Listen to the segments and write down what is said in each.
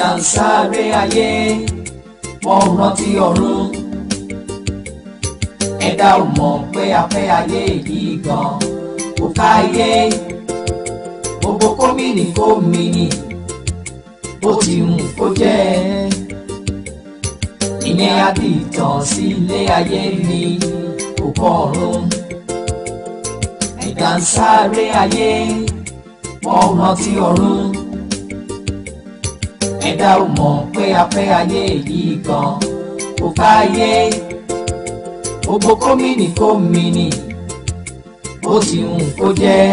Gàǹsáré ayé wọ́n rántí ọ̀run ẹ̀dá ò mọ̀ pé afẹ́ ayé yìí gan kò ká ayé gbogbo kómìnì kómìnì bó ti wù kó jẹ́ ìyẹn á di ìtàn sí ilé ayé ni kò kọ́ ọ̀run ẹ̀dá ń sáré ayé wọ́n rántí ọ̀run ẹ̀dá ò mọ̀ pé afẹ́ ayé yìí gan kò fáyé gbogbo kómìnì kómìnì ó ti hùn kó jẹ́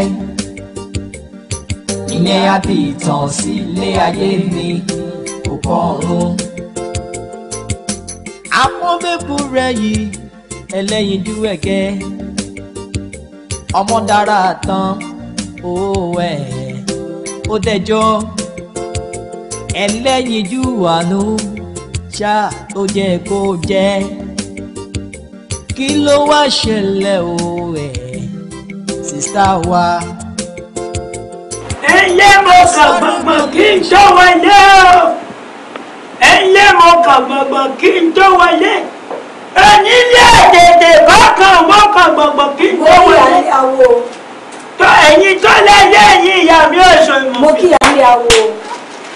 ìyẹn á ti tàn sílé ayé ni kò kọ́ ọ̀run. àpọ́nbẹ́bù rẹ̀ yìí ẹlẹ́yin dúwẹ̀gẹ́ ọmọ dára tán ó ẹ̀ ó dẹjọ́ ẹlẹ́yinjú àánú ṣá ló jẹ́ kó jẹ́ kí ló wá ṣẹlẹ̀ o ẹ̀ sísá wa. ẹ yé mo kà gbọ̀ngbọ̀n kí n tó wọlé o ẹ yé mo kà gbọ̀ngbọ̀n kí n tó wọlé onílé èdèdè bá kàn wọ́n kí n tó wọlé tó ẹ̀yin tó lẹ́yìn ẹ̀yin ìyá mi ò sọ ìmọ̀ mi. mo kí ìyá mi àwọ̀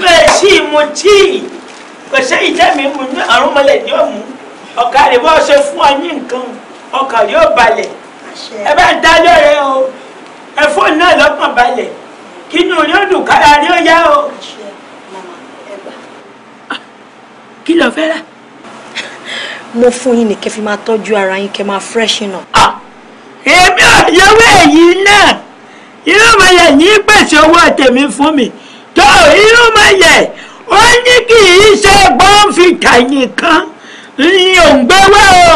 lẹ́sí mu tíì kò sẹ́yìn tẹ́mi mu ní àrùn mọ́lẹ̀ ni ó mú ọ̀kà rẹ̀ bọ́ ṣe fún ọ ní nǹkan ọkà yóò balẹ̀ ẹ bá ń dájọ́ rẹ o ẹ fóònù náà lọ́kàn ah, balẹ̀ kí inú rí ó dùn kára rí ó yá o. kí ló fẹ́ rà. mo fún yín ní kẹ́ fi máa tọ́jú ara yín kẹ́ máa freshen up. Ah, èmi ò yọwọ́ èyí náà irú ọmọ yẹn ní pèsè owó tèmi fún mi tó irúmọyẹ ó ní kì í ṣe bọ́ǹfìtà nìkan ní òǹgbẹ́wé o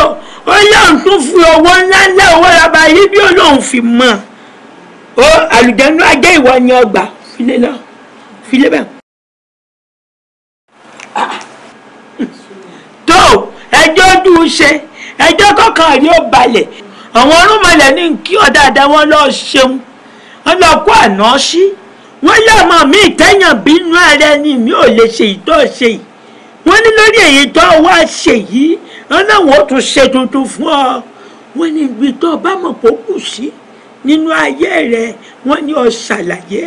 ó lóun tún fi owó ńlá ńlá owó raba yìí bí ó lóun fi mọ̀ ó àlùjẹ́nu ajé ìwọ ni ọgbà filé lọ filé bẹ́ẹ̀. tó ẹjọ́ dùn ṣe ẹjọ́ kọ̀ọ̀kan rí ó balẹ̀ àwọn ọ̀rùnmọ̀lẹ̀ ní kí ọ̀dàdà wọn lọ́ọ́ ṣeun wọn àná sí wọ́n lọ́mọ mi tẹ́yàn bínú ààrẹ ni mi ò lè ṣe ìtọ́ ṣe yìí wọ́n ní lórí èyí tó wá ṣe yìí ọlọ́run ó tún ṣe tuntun fún ọ wọ́n ní ibi tó bá mọ̀ pé ó kù sí nínú ayé rẹ wọ́n ní ọ ṣàlàyé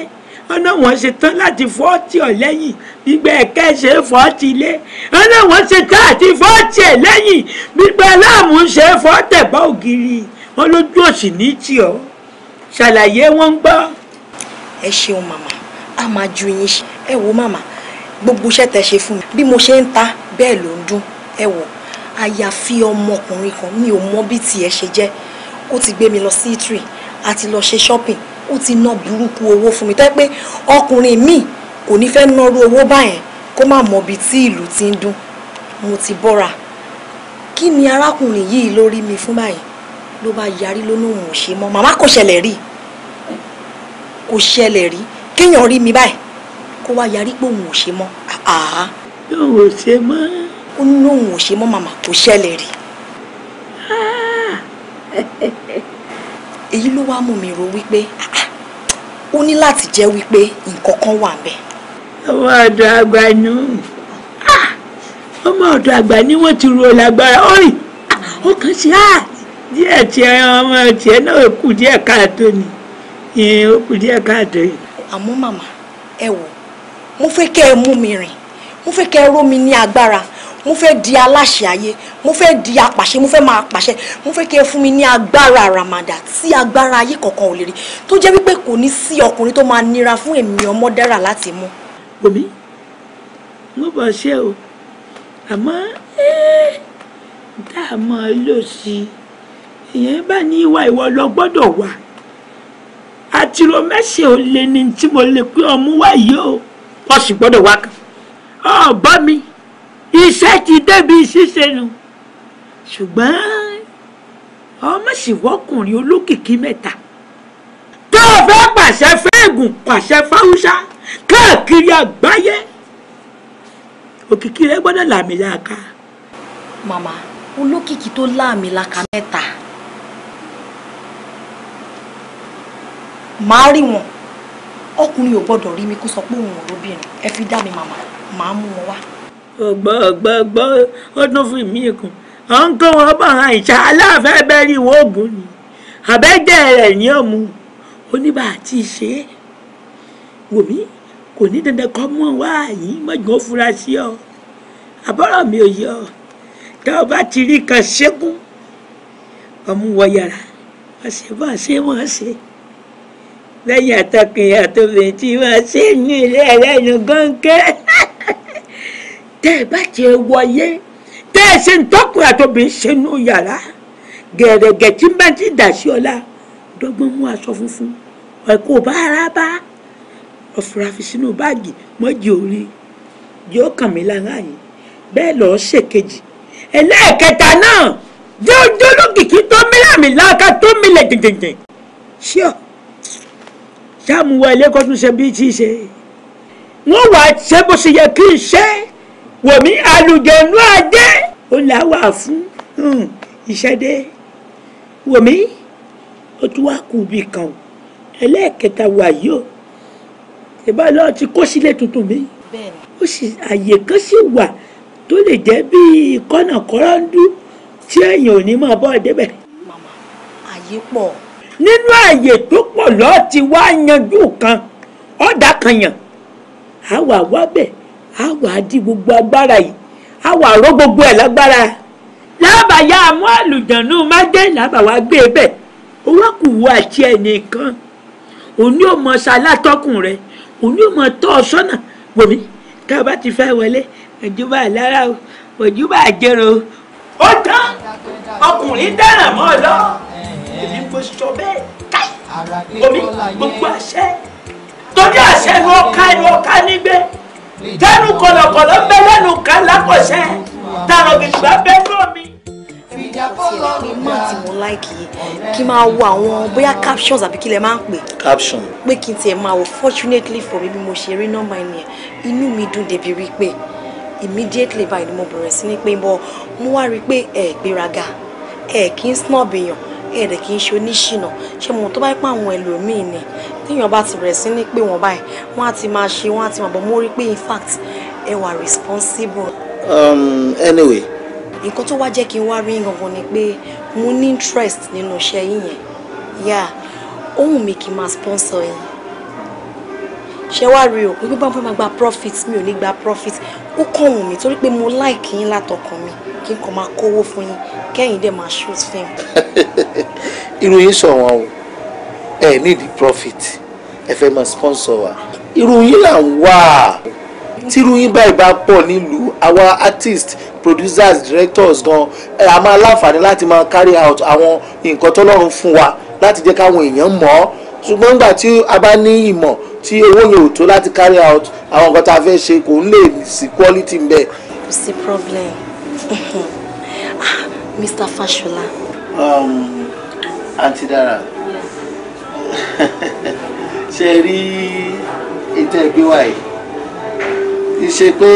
ọlọ́run ṣe tán láti fọ́ọ̀tì ọ gbígbẹ́ ẹ̀kẹ́ fọ́ọ̀tì ilé ọlọ́run ṣe tán àti fọ́ọ̀tì ẹ̀ gbígbẹ́ aláàmú ṣe fọ́ọ̀tẹ̀ bá ògiri wọn lójú òsì ní tì ṣàlàyé wọn gbọ́ ẹ ṣeun màmá a máa ju yín ṣe ẹ wo màmá gbogbo iṣẹ́ tẹ ṣe fún mi bí mo ṣe ń ta bẹ́ẹ̀ ló ń dún ẹ wò àyàfi ọmọkùnrin kan mi ò mọ bí tiẹ̀ ṣe jẹ́ ó ti gbé mi lọ sí italy àti lọ ṣe shopping ó ti ná burúkú owó fún mi tó yẹ pé ọkùnrin míì kò ní fẹ́ nárú owó báyẹn kó má mọ ibi tí ìlú ti ń dún mo ti bọ́ra kí ni arákùnrin yìí ló mi fún báyìí ló bá yarí lónà òun ò ṣe mọ́ màmá kò ṣẹlẹ̀ rí i kò ṣẹlẹ̀ rí kéèyàn rí mi báyìí kó wá yarí pé òun ò ṣe mọ́ àá. òun ò ṣe mọ́. ó ní òun ò ṣe mọ́ màmá kò ṣẹlẹ̀ rí. èyí ló wá mú mi rò wípé ó ní láti jẹ́ wípé nǹkan kan wà ńbẹ̀. ọmọ ọ̀dọ̀ àgbà nù ọmọ ọ̀dọ̀ àgbà ni wọ́n ti ro lágbára ọ̀rìn ó kàn ṣe á díẹ̀ ọmọ tiẹ̀ náà kù díẹ̀ káàtó ni ìyẹn ó kù díẹ̀ káàtó yìí. àmọ́ màmá ẹ wò mo fẹ́ kẹ́ ẹ mú mi rìn mo fẹ́ kẹ́ ẹ ró mi ní agbára mo fẹ́ di aláṣẹ ayé mo fẹ́ di apàṣẹ mo fẹ́ máa pàṣẹ mo fẹ́ kí ẹ fún mi ní agbára àràmàdà tí agbára ayé kankan ò lè rí tó jẹ́ wípé kò ní sí ọkùnrin tó máa nira fún èmi ọmọ láti mú. omi mo bọ̀ ṣe o àmọ́ tá a mọ̀ ọ́ lò sí i èèyàn bá ní ìwà ìwọ lọ gbọ́dọ̀ wà àtìrò mẹ́sẹ̀ ò lè ní tí mo lè pé ọmú wá yìí o wọ́n sì gbọ́dọ̀ wá kan. ọ̀bọ mi iṣẹ́ ti débi ṣíṣe nu ṣùgbọ́n ọmọ sì wọ́kùnrin olókìkí mẹ́ta tó o fẹ́ pàṣẹ fẹ́ẹ̀gùn pàṣẹ fáwùsá káàkiri àgbáyé òkìkí rẹ gbọ́dọ̀ làmìlàaka. màmá olókìkí tó láàmìlàaka mẹ́ta. màá rí wọn ọkùnrin ò gbọ́dọ̀ rí mi kó sọ pé òun ò lóbìnrin ẹ fi dá mi màmá màá mú wọn wá. ọgbà ọgbà ọgbà ọdún fún mi kan à ń kọ́ wọn bọ̀ hàn ìṣá aláàfẹ́ bẹ́ẹ̀ ni ìwọ ògùn ni àbẹ́jẹ́ rẹ̀ ní ọ̀mù oníbà àti ìṣe wòmí kò ní dandan kọ́ mọ́ wá yìí mọ́jọ́ fura sí ọ àbọ̀rọ̀ mi ò yọ tá ọ bá ti rí kan ṣẹ́kù ọmú wọ yàrá ọ̀sẹ̀ bá ṣe wọ́n ṣe lẹ́yìn àtọkùnrin àtọbìnrin tí wọ́n ṣe ní ilé ẹlẹ́nu gọ́ńkẹ́ tẹ́ ẹ bá ti wọlé tẹ́ ẹ ṣe ń tọkùnrin àtọbìnrin ṣe nú yàrá gẹ̀rẹ́gẹ̀ tí bá ti dà sí ọlá dọ́gbọ́n mú aṣọ funfun ẹ̀kọ́ bá ara bá ọ̀fùrà fi sínú báàgì mọ́jì orí yóò kàn mí lára yìí bẹ́ẹ̀ lọ́ọ́ ṣèkejì ẹlẹ́ẹ̀kẹta náà jẹ́ ojú olókìkí tó mílàmílà ká tó mílẹ̀ dìndìndìn ṣíọ́. Sure sáàmù wa ilé kọ́tún ṣe bí tí ì ṣe wọ́n wàá ṣe bó ṣe yẹ kí n ṣe wòmí àlùjẹ̀nú ajé ó là wà fún ìṣẹ́dé wòmí ó tún wá kú bí kan o ẹlẹ́ẹ̀kẹta wà yìí o ìbá lọ́ọ́ ti kó sílé tuntun mi ó sì àyè kan sì wà tó lè jẹ́ bíi kọ́nàkọ́rọ́ ń dú tí èèyàn ò ní máa bọ́ ọ débẹ̀. màmá àyè pọ̀ nínú ààyè tó pọ̀ lọ́ọ́ ti wá yanjú kan ọ̀dà kan yàn á wà wábẹ̀ á wà dí gbogbo agbára yìí á wà ró gbogbo ẹ̀ lágbára lábàáyá àmọ́ àlùjànnú májẹ́ làbàwá gbé e bẹ̀ ó wá kù wọ àṣẹ ẹnìkan òní ò mọ ṣàlátọ́kùn rẹ òní ò tọ́ ọ sọ́nà wòmí tá a bá ti fẹ́ wọlé ọjọ́bà lára o ọjọ́bà jẹrọ o. ó tán ọkùnrin dáràn mọ́ ọ lọ èmi kò sọ bẹ́ẹ̀ omi gbogbo àṣẹ torí àṣẹ ni ọ̀ka ni ọ̀ka nígbẹ́ tẹnu kọlọkọlọ ń bẹ lẹnu ká lákọṣẹ tààrọ gbèsùgbà bẹ náà mi. Ọlọ́run mọ̀ tí mo láìkì yìí kí n máa wo àwọn bóyá captions àbí kí lẹ máa ń pè. caption. pé kí n tiẹ̀ máa wò fortunately for mi bí mo ṣe rí nọ́mbà ènìyàn inú mi dùn débi rí pé immediately báyìí ni mo bẹ̀rẹ̀ sí ní pé mo wá rí pé ẹ̀ gbéraga kí n snob èèyàn èdè kì í ṣe oníṣìnà ṣé mo tó bá pẹ́ àwọn ẹlòmíín ni téèyàn bá ti bẹ̀rẹ̀ sí ní pé wọ́n báyìí wọ́n á ti máa ṣe wọ́n á ti máa bọ̀ mo rí pé in fact ẹ wà responsible. Um, anyway. nǹkan tó wá jẹ́ kí n wá rí gangan ni pé mo ní interest nínú iṣẹ́ yín yẹn yà ohun mi kì í máa sponsor yín ṣe wá rí o gbígbá fún mi gba profit mi ò ní gba profit ó kàn wù mí torí pé mo like yín látọkàn mi kí n kàn máa kówó fún yín kẹ́yìn dẹ̀ máa shoot film. irú yín sọ wọn o ẹ ní profit ẹ fẹ́ máa sponsor wa irú yín là ń wá tírú yín báyìí bá pọ̀ nílùú àwa artist producers directors gan a máa láǹfààní láti máa carry out àwọn nǹkan tọ́lọ́run fún wa láti jẹ́ káwọn èèyàn mọ̀ ọ́ ṣùgbọ́n nígbà tí a bá ní ìmọ̀ tí owó yẹn tó láti carry out àwọn nǹkan tá a fẹ́ ṣe kò ń lè sí quality ń bẹ. kò sí problem Mr. Fashola. Um, Auntie Dara. Ṣé ẹ rí ètò ẹgbẹ́ wa yìí? Ìṣe pé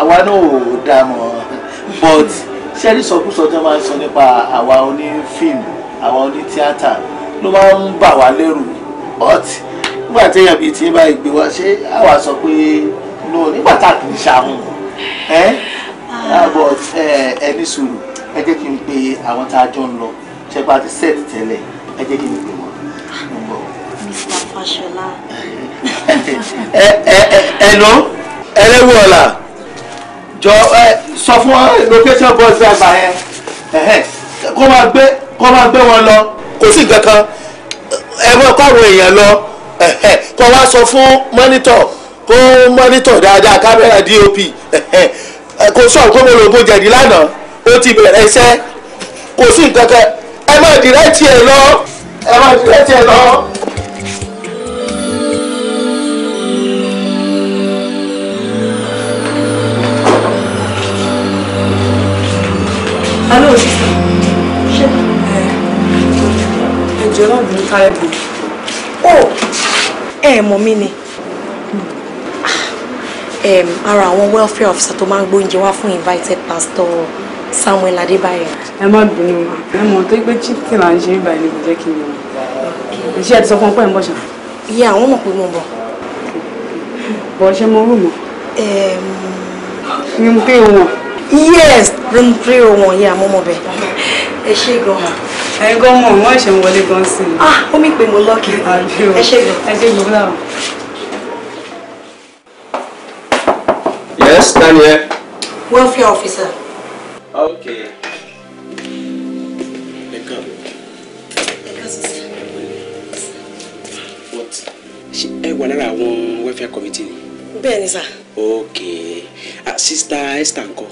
àwa náà ò but ṣé so rí sọkúsọ tí wọ́n máa ń sọ nípa àwa oní fíìmù àwa oní tíátà ló máa ń bà wá but nígbà tí èèyàn bíi ti bá ìgbé wa ṣé àwa sọ pé no nígbà tá a kì í ṣàmù. Ah, but eh, ẹni sùúrù ẹ jẹ́ kí n pe àwọn tá a jọ ń lọ ṣe pa ti set tẹ́lẹ̀ ẹ jẹ́ kí n pe wọn. Mr. Fashola. ẹnu eh, eh, ẹlẹ́wọ̀n ọ̀la jọ sọ fún location bus driver yẹn kó máa gbé kó máa gbé wọn lọ kò sí nǹkan kan ẹ mọ káwọn èèyàn lọ kó wá sọ fún mọ́nítọ̀ kó mọ́nítọ̀ dáadáa kámẹ́rà DOP kò sọ pé mo lògùn jẹ̀dí lánàá ó ti bẹ̀rẹ̀ iṣẹ́ kò sí nǹkan kan ẹ má dìrẹ́ tiẹ̀ lọ ẹ má dìrẹ́ tiẹ̀ lọ. Hello, sister. Ṣé ẹ jẹ́ ọ̀gbìn kárẹ́bù? Ó ẹ̀ mọ̀ mí ni ara àwọn welfare officer tó máa ń gbóúnjẹ wá fún invited pastor Samuel Adébáyọ̀. ẹ má bínú ẹ mọ̀ tó pé chicken là ń ṣe ibà ni kò jẹ́ kí n yọ iṣẹ́ ẹ̀ ti sọ fún ọ pé ẹ̀ ń bọ̀ ṣá. iye àwọn mọ̀ pé mo bọ̀. bọ̀ ṣe mo rú mọ́. room three O. one. yes room three O one yẹ àmọ́ mọ̀ bẹ́ẹ̀. ẹ ṣe gan-an. ẹ gan mọ̀ wọ́n ṣe ń wọlé gan sí i. ah omi pé mo lọ́ọ̀kì. ẹ ṣe gan. ẹ ṣe gbogbo Yes, Daniel. Welfare officer. Okay. ẹ wà lára àwọn welfare committee ni. bẹ́ẹ̀ ni sà. ok ah, sista Esther ńkọ́.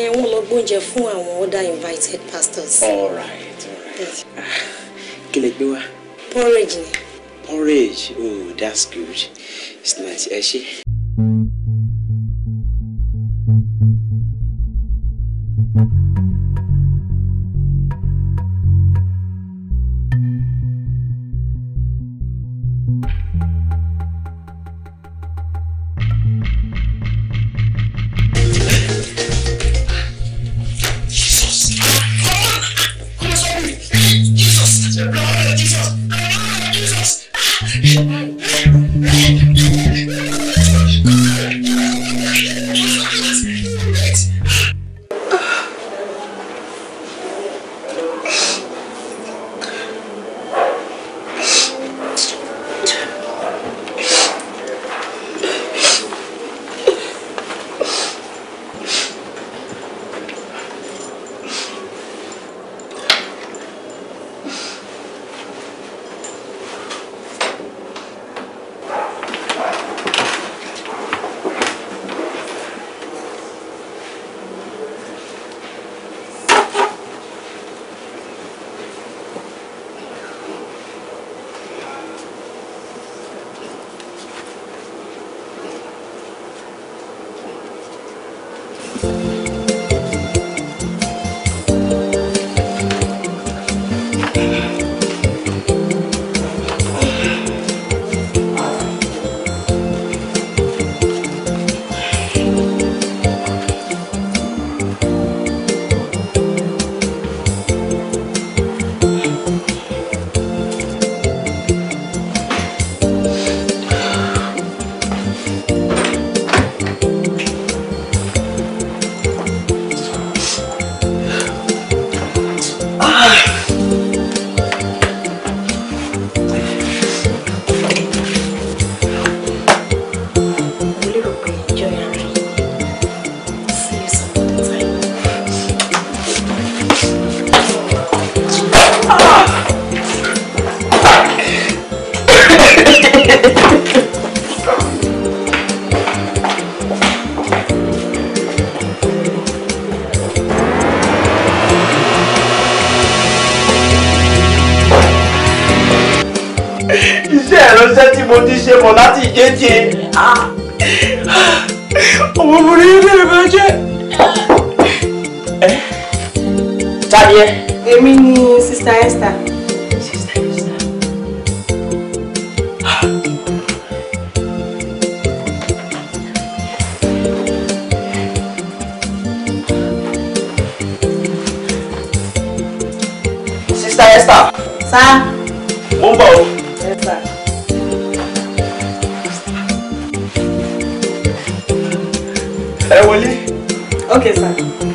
ẹ wọn lọ gbóúnjẹ fún àwọn other invited pastors. all right all right. Ah, kí lẹ gbé wá. porridge ni. porridge oh that's good it's nice ẹ ṣé. ẹ wọlé. ok sir.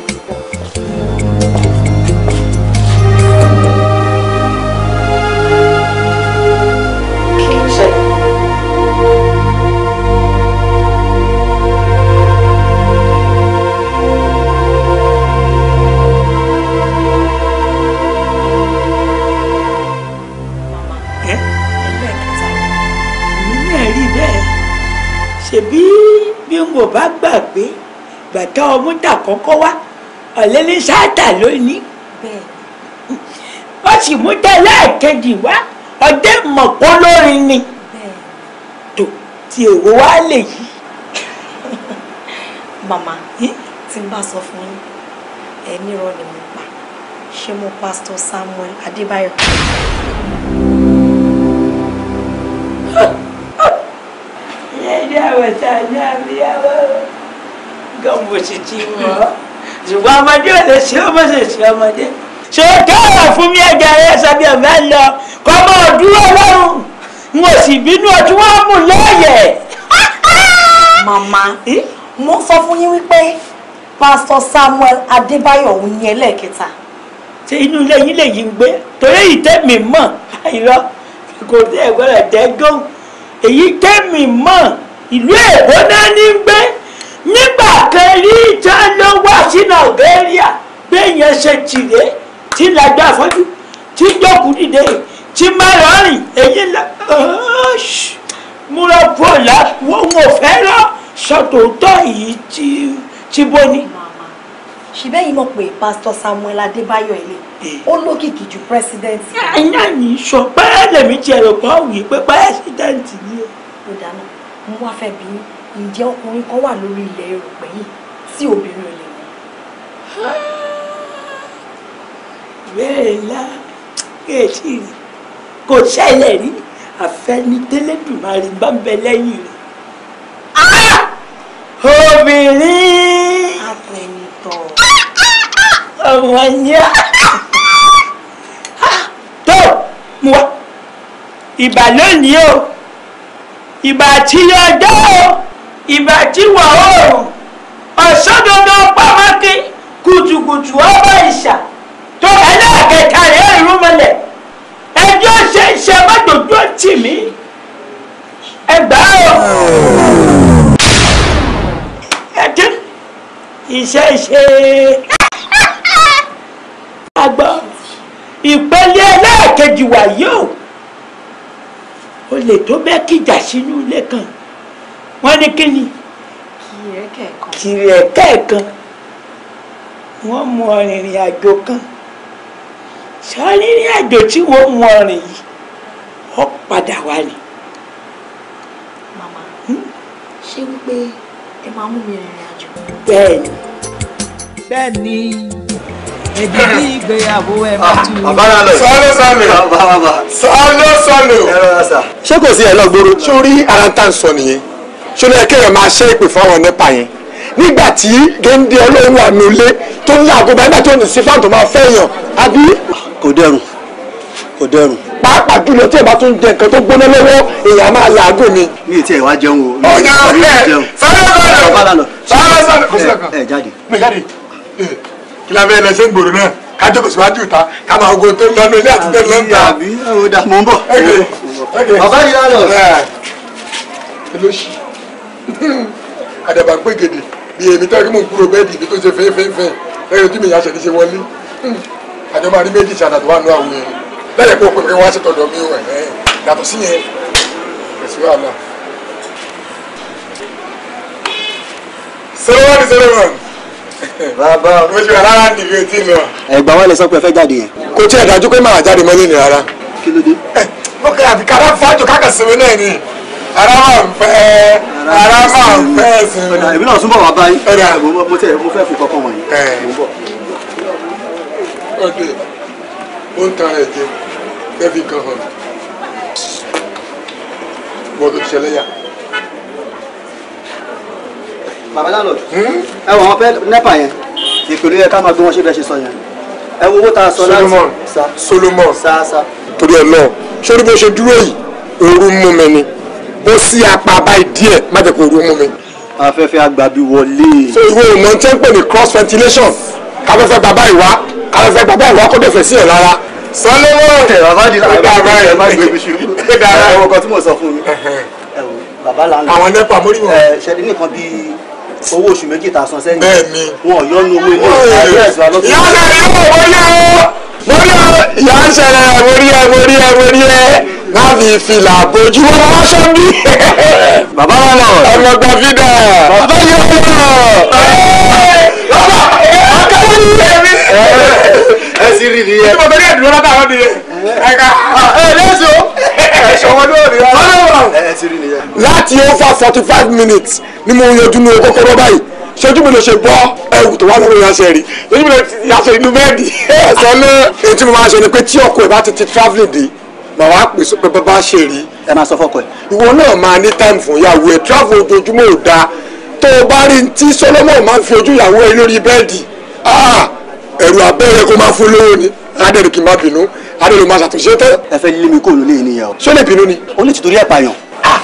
ọmú tà kọ́kọ́ wá ọ̀lẹ́lẹ́ sáàtà lónìí wọ́n sì mú tẹ lẹ́ẹ̀kejì wá ọdẹ mọ̀pọ́ lórin ni tó ti èwo wá lè yí. màmá tí n bá sọ fún yín ẹ nírọ̀ ni mo pa ṣé mo pásítọ̀ Samuel Adébáyọ̀. Yeah, yeah, what's yeah, yeah, yeah gambo ti ti wọ́ ṣùgbọ́n ọmọdé ò lè ṣe ó mọ̀ ṣe ṣe ọmọdé ṣe kẹ́rọ̀ fún mi ẹ̀jẹ̀ rẹ̀ ṣàbí ọ̀gá lọ kọ́ mọ́ dúró lọ́rùn n ò sì bínú ọtí wọ́n mú lọ́ọ̀yẹ̀. màmá mo sọ fún yín wípé pásítọ̀ Samuel Adébáyọ̀ òun ní ẹlẹ́ẹ̀kẹta. ṣé inú ilé yín lè yí ń gbé torí ìtẹ́mi mọ̀ àìrọ́ kò dé ẹ̀gbọ́n rẹ̀ dẹ́gàn èyí tẹ́mi mọ̀ ìlú èkó náà ní gbé nígbà kan rí ìjà ló wá sí nàìjíríà béèyàn ṣe tìrẹ tí lajú afọ́jú tí jókòó dìde tí máa rìn èyí la múra bọ́ọ̀lá wọn ò fẹ́ràn sọ̀tòótọ́ yìí ti ti bọ́ ni. ṣùgbọ́n yìí mọ̀ pé pásítọ̀ Samuel Adébáyọ̀ ilé eh. ó lókìkí ju president. ẹ̀yà yìí sọ pé lèmi ti ẹ̀rọ kan wí pé president ni. ó dáná mo wá fẹ́ bí yín ǹjẹ́ ọkùnrin kan wà lórí ilẹ̀ erùpẹ̀ yìí tí obìnrin ò lè mọ̀. bẹ́ẹ̀ ńlá kéèkì rí kò ṣẹlẹ̀ rí àfẹnitẹ́lẹ́dùmarè bá ń bẹ lẹ́yìn rẹ̀. Ah! obìnrin àtẹnitọ́ ọmọ yẹn ah! tó mu wá ìbà lónìí o ìbà tí yọ o ìbàjíwà oòrùn ọ̀ṣọ́dọ̀dọ̀ pàmákí kùtùkùtù ọba ìṣà tó ẹlẹ́ẹ̀kẹta rẹ̀ ìrúnmọlẹ̀ ẹjọ́ ṣe ń ṣe mọ́tòdó tì mí ẹgbà ó ẹtí ìṣẹ̀ṣe àgbà ìpele ẹlẹ́ẹ̀kejì wà yìí o lè tó bẹ́ẹ̀ kíjà sínú ilé kan wọ́n ní kí ni kìrẹ̀ kẹ́ẹ̀kan wọ́n mú ọrìnrìn àjò kan sọ́rìnrìn àjò tí wọ́n mú ọrìn yìí ó padà wá ni. màmá ṣé wípé ẹ máa mú mi rìnrìn àjò. bẹ́ẹ̀ni. bẹ́ẹ̀ni èdè ní ìgbéyàwó ẹ máa ah, tú. sọ́ọ́lù sọ́ọ́lù sọ́ọ́lù sọ́ọ́lù. ṣé kò sí ẹ̀ lọ́gbọ́rọ̀ sórí ara tá à ń sọ nìyẹn ṣọlá ẹ kéèyàn máa ṣe ìpè fáwọn nípa yẹn nígbà tí géńdé ọlọ́run wà nílé tó ń láago bá nígbà tó ní sí fáwọn tó máa fẹ́ yàn àbí. kò dẹrùn kò dẹrùn. pàápàá jùlọ tí ẹ bá tún jẹ nǹkan tó gbóná lọ́wọ́ èèyàn máa làágò ni. mi ì tí ẹ wá jẹun o. ọ̀gá ọ̀gá sáré balọ̀ sáré balọ̀ ẹ jáde. mi jáde kí la fẹ́ lẹ ṣe ń gbòòrò náà ká jókòó síwájú ìta ká máa ogun tó ń lọ ní ilé àti tó ń lọ ń ta. àbí àbí ó dà mọ́ ń bọ̀. ọ̀gá yìí lálọ́. olóṣì. àdàbàgbé gèdè bí èmi tẹ́ kí mò ń kúrò bẹ́ẹ̀dì ibi tó ṣe fẹ́ẹ́fẹ́ẹ́fẹ́ lẹ́yìn tí mi yà ṣe ní ṣe wọlé àjọ máa rí méjì ṣàdàtọ̀ wà àwọn yẹn lẹ́yìn pé òpin wá sí tọ̀dọ̀ mi ò ẹ̀ yàtọ̀ sí yẹn bàbá mo ṣe wà lára nìlú etí lọ. ara máa ń pẹ́ ara máa ń pẹ́ sí i. èmi náà súnmọ́ wàá báyìí mo tẹ mo fẹ́ fi kọ́kọ́ wọ̀nyí mo bọ̀. ọdẹ ó ń tan ẹ̀jẹ̀ kẹ́fì kan hàn gbọ́dọ̀ ṣẹlẹ̀ yà. bàbá lálọ́ọ̀dù ẹ wọ àwọn pẹ́ nẹ́pà yẹn ìpèlú yẹ ká máa gbé wọn ṣe bẹ́ẹ̀ ṣe sọ yẹn ẹ wo owó tá a sọ láti. Solomon Solomon torí ẹ lọ sórí bó ṣe dúró yìí ooru mú mi ni mo sí apá báyìí díẹ̀ má jẹ́ kó rú mú mi. afẹ́fẹ́ agbábí wọlé. so ìwé ìmọ̀ tẹ́ ń pè ní cross ventilation afẹ́fẹ́ bàbá ìwá afẹ́fẹ́ bàbá ìwá kó dẹ̀fẹ̀ sí ẹ̀ lára. sanlẹ́wọ̀n ẹ̀ bàbá di bàbá ẹ̀ má gbé bisu. ẹ dára ẹ wọkọ tí mo sọ fún mi. bàbá la ń lọ àwọn nẹ́pà mórí wọn. ṣẹ́ni nìkan bíi owó oṣù méjì tá a san sẹ́yìn. bẹ́ẹ̀ni wọn ò yọnu owó ilé ìgbà yóò wọlé o mo rí ọ ìyá ń ṣẹlẹ̀ mo rí ẹ mo rí ẹ mo rí ẹ láti ìfìlà àbójú wọn wá sọ́bí. bàbá wọn lọ. ọmọ gbàgídà. bàbá yóò lọ. bàbá akẹ́kọ̀ọ́ ní ẹ̀mí. ẹ sì rí ni yẹn. ìtumọ̀ bẹ́ẹ̀ dúró látàrọ́ ni yẹn. ẹ̀ka ẹ̀ lẹ́sọ̀ ẹ̀ṣọ́ wọn lórí rárá. ẹ sì rí ni yẹn. láti over forty five minutes ni mo yanjú ní kókóró báyìí sojú mi ló ṣe gbọ́ ẹ̀wù tó wà lórí ìyáṣẹ́ rí sojú mi ló ṣe inú bẹ́ẹ̀dì ẹ̀sán lé èyí tí mo máa ṣe ni pé tí ọkọ ẹ̀ bá ti ti travelling dé màá wá pèsè pé bàbá ṣe rí. ẹ máa sọ fọkọ ẹ. ìwọ náà máa ní time fún ìyàwó ẹ travel ojoojúmọ́ ò dáa tó o bá rí tí Solomon máa ń fi ojú ìyàwó ẹ lórí bẹ́ẹ̀dì ah, ẹ̀rù abẹ́rẹ́ kó máa fún lówó ni adẹ́rù kì í má bínú adẹ́rù máa ṣàtúnṣe tẹ́. ẹ fẹ́ lé mi kó ló lé ènìyàn o. ṣé lè bínú ni. o lè ti ẹ̀ pààyàn. Ah,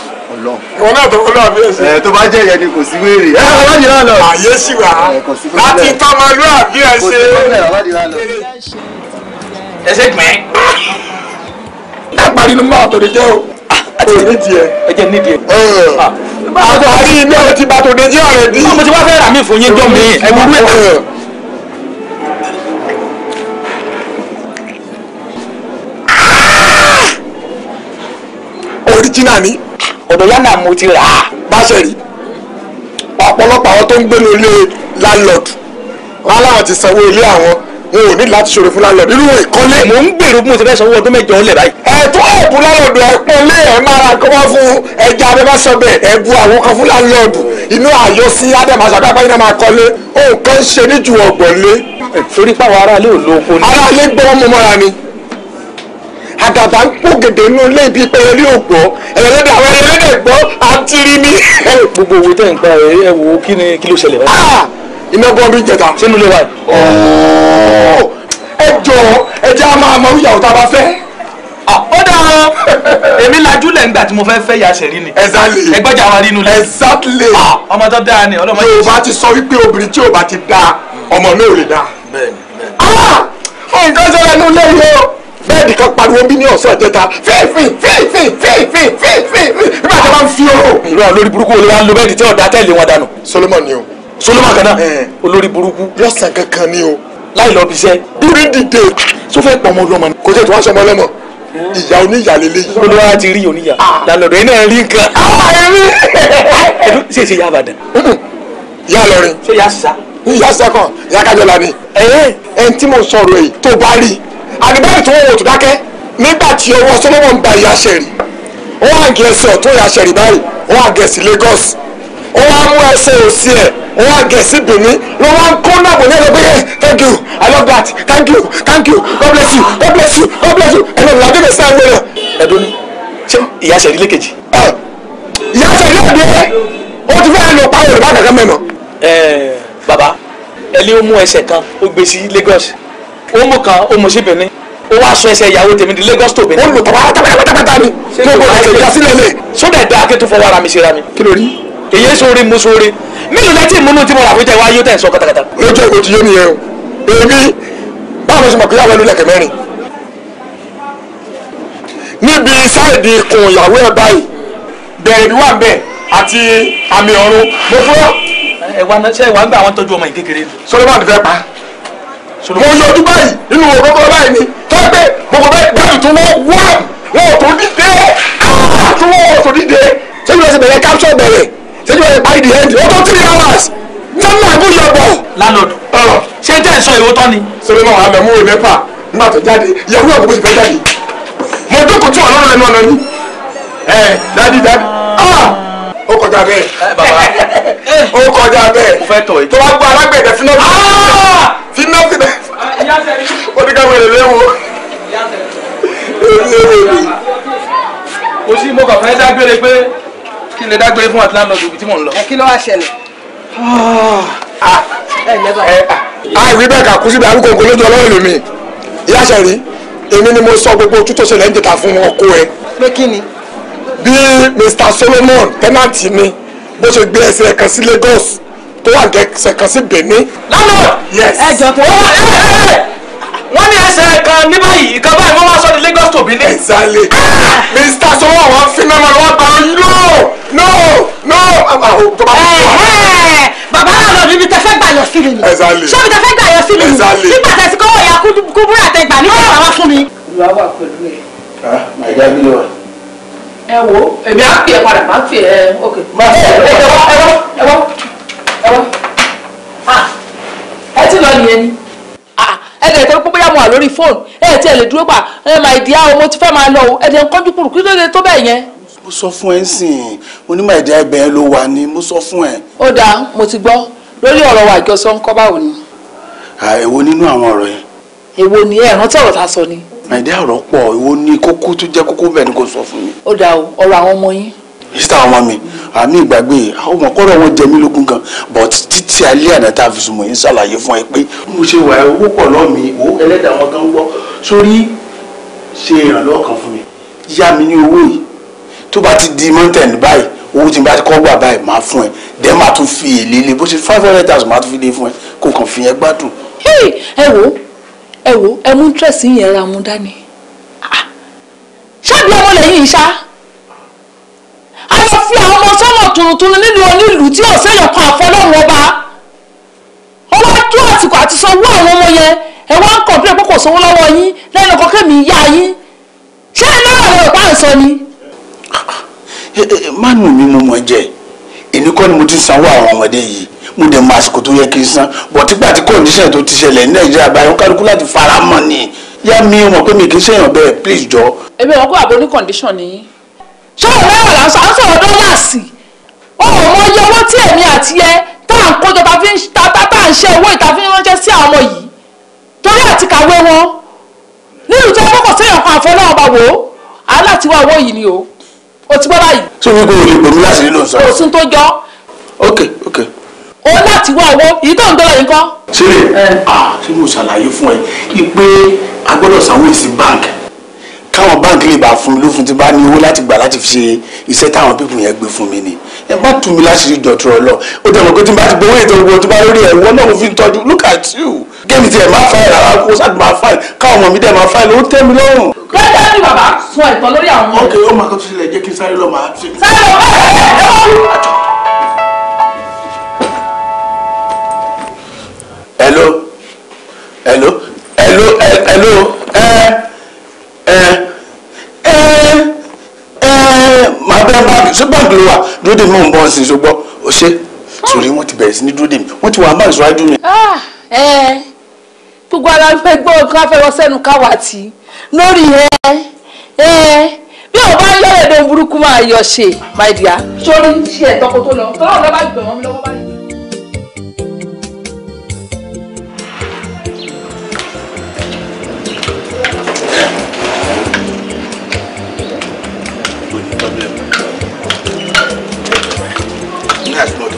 ìwọ náà tó fọlọ́ àbí ẹ̀sìn. ẹ tó bá jẹ́ ìyẹn ni kò sí wéèrè. ẹ ọlọ́dì náà lọ. àyè sì wá láti tọ́ ọmọlúwàbí ẹ̀ ṣe. ẹ ṣe gbẹ́ lápárí ni mo àtòdè jẹ́ o. Ah, ẹ̀jẹ̀ nídìí ẹ̀. ẹ̀jẹ̀ ah. nídìí ẹ̀. àtàrí ilé ẹ̀ ti bá tòdè jẹ́ ọ̀rẹ́ bí. báwo ti wá fẹ́ rà mí fún yín jọ mi ẹ̀wọ̀n mi. original ni. ọ̀dọ̀ yánà mo ti rà á. bá a ṣe rí ọ̀pọ̀lọpọ̀ àwọn tó ń gbé ní ilé landlord wọn aláwọ̀ ti sanwó ilé àwọn n ò ní láti ṣòro fún lálọ́ọ̀dù irú ìkọ́lé. mò ń gbèrò bí mo ti fẹ́ sanwó ọdún mẹ́jọ ọ̀lẹ̀ báyìí. ẹ̀tọ́ ẹ̀bù lálọ́ọ̀dù ẹ̀pọ̀n lé ẹ̀ mára kọ́kọ́ fún ẹja abẹ́ bá sọ bẹ́ẹ̀ ẹ̀bù àwọn kan fún lálọ́ọ̀dù inú àyọ̀ sí adẹ́màṣàgbà pàyín náà máa kọ́lé òun kan ṣe ní ju ọ̀gbọ̀n lé. torí pàwọn aráalé ò lóko ni. aráalé gbọ́ mọ́ mọ́ra ni àgàbà ń pò gèdè inú ilé ibi pẹ̀lú ilé ògbọ́ ẹlẹ́dẹ̀ àwọn ẹlẹ́dẹ̀ gbọ́ àǹtírí ni. gbogbo owó tẹ̀ ń pa ẹ̀ ẹ̀ wò ó kí ni kí ló ṣẹlẹ̀ báyìí. Ah! iná bọ́ jẹta. sínú lè wá yìí. ẹ jọ ẹ jẹ́ a máa mọ ìyàwó tá a bá fẹ́. ó dáa èmi lajú lẹ̀ ńgbà tí mo fẹ́ fẹ́ ya ṣẹ̀rí ni. exactly ẹ gbọ́dọ̀ àwọn arínú lẹ. exactly ọmọ tó dáa ni ọlọ́mọ yorùbá ti sọ wípé obìnrin tí yorùbá ti dáa ọmọ mi ò lè dáa. bẹ́ẹ̀ni bẹ́ẹ̀ni. nǹkan ah! sọ̀rọ̀ ẹnu lẹ́yìn o bẹ́ẹ̀ni kan pariwo bí ní ọ̀sán ìjẹta fífín fífín fífín fífín nígbà tí a bá ń fi oró. ìrora lórí burúkú olè wa ń lo bẹ́ẹ̀ni tí ọ̀dà tẹ̀lé wọn dànù. Solomon o solomon kan náà eh. olórí burúkú. lọ́sàn kankan ni o. láì lọ bíṣẹ́. during the day tó fẹ́ pọ̀ ọmọ ọlọ́mọ ni. kò tẹ̀ tó wá sọmọ ọlọ́mọ hmm. ìyá oníyà lélẹ̀ yìí. olúwa ti rí oníyà ah. lálọ́dọ̀ iná rí nǹkan. ẹ̀dùn ṣe é ṣe yá àbàdàn. yá lọrin. ṣé yá sá. yá sá kan yá kájọlá ni. ẹ ẹ tí mo sọ̀rọ̀ yìí tó bá rí àdìbẹ́rẹ́ tó wọ̀ tó dákẹ́ nígbà tí ọwọ́ solomon ba ìyá ṣẹ̀rì wọ́n á gẹ̀ẹ́sì ọ̀tún ìyá ṣẹ̀rì báyìí wọ́n á gẹ̀ẹ́sì Lagos ó wá mú ẹsẹ̀ òsì ẹ̀ ó wá gẹ̀ẹ́sì bìíní ló wá ń kó náà bò ní ẹ̀rọ eh, thank you i love that thank you thank you god bless you god bless you god bless you ẹ̀rọ ìlànà tó lè sá ẹ̀rọ rẹ̀. ẹ̀dùn ni ṣé ìyá ṣe ìdílé kejì. ìyá ṣe ìdílé kejì ó ti fẹ́ẹ́ lọ pa yorùbá kankan mẹ́mọ́. Baba. ẹlẹ́ ó mú ẹsẹ̀ kan ó gbé sí Lagos ó mú kan ó mú sí Benin ó wá sọ ẹsẹ̀ ìyàwó tèmi di Lagos tó Benin. ó lò tọ́ba tábàtàbàtà ni kí o kò lọ sí ìyá sílẹ̀ lẹ̀. sódà ẹ̀dá akéètò fọwọ́ ara mi ṣe ra mi. kí ló èyí sóore mo sóore mélòó la ti múnú tí mo rà fún tẹ wá yóò tẹ̀ sọ katakata. lójú ìwé ti yé mi yẹn o èmi báwo ló ṣe mọ̀ pé yàwó ẹ ló lẹ̀kẹ̀ mẹ́rin níbi sáìdì ikùn ìyàwó ẹ báyìí bẹ̀rẹ̀ bí wà ń bẹ̀ àti àmì ọ̀run mo fọ́. ẹ wá ṣe ìwà ń gbà àwọn tọ́jú ọmọ yìí kékeré. solomoni fẹ́ pa mo yọ ọdún báyìí nínú òkòkò báyìí ni tó gbé gbogbo bẹ́ẹ̀ báyìí tún wọ́n wọ́n wọn ò tó dídé àwọn ah, àtúwọ́ ò tó dídé ṣé ìlọsibẹ̀rẹ̀ capsule bẹ̀rẹ̀ ṣéjú ẹ by the end ó tó three hours sẹ́mi àbú yọ bọ̀. landlord oh. ṣé tẹ́ ẹ sọ ìwọ tán ni. sọ́dọ̀ máa wà mẹ́mú ìmẹ́pà nígbà tó jáde ìyàwó àbúkù ti fẹ́ jáde mo dúkùú tí ọlọ́run ẹnu ọ̀nà ni ẹ dadi dadi ah! ó kọjá bẹ́ẹ̀ ó kọjá bẹ́ẹ̀ tó bá gbọ́ alágbẹ̀dẹ fínọ́fì ah! fínọ́fì ó ní ká wẹ̀rẹ̀ lẹ́wọ̀n kò sí mo kàn fẹ́ dágbére pé kí n lè dágbére fún àtìláńdọ òbí tí mò ń lọ. ẹ kí ló wá ṣẹlẹ̀. Ah. Ah. àìwí ah. bẹ́ẹ̀ kà kú síbi arúgbó ògo lójú ọlọ́run lèmi ìyá ṣẹ̀rí èmi ni mo sọ gbogbo ojú tó ṣẹlẹ̀ ń jẹta fún ọkọ ẹ. pé kí ni. bí Mr Solomon tẹ́nàntì ni bó ṣe gbé ẹsẹ̀ kan sí Lagos tó wà gẹ̀ẹ́sẹ̀ kan sí Benin. lánàá ẹjọ́ tó wà ẹ̀ ẹ̀ ẹ̀ wọ́n ní ẹsẹ̀ kan ní báyìí ìkan báyìí wọ́n wá sọ ní Lagos to Benin. exactly ah! mr sanwó àwọn fínámà ló wá gba no no no tó bá fún wa. bàbá ọ̀rọ̀ mi mi tẹ fẹ́ gbà yọ sí mi ni ṣé mi tẹ fẹ́ gbà yọ sí mi ni nígbà tẹ sí kọ́wọ́ ìyá kúbúrà tẹ gbà nígbà bàbá fún mi. ìwà wà pẹ̀lú ẹ̀. màjá bí wà. ẹ wo èmi á fi ẹ padà má fi ẹ ok. má fi ẹ ẹ wá ẹ wá ẹ wá ẹ wá ẹ ti lọ nìyẹn ni ẹ̀dẹ̀ tó pé bóyá mo wà lórí fóònù ẹ̀ tí ẹ̀ lè dúró pa ẹ̀ máa mo ti fẹ́ máa lọ o ẹ̀dẹ̀ ń kánjú kúrò kí ló dé tó bẹ́ẹ̀ yẹn. mo sọ fún ẹ sìn onímọ̀ ìdí ẹgbẹ́ ẹ ló wà ní mo sọ fún ẹ. ó dáa mo ti gbọ́ lórí ọ̀rọ̀ wa àjọsọ ńkọ́ báwo ni. èwo nínú àwọn ọ̀rọ̀ yẹn. èwo ni ẹ rántí ọ̀rọ̀ ta sọ ni. màìdí àrọ̀ pọ̀ èwo ni kókó tó jẹ́ kókó bẹ́ẹ̀ ni kò sọ fún mi. ó dáa o ọ̀rọ̀ àwọn ọmọ yín sísá ọmọ mi àmì ìgbàgbé àwọn ọmọkọ́rọ̀ wọn jẹ mí lógún gan but títí alẹ́ àná tá a fi sùnmọ̀ yín ṣàlàyé fún ẹ pé. mo ṣe wà owó pọ̀ lọ́ọ̀ mi owó ẹlẹ́dàá wọn kan ń gbọ́ sórí ṣe ìrànlọ́wọ́ kan fún mi yá mi ní owó yìí tó bá ti di mountain báyìí owó tí n bá kọ́ gbà báyìí máa fún ẹ dẹ́ máa tún fi èlé lé bó ṣe five hundred thousand máa tún fi lé fún ẹ kó kàn fi yẹn gbádùn. ẹ wo ẹ wo ẹ mú tẹ̀sí yẹn ra mu dání ah, ṣáàbì ọmọ lẹ́yìn ìṣá fi àwọn ọmọ sọ́nà tuntun nínú onílù tí ò sẹ́yìn kan àfọlọ́run ọba ọwọ́ tó àsìkò àti sanwó àwọn ọmọ yẹn ẹ wá ń kọ̀ọ̀pẹ́ pé kò sanwó lọ́wọ́ yín lẹ́nu ọkọ̀ kẹ́mi yá yín ṣé ẹ náà rẹ̀ bá ń sọ ni. Eh, eh, eh, mánú mi mo mọ̀ jẹ́ èmi kọ́ ni mo ti sanwó àwọn ọmọdé yìí mo dẹ̀ mọ àsìkò tó yẹ kí n san bọ̀ tígbà tí kọ́ndíṣàn tó ti ṣẹlẹ̀ ní nàìjíríà báyìí wọn kálukú láti fara mọ́ ni yá mi mọ̀ pé mi kì í ṣèyàn bẹ́ẹ̀ please jọ. ẹ bẹ́ẹ̀ wọn kó àbọ̀ ní kọ́ndíṣàn nìyí ṣé òun náà là ń sọ à ń sọ̀rọ̀ dọ́làsì ọmọ ọmọ iye owó tí èmi àti ẹ tá à ń kójọ tá fi ń tá tá à ń ṣe owó ìta fi ń ránṣẹ́ sí àwọn ọmọ yìí torí àti kàwé wọn nínú tó kọ́kọ́ séèyàn kan àfọ náà bá wò ó aláti wá owó yìí ni o o ti gbọ́ báyìí. ṣé wípé o lè pè mí láti nílò sọ. oṣù tó jọ. ok ok. o láti wá owó èyí tó ń dọ́là yìí kọ́. ṣé ah, ṣé mo ṣàlàyé fún ẹ pé a gbọ́dọ̀ sanwó ìsìn báńkì káwọn báńkì lè bá fún mi lófun tí bá ní owó láti gbà láti fi ṣe iṣẹ́ táwọn pípù yẹn gbé fún mi ni ẹ má tù mí láṣìírí dọ̀tún ọ lọ ó dẹ̀ mọ̀ pé tí n bá ti gbowó ètò ìwọ tó bá lórí ẹ̀ náà mo fi ń tọ́jú look at you géèmì tiẹ̀ máa fáìlì ara kó sáàdì máa fáìlì káwọn ọmọ mi dẹ̀ máa fáìlì ó tẹ́ mi lọ́rùn. lọ́jọ́ ni bàbá sọ ìtàn lórí àwọn ọmọ. ok ó máa kọ́ tó ṣẹlẹ̀ jẹ́ kí n sáré lọ́ọ́ hello hello hello hello ẹ máa bẹ báàgì ṣé báàgì ló wà dúró dè mí ò ń bọ́ sí ṣùgbọ́n ó ṣe sórí wọn ti bẹ̀rẹ̀ sí ní dúró dè mí wọ́n ti wà máa ìṣọ́ájú mi. Ah, gbogbo ara fẹ́ gbọ́ nǹkan afẹ́rọ sẹ́nu káwa tì lórí ẹ bí o bá yọ̀ ẹ̀dọ̀ burúkú máa yọ̀ ṣe my dear. sórí ṣe ẹ̀tọ́kọ tó lọ tọ́lọ́ lọ́ bá gbẹ̀wọ́n mi lọ́wọ́ báyìí.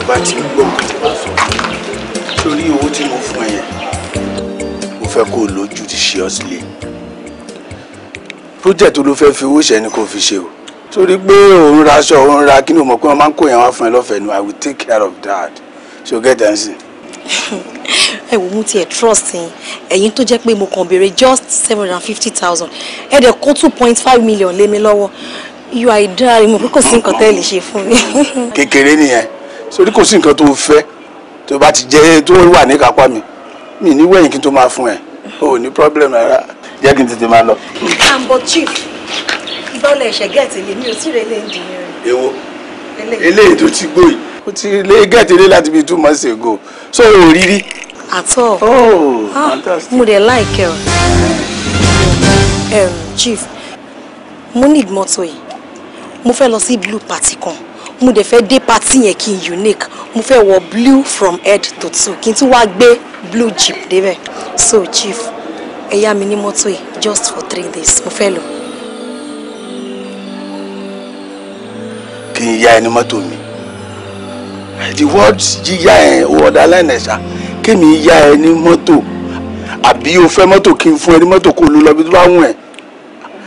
bá ti gbọ́ sórí owó tí mo fún ẹ yẹn mo fẹ́ kó o lójú ti ṣe ọ́ sílẹ̀ project ló fẹ́ fi owó ṣẹ́ ni kò fi ṣe o torí pé òun ra aṣọ òun ra kí ni o pé wọ́n máa ń kó yẹn wá fún ẹ lọ́fẹ̀ẹ́ nu i will take care of that so get that sin. ẹ wo mo tiẹ̀ trust yín ẹ̀yin tó jẹ́ pé mo kàn béèrè just seven hundred and fifty thousand ẹ dẹ̀ kó two point five million lé mi lọ́wọ́ you are a darling mo kò sí nǹkan tẹ́ ẹ lè ṣe fún mi. kékeré nìyẹn sórí kò sí nǹkan tó fẹ́ tó bá ti jẹ́ tó wà ní kápá mi mi ní wẹ̀yìn kí n tó máa fún ẹ o ní problem rárá jẹ́ kí n tètè máa lọ. àǹbọ̀ chief bọ́ọ̀lù ẹ̀ṣẹ̀ gẹ̀ẹ́tì lèmi ò tí ì relé engineer. èwo eléyìí tó ti gbó yìí ó ti lé gẹ̀ẹ́tì lé láti bíi two months ago so o rí rí. àtọ oh, ah, mo dẹ̀ láìkẹ́ ọ eh, chief mo need mọ́tò yìí mo fẹ́ lọ sí blue party kan mo dẹ̀ fẹ́ dé party yẹn kí n unique mo fẹ́ wọ blue from head to toe kí n tún wá gbé blue jeep débẹ̀ so chief ẹ yá mi ní mọ́tò yìí just for three days mo fẹ́ lò. kí n yá ẹni mọ́tò mi the words yíyá ẹ owó ọ̀dà lẹ́nà ẹ̀ṣá kí mi yá ẹ ní mọ́tò àbí o fẹ́ mọ́tò kí n fún ẹ ní mọ́tò kó o lọ bí tó bá wù ẹ́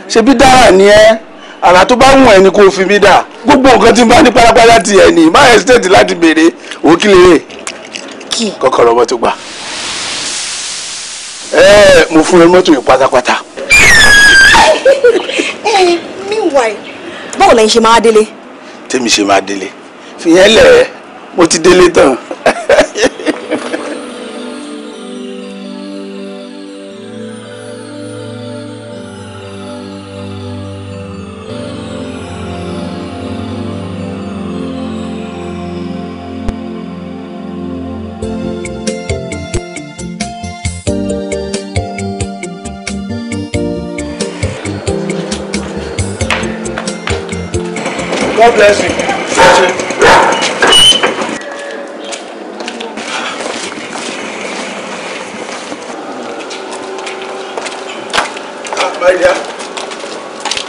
ṣebí dára ni ẹ́. Eh? àrà tó bá wùn ẹ ni kò fi mí dà gbogbo nǹkan tí n bá ní pátápátá ti ẹ ní máa ẹsítẹ́ẹ̀tì láti béèrè òkè lè rè kọ́kọ́rọ́ mọ́tò gbà ẹ mo fún ẹ mọ́tò yìí pátápátá. meanwhile báwo lẹ́yìn ṣe máa délé. tèmi ṣe máa délé fìyẹn lẹ̀ mo ti délé tán. God bless you. Ah, my dear,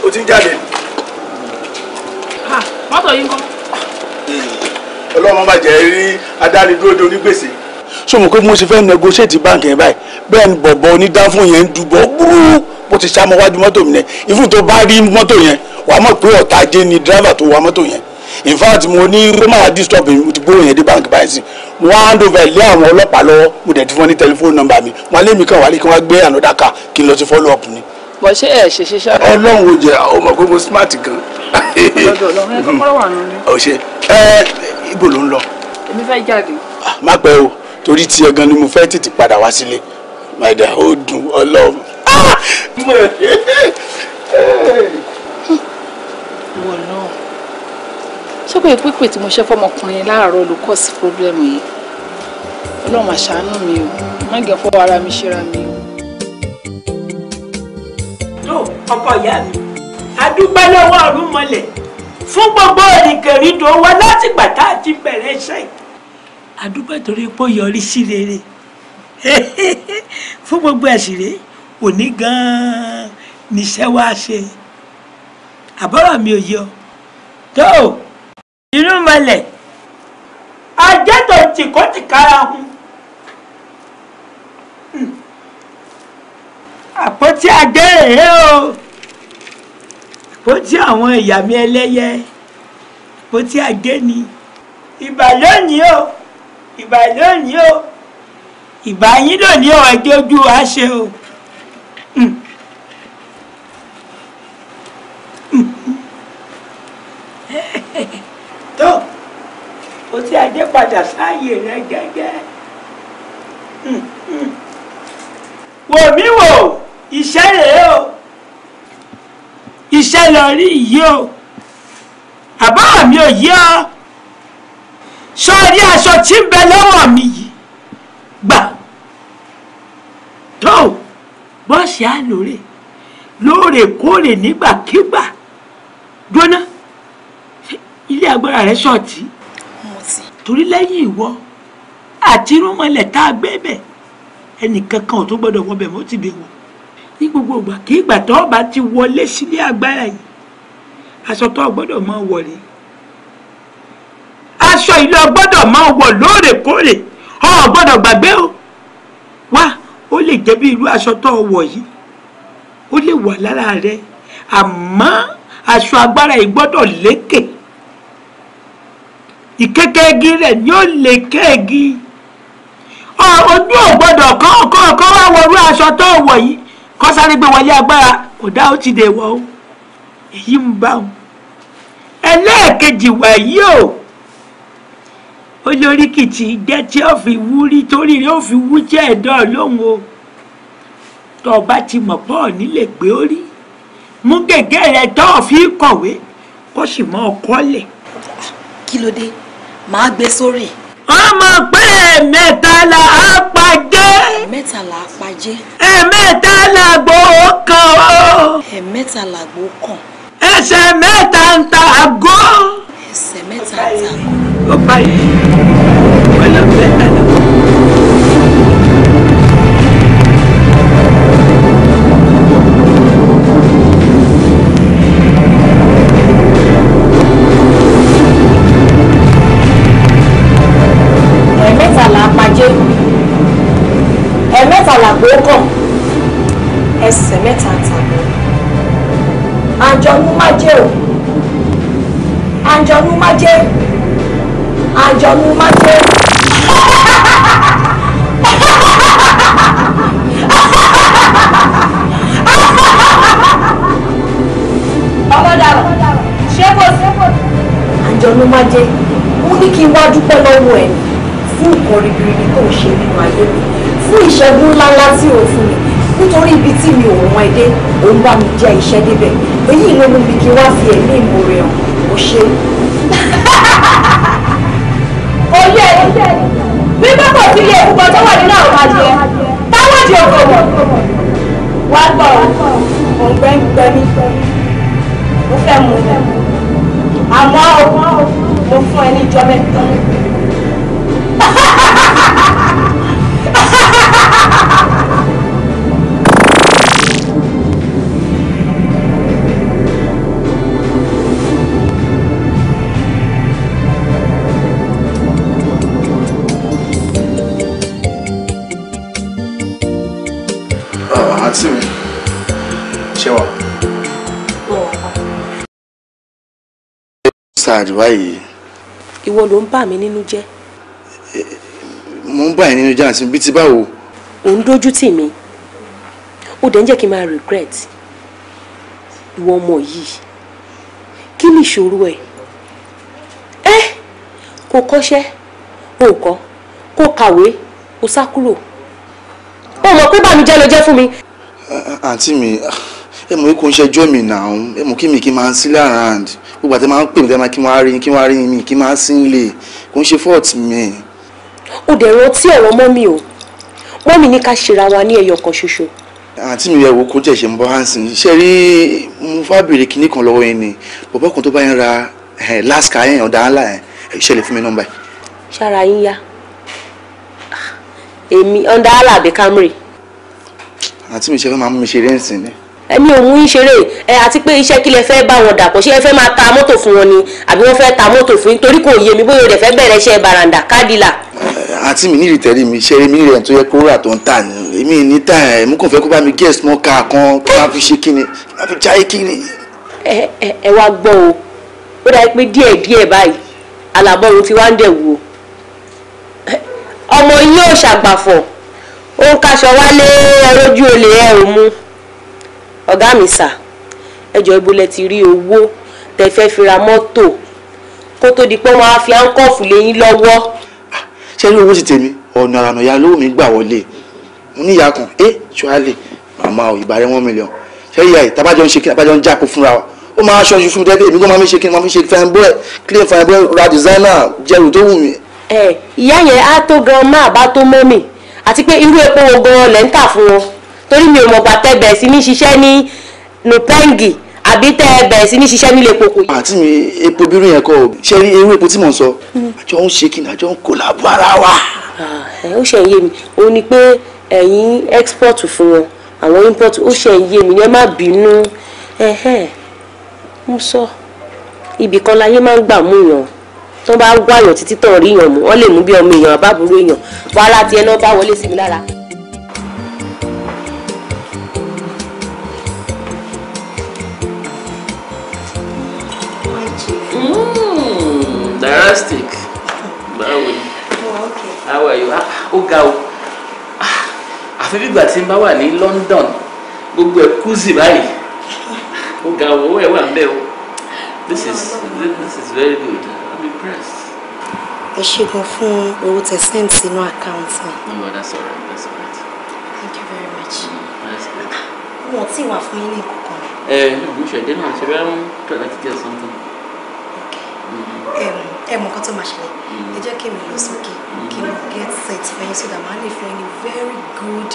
o ti ń jáde. Ah, mọ́tò yìí ń kọ́. Ọlọ́run má jẹ́ rí adánidúró de onígbèsè. Ṣé o mọ̀ pé mo ṣe fẹ́ negotiate báǹkì yẹn báyìí? Bẹ́ẹ̀ ni bọ̀bọ̀ onídàáfún yẹn ń dùbọ̀ gbúrú bó ti ṣá mọ́ wájú mọ́tò mi yẹn. Ìfún tó bá rí mọ́tò yẹn, wàá mọ̀ pé ọ̀tá ajé ni dírẹ́fà tó wa mọ́tò yẹn in fact mo ní roma disturb mi ti gbóhùn yẹn dé bank báyìí sí mo hand lé àwọn ọlọ́pàá lọ́wọ́ mo dẹ̀ ti fún ní telephone number mi wọn lé mi kàn wálé kí wọ́n gbé ànádà ká kí n lọ sí follow up ni. bọ̀ ṣé ẹ ṣe ṣe ṣáà. ọlọ́run ò jẹ ọmọ pé mo smart gan. ọlọ́dọ̀ ọlọ́run ẹ kọ́kọ́rọ́ wà lónìí. ọ̀ṣẹ́ ẹ ibo ló ń lọ. èmi fẹ́ jáde. má pẹ́ o torí tiẹ̀ gan ni mo fẹ́ tètè padà wá sílé ìwọ náà ṣé pé pípè tí mo ṣe fọmọkùnrin láàárọ̀ ló kọ́ sí pírọ́blẹ́mù yìí ọlọ́run àṣàánú mi o má gẹ̀ fọwọ́ ara mi ṣera mi o. tó ọkọ ìyá mi a dúpẹ́ lọ́wọ́ ọ̀run mọ́lẹ̀ fún gbogbo ìrìnkèrindò wa látìgbà tá a ti bẹ̀rẹ̀ iṣẹ́ yìí a dúpẹ́ torí pé ó yọrí sí rere fún gbogbo ẹ̀sìn rèé òní gan-an níṣẹ́ wá ṣe àbọ̀rọ̀ mi ò yọ tó inú mọlẹ̀ ajá tó tìkọ́ ti kára hun hmm. àpótí adé rèé o àpótí àwọn ìyá mi ẹlẹ́yẹ àpótí adé ni ìbà lónìí o ìbà lónìí o ìbà yín lónìí o ẹjọ́ ojú wa ṣe o. Mm. náà o sí ajé padà sáàyè rẹ gẹ́gẹ́ hmm, hmm. wò mí wò iṣẹ́ rèé o iṣẹ́ lọ rí yìí o àbá mi ò yé ọ sọrí aṣọ tí ń bẹ lọ́wọ́ mi yìí gbà tó bọ́ọ̀sì àlòrè lóòrèkóòrè nígbàkigbà gbóná ilé agbára rẹ ṣọ̀tí torí lẹ́yìn ìwọ àti irúnmọlẹ̀ tá a gbé bẹ̀ ẹnìkankan ò tó gbọ́dọ̀ wọbẹ̀ mọ́ ti dé wọ ní gbogbo ìgbà kí ìgbà tó bá ti wọlé sílé agbára yìí aṣọ tó gbọ́dọ̀ máa wọ̀ rèé aṣọ ìlú ọgbọ́dọ̀ máa wọ̀ lóòrèkóòrè ọ gbọ́dọ̀ gbàgbé o wá ó lè jẹ́ bí irú aṣọ tó wọ̀ yìí ó lè wà lára rẹ àmọ́ aṣọ agbára yìí gbọ́dọ̀ lékè ìkékèégi rẹ̀ yóò lè kéègi ojú ò gbọ́dọ̀ kọ́ ọkọ́ ọkọ́ wá wọrú aṣọ tó wọ̀ yìí kọ́ sáré gbé wọlé agbára kò dá ó ti dè wọ́ o èyí ń bá wọn ẹlẹ́ẹ̀kejì wà yìí o olóríkìtì jẹ́ tí ó fi wú rí torí rẹ̀ ó fi wú jẹ́ ẹ̀dọ́ lóhùn o tó bá ti mọ̀ pọ́ ní gbé ó mú gègé rẹ̀ tó fi kọ̀wé kó sì mọ́ ọ kọ́lẹ̀. kí ló dé màá gbé sórí. ọmọ pé mẹ́ta là á pàjẹ́. mẹ́ta là á pàjẹ́. ẹ̀mẹ́ta làgbò kan o. ẹ̀mẹ́ta làgbò kan. ẹsẹ̀ mẹ́ta ń ta àgọ́. ẹsẹ̀ mẹ́ta ń ta àgọ́. ó báyìí ọlọ́pàá ẹ̀ àjọ̀nú má jẹ́ o àjọ̀nú má jẹ́ àjọ̀nú má jẹ́. àjọ̀nú má jẹ́ mo ní kí n wá dúpẹ́ lọ́wọ́ ẹ̀ fún nǹkan ribiribi tó ń ṣe nínú ayé mi fún ìṣẹ́gun ńláńlá tí o fún mi nítorí ibi tí mi ò mọ ẹdẹ òun bá mi jẹ iṣẹ́ débẹ̀ èyí ló mú mi kí wá fi ẹ̀mí ìmoore hàn ó ṣe. oyè bí pápá òtí ilé ìkúkọ tó wà nínú àwọn adìẹ táwọn adìẹ ò gbọwọ wá gbọ ọgbẹ ń gbẹ mí ó fẹ́ mú mi àmọ́ mo fún ẹ ní ìjọ charge báyìí. ìwọ ló ń bà mí nínú jẹ́. mo ń bà yín nínú jẹ́ àǹtí bíi ti báwo. ò ń dójú tì mí ó dẹ̀ ń jẹ́ kí n máa regret ìwọ ọmọ yìí kí ni ìṣòro ẹ̀ ẹ́ kò kọ́ṣẹ́ ò kọ́ kò kàwé kò sá kúrò ó mọ̀ pé bàmíjẹ́ ló jẹ́ fún mi. àǹtí mi ẹ mọ̀ kí mi náà ẹ mọ̀ kí mi kí n máa ń sí gbogbo àti máa ń pè mí tẹ́lẹ̀ kí wọ́n á rí kí wọ́n á rí mi kí máa ń sí ilé kò ń ṣe fault mi. o dẹ̀ rántí ọ̀rọ̀ mọ́ mi o mọ́ mi ní ká ṣera wa ní ẹyọ kan ṣoṣo. àǹtí mi yẹ̀wò kó jẹ̀ṣẹ̀ ń bọ́ hansi ṣe rí mo fà bèrè kinní kan lọ́wọ́ yẹn ni bọ̀bọ́ kan tó bá yẹn ra láska yẹn ọ̀dà ńlá yẹn ṣe fún mi nọ́mbà ẹ̀. ṣára yín yá ah, èmi ọ̀dà ńlá àbí Camry. àǹtí mi ṣe fẹ́ máa mú mi ṣe rẹ́ǹsì ni ẹni òun ń ṣeré ẹ àti pé iṣẹ́ kí lẹ fẹ́ bá wọn dàpọ̀ ṣé ẹ fẹ́ máa ta mọ́tò fún wọn ni àbí wọ́n fẹ́ ta mọ́tò fún yín torí kò yé mi bóyá o dẹ̀ fẹ́ bẹ̀rẹ̀ iṣẹ́ baranda kádìlà. àǹtí mi nírì tẹ́lẹ̀ mi ṣẹ́rí mi nírì ẹ̀ tó yẹ kó rà tó ń tà ní èmi ní tà ẹ̀ mú kàn fẹ́ kó bá mi gé ẹ̀sùn ká kan kí wọ́n fi ṣe kíni kí wọ́n fi jáyé kíni. ẹ ẹ ẹ wá gbọ́ o ó dà pé díẹ̀ díẹ̀ báyìí alábọ́run ọ̀gá mi sà ẹjọ́ ibo lẹ ti rí owó tẹ fẹ́ fi ra mọ́tò kó tó di pé wọ́n á fi áńkọ́ọ̀fù lẹ́yìn lọ́wọ́. Ah, ṣé ní owó ti tèmi ọ̀nà àrànà ìyá lówó mi gbà wọlé mo ní ìyá kan ẹ eh, ṣọ́álẹ̀ màmá ò ìbàrẹ̀ one million ṣé ìyá yìí tábàjọ ń ṣe kí tábàjọ ń jáko fúnra wa ó máa ṣọṣù fún mi dẹ́gbẹ́ èmi kó máa mi ṣe kí n máa mi ṣe fine boy clean fine ra designer jẹrù tó wù mí. ẹ eh, ìyá yẹn á tó gan máa bá tó mọ́mì àti pé irú epo wo gan-an lẹ́ ń tà fún wọn torí mi ò mọ̀gbà tẹ́ bẹ̀rẹ̀ sí ní ṣiṣẹ́ ní nupengi àbí tẹ́ ẹ bẹ̀rẹ̀ sí ní ṣiṣẹ́ nílé epo kù. àti mi epo bírú yẹn kọ o ṣe rí irú epo tí mò ń sọ àjọ hmm. ń ṣe kìnnà àjọ ń kò láàbù ara wa. Ah, ó ṣe ń yé mi òun ni pé ẹ̀yin export fún wọn àwọn import ó ṣe ń yé mi yẹn má bínú mo sọ ibì kan láyé máa ń gbà mú yàn tó bá wáyàn títí tọ̀ rí yàn mú wọ́n lè mú bí ọmọ èèyàn àbábúrò èèyàn wàhálà tiẹ̀ náà bá wọlé sí mi lára. fantastic báwo ni oh, how are you ah, ó ga o ah, àfi bí ìgbà tí n bá wà ní London gbogbo ẹ kúzì báyìí ó ga o owó ẹ wà mbẹ o this is this is very good i'm impressed. ẹ ṣègùn fún owó tẹ send sínú àkáǹtì. no no, that's all right. that's all right. thank you very much. Mm, ah, wọn ò tí ì wà fún yín ní ìkọkàn. ẹ ẹ mo ṣẹ̀dẹ̀ náà ṣe bẹ́ẹ̀ ń tọ̀ láti get something. okay. Mm -hmm. um, ẹ mọ nǹkan tó máa ṣẹlẹ̀ mm. ẹ jẹ́ kí èmi lọ sókè mm. kí n get set fẹ́yìn so that màá lè fẹ́ ní very good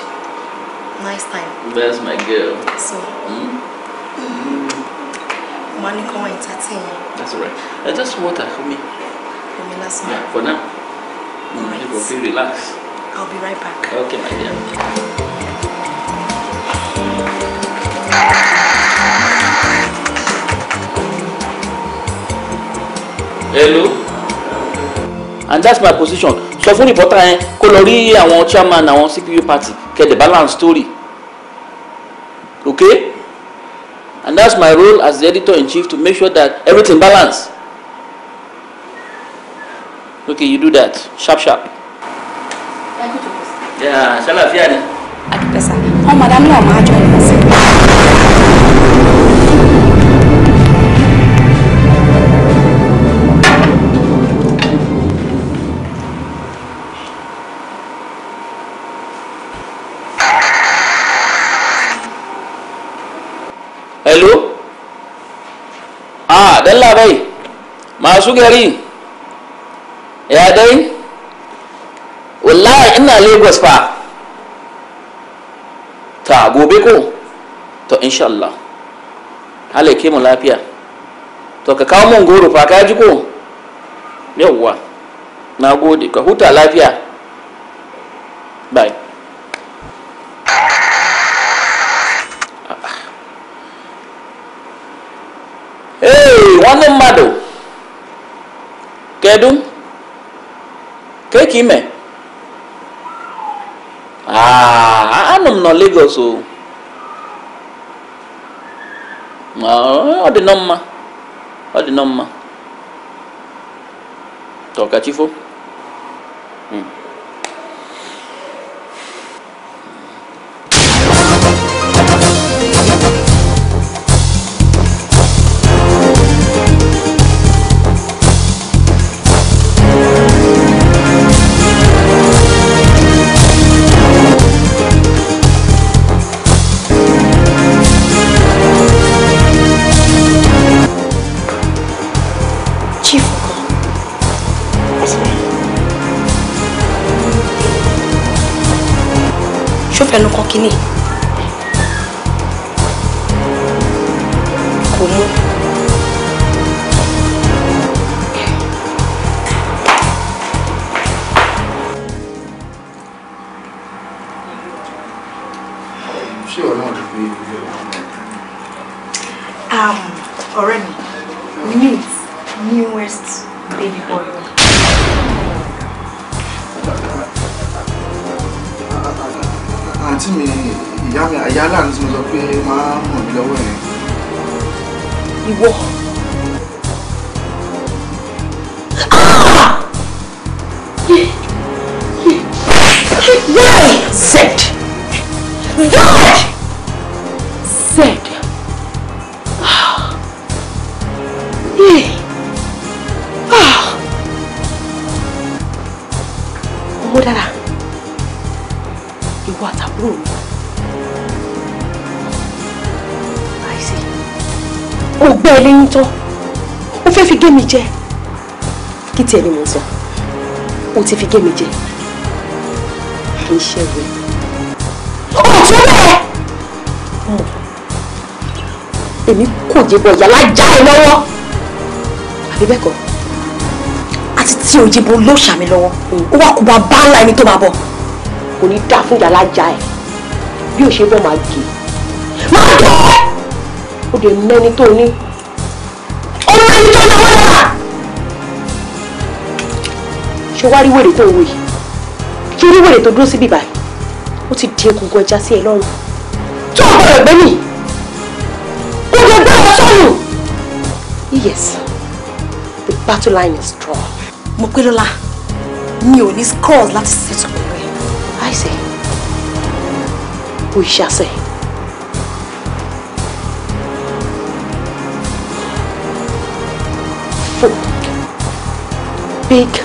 nice time. that's my girl. so mm. màá ní kọ́ wọ́n entertain. that's right uh, just water for me. for me last night. Yeah, for now. all right you go feel relax. I'll be right back. okay my dear. Hello and that's my position sọ fún rìpọ́tà yẹn kó lọ rí àwọn chairman àwọn CPU party kẹ́lẹ̀ balance story okay and that's my role as the editor in chief to make sure that everything balance okay you do that sharp sharp. ẹ kú jù kù sí. ṣàlàfíà ni. àdìpẹ́sà ọmọ àdámù náà máa jọ ẹ̀ masu gari ya dai wallahi ina lagos fa ta gobe ko to insha Allah ke mu lafiya to ka kawo mun goro fa ka ji ko yawwa na gode ka huta lafiya bye hey wannan mado bedum keki ime aa anọ m na Lagos o ọ dị nọ mma ọ dị nọ mma tọkachifo mm. 给你。gé mi jẹ kí tiẹ̀ ni mo sọ o ti fi gé mi jẹ kì í ṣe ìwé. ó tún bẹ́ẹ̀. èmi kò jíbọn ìyá lájà ẹ lọ́wọ́ àbí bẹ́ẹ̀ kọ́ àti tí o jíbọn ló ṣàmì lọ́wọ́ ó wà kó bá bá ńlá ẹni tó máa bọ̀ kò ní dá fún ìyá lájà ẹ bí o ṣe bọ́ máa gé máa gé ó dé mẹ́ni tó ní ó mẹ́ni tó ní wọ́n. ṣé wá rí wèrè tó wò yìí ṣé rí wèrè tó dúró síbí báyìí ó ti di egungun ẹja sí ẹ lọ́rùn tó o gbọdọ̀ gbé mi kó o lè gbé yes the battle line is drawn. mo pé lọ́la mi ò ní scores láti ṣètò pẹ̀lú ẹ̀. àìsè bó iṣẹ́ àṣẹ. Big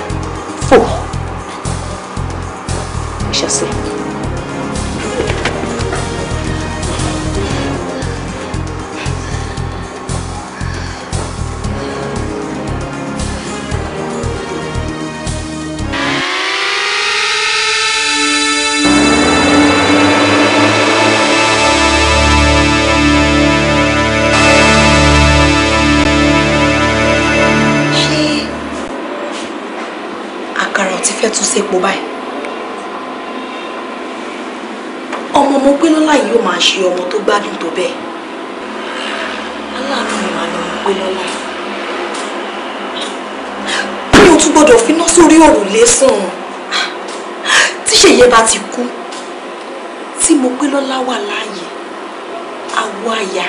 ẹ bá ti kú tí mo pé lọ́lá wà láàyè àwọ̀ àyà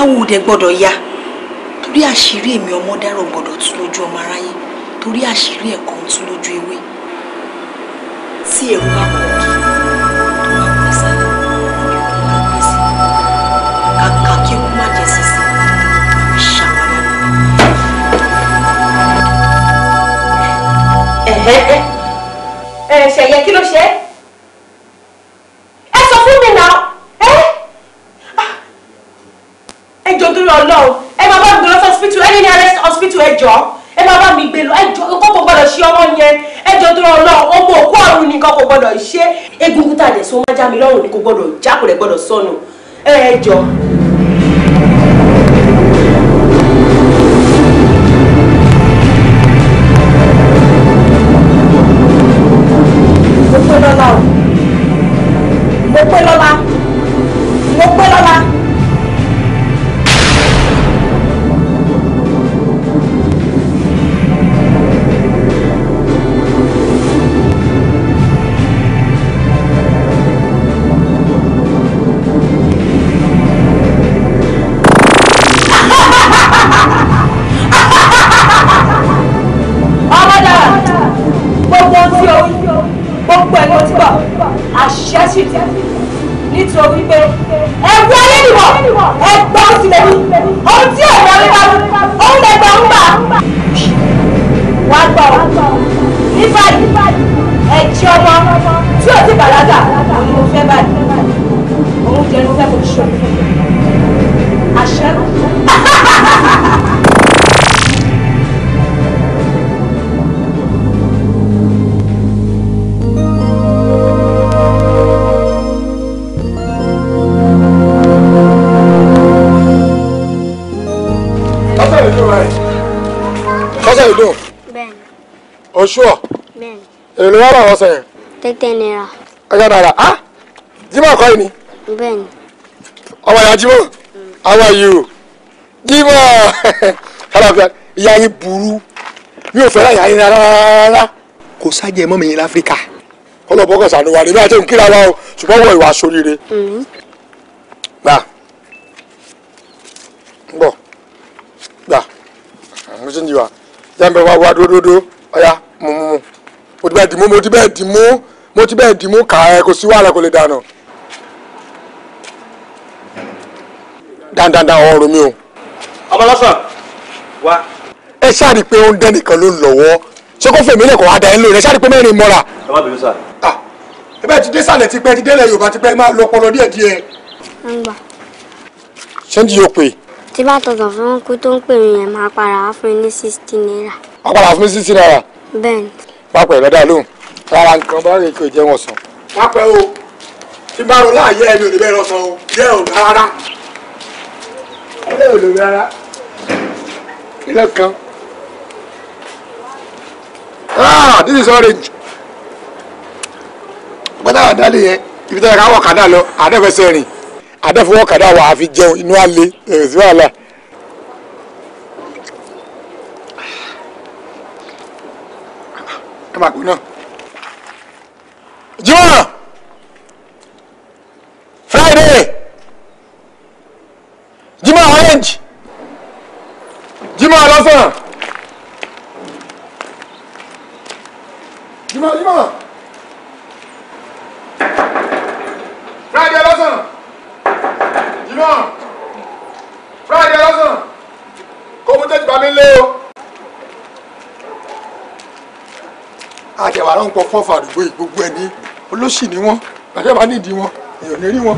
àwọ̀ òde gbọ́dọ̀ ya torí àṣírí èmi ọmọ dárò gbọ́dọ̀ tú lójú ọmọ aráyé torí àṣírí ẹ̀kọ́ ń lójú ewé tí ẹ̀rù bá pọ̀ kí tó bá pọ̀ ìsàlẹ̀ òní òkú máa gbé sí kàkà kí òkú má jẹ sísè. Hey, hey, hey ẹ eh, ṣẹyẹ kí ló ṣe é ẹ sọ fún mi náà eh? ah. ẹ ẹ jọ dúró Ọlọ́run ẹ máa bá mi lọ sí hospital ẹ ní ní arrest hospital ẹ jọ ẹ máa bá mi gbé lọ ẹ jọ kó kò gbọ́dọ̀ ṣe ọmọ yẹn ẹ jọ dúró Ọlọ́run ọmọ òkú ọ̀run nìkan kò gbọ́dọ̀ ṣe egungun tàdé sọ máa já mi lọ́rùn ni kò gbọ́dọ̀ já kò rẹ gbọ́dọ̀ sọnù eh, ẹ jọ. 会了吗？Sure. Ben. ló wá bá wọn sọ yẹn. tẹ́tẹ́ náírà. ọjà náírà ah Jímọ̀ kọ́ ni. Ben. ọmọ ìyá Jímọ̀ hmm. how are you Jímọ̀ ìyá yín burú mi ò fẹ́ràn ìyá yín rárá kò sájẹ mọ́ mi yín láfíríkà ọlọ́bọ̀kọ̀ sànú wa nínú àti nkíra wa o ṣùgbọ́n wọ ìwà sóríire. Hmm. gbà ń bọ̀ gbà mo ti ń jìwà jẹ́ ń bẹ wá wá dúdúdú gbẹ dìmú mo ti bẹ́ẹ̀ dìmú mo ti bẹ́ẹ̀ dìmú kà ẹ kò sí wàhálà kò lè dànù. dandandan ọrùn mi o. ọmọ lọ́sàn wá. ẹ ṣáàrí pé ó ń dẹ́ nìkan ló ń lọ́wọ́ ṣé kó fèmí lẹ́kọ̀ọ́ adà ẹ̀ ń lò rẹ̀ ṣáàrí pé mẹ́rin mọ́ra. ẹ má bínú sá. Ah, ẹ bẹ́ẹ̀ ti dé sàlẹ̀ tipẹ́ ti délẹ̀ yorùbá tipẹ́ máa lọ ọpọlọ díẹ̀ díẹ̀. ṣé ń jí o pè. tí bá tọ̀tọ̀ fún kú tó ń pè mí yẹn máa para fún mi ní sixty naira. wọ́n para fún mi sixty naira. bẹ́ẹ̀ni pápẹ́ ìbẹ́dà lóhùn rárá nǹkan bá rè kí o jẹ́ wọn sàn. pápẹ́ o tí bá ro láàyè ẹni ò lè bẹ́ẹ̀ lọ sàn o jẹ́ ò rárá ẹlẹ́ ò lè rárá ilé kan. Ah, this is orange pátá àdálẹ̀ yẹn ibi tí a kà wọ̀ kàdá lọ àdẹ́fẹsẹ̀ rìn àdẹ́fọwọ́ kàdá wà àfi jẹun inú àlè èrè sí wàhálà. ẹ máa pè Friday Juma orange Juma ọlọ́sàn. Juma, Juma, Friday ọlọ́sàn. Juma, Friday ọlọ́sàn. Kò mú tẹ́jú bá mi lé o. àtẹ̀wárán pọ̀ fọ́fà àdúgbò yìí gbogbo ẹni olóṣì ni wọ́n bàtẹ́ bá nídìí wọn èèyàn ní rí wọn.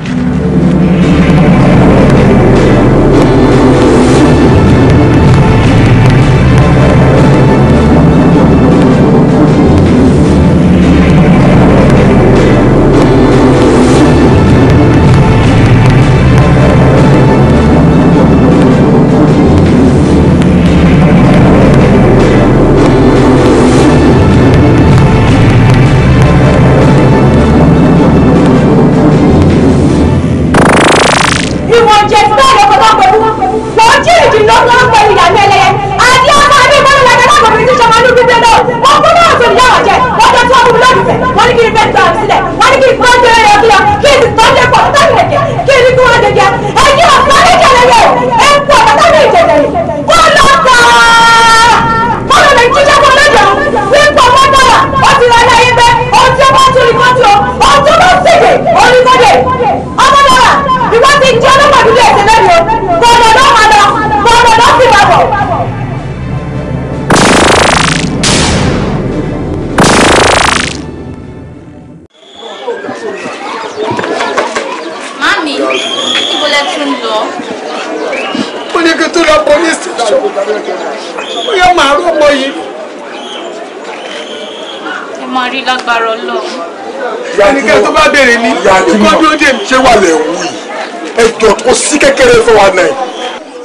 lágbára Ọlọ́run. ẹnikẹ́ni tó bá béèrè mi ìkọ́jú ó dé mi. wà lẹ̀ yìí ẹ kò sí kékeré fún wa náà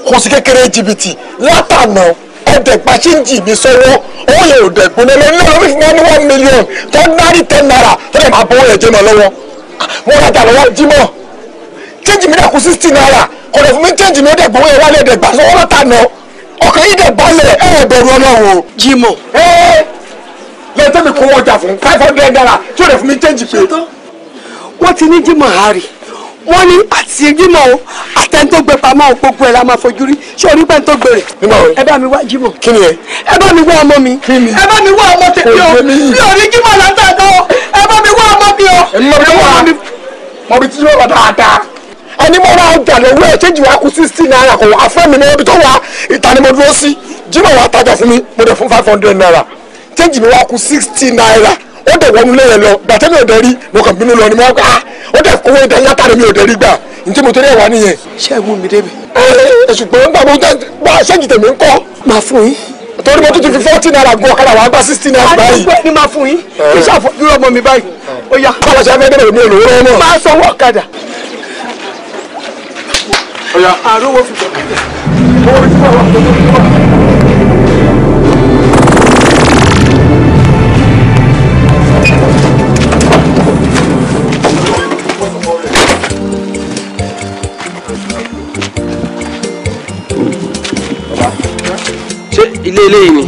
kò sí kékeré jìbìtì látànà ẹ̀ẹ́dẹ̀gbà ṣe ń jì mí sọ́wọ́ owó yẹn ò dẹ̀gbọ́n lẹ́nu ní ní one million tó ń ten naira tó lè máa bọ́wọ́ yẹn jẹ́ mọ́ lọ́wọ́ mo rajà lọ́wọ́ Jímọ̀ change mi dàkú sixty naira kọ̀dọ̀ fún mi change mi ó dẹ̀gbọ́n yẹn wálé ẹ̀ẹ́dẹ̀gbà sọ́wọ́ látànà ọkàn yìí dẹ̀ balẹ̀ ẹ̀ẹ́dẹ̀gbọ́n lọ́wọ́. Jímọ̀ ẹ ẹgbẹ́ tẹ́mi kó wọ́n jà fún five hundred naira tí ó lè fún mi change pé. wọ́n ti ní jimoh hari wọ́n ní àti jimoh o àtẹni tó gbé pamọ́ o gbogbo ẹ̀ la máa fojú rí ṣé orí pẹ́ ń tó gbèrè. ẹ bá mi wá jimoh. kí ni ẹ. ẹ bá mi wá ọmọ mi. kí ni ẹ bá mi wá ọmọ tèmi o mi ò ní jimoh látàkọ́ ẹ bá mi wá ọmọ mi o. ẹ bá mi wá ọmọ mi. mo bí tí yóò bá dáadáa ẹni mo ra ọjà lọ́wọ́ ẹ̀ ṣéjì wa kú sixty naira kò wá fún mi ní ibi tó wà ìta sí jimoh wa tajà fún mi mo dẹ̀ fún five hundred naira change mi wá kù sixty naira ó dẹ̀ wọnú lẹ́yìn lọ gbàtẹ́ mi ò dẹ̀ rí mo kàn bínú lọ ni mo wá ah ó dẹ̀ kówó dẹ̀ látàrí mi ò dẹ̀ rí gbà ǹjẹ́ mo torí ẹ̀ wá nìyẹn. ṣé ẹ mú mi débi. ẹ eh, ṣùgbọ́n nígbà mo bá ṣẹ́ǹjì tèmi ń kọ́. màá fún yín. torí mo tún ti fi forty naira gun ọ̀kadà wàá gba sixty naira báyìí. àdúgbò ni màá fún yín eh. kí ṣàfọ irọ́ ọmọ mi báyìí ó yá. báwo ṣe fẹ́ bẹ̀rẹ̀ mi ò lówó náà. máa sanwó ọ̀kadà. àrùn wo fi bọ̀ kẹ́kẹ́ ilé eléyìí ni.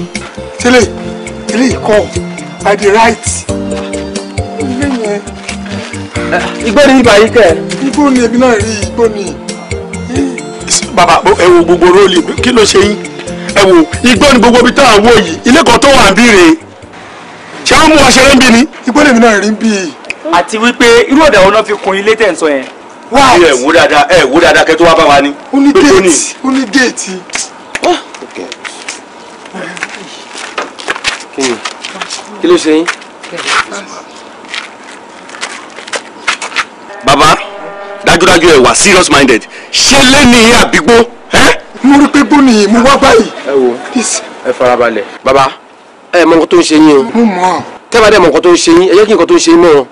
tílé eléyìí kọ by the right. ilé yẹn. igbó ni ibà yìí kẹ. igbó ni ebi náà rí igbó ni. bàbá ẹ wo gbogbo róòlì kí ló ṣe yín ẹ wo igbó ni gbogbo ibi tá à ń wò yìí ilé kan tó wà ń bí rèé ṣé wọn mú ọṣẹ rẹ ń bí ni. igbó ni ebi náà rí ń bí. àti wípé irú ọ̀dà wọn náà fi kun ilé tẹ̀ ń sọ yẹn. wáá ẹ wò dáadáa ẹ wò dáadáa kẹ́ tó wá bá wa ni. ó ní déètì ó ní déètì. kí ni kí ló ṣe yín. bàbá ẹ wà serious minded ṣé lẹ́ni àbígbó. mo rí pé bóni mo wá báyìí. ẹ wo ẹ farabalẹ̀. bàbá ẹ mọ nǹkan tó ń ṣe yín o. mo mọ̀. tẹ́lá dẹ̀ mọ nǹkan tó ń ṣe yín ẹ yẹ kí nǹkan tó ń ṣe yín mọ́.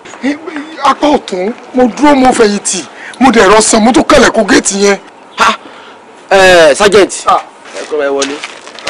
apá ọ̀tún mo dúró mo fẹ̀yìntì mo dẹ̀ rọ san mo tún kẹlẹ̀kùn géètì yẹn. ha ẹ sergeant ẹ kọ́ ẹ wọlé.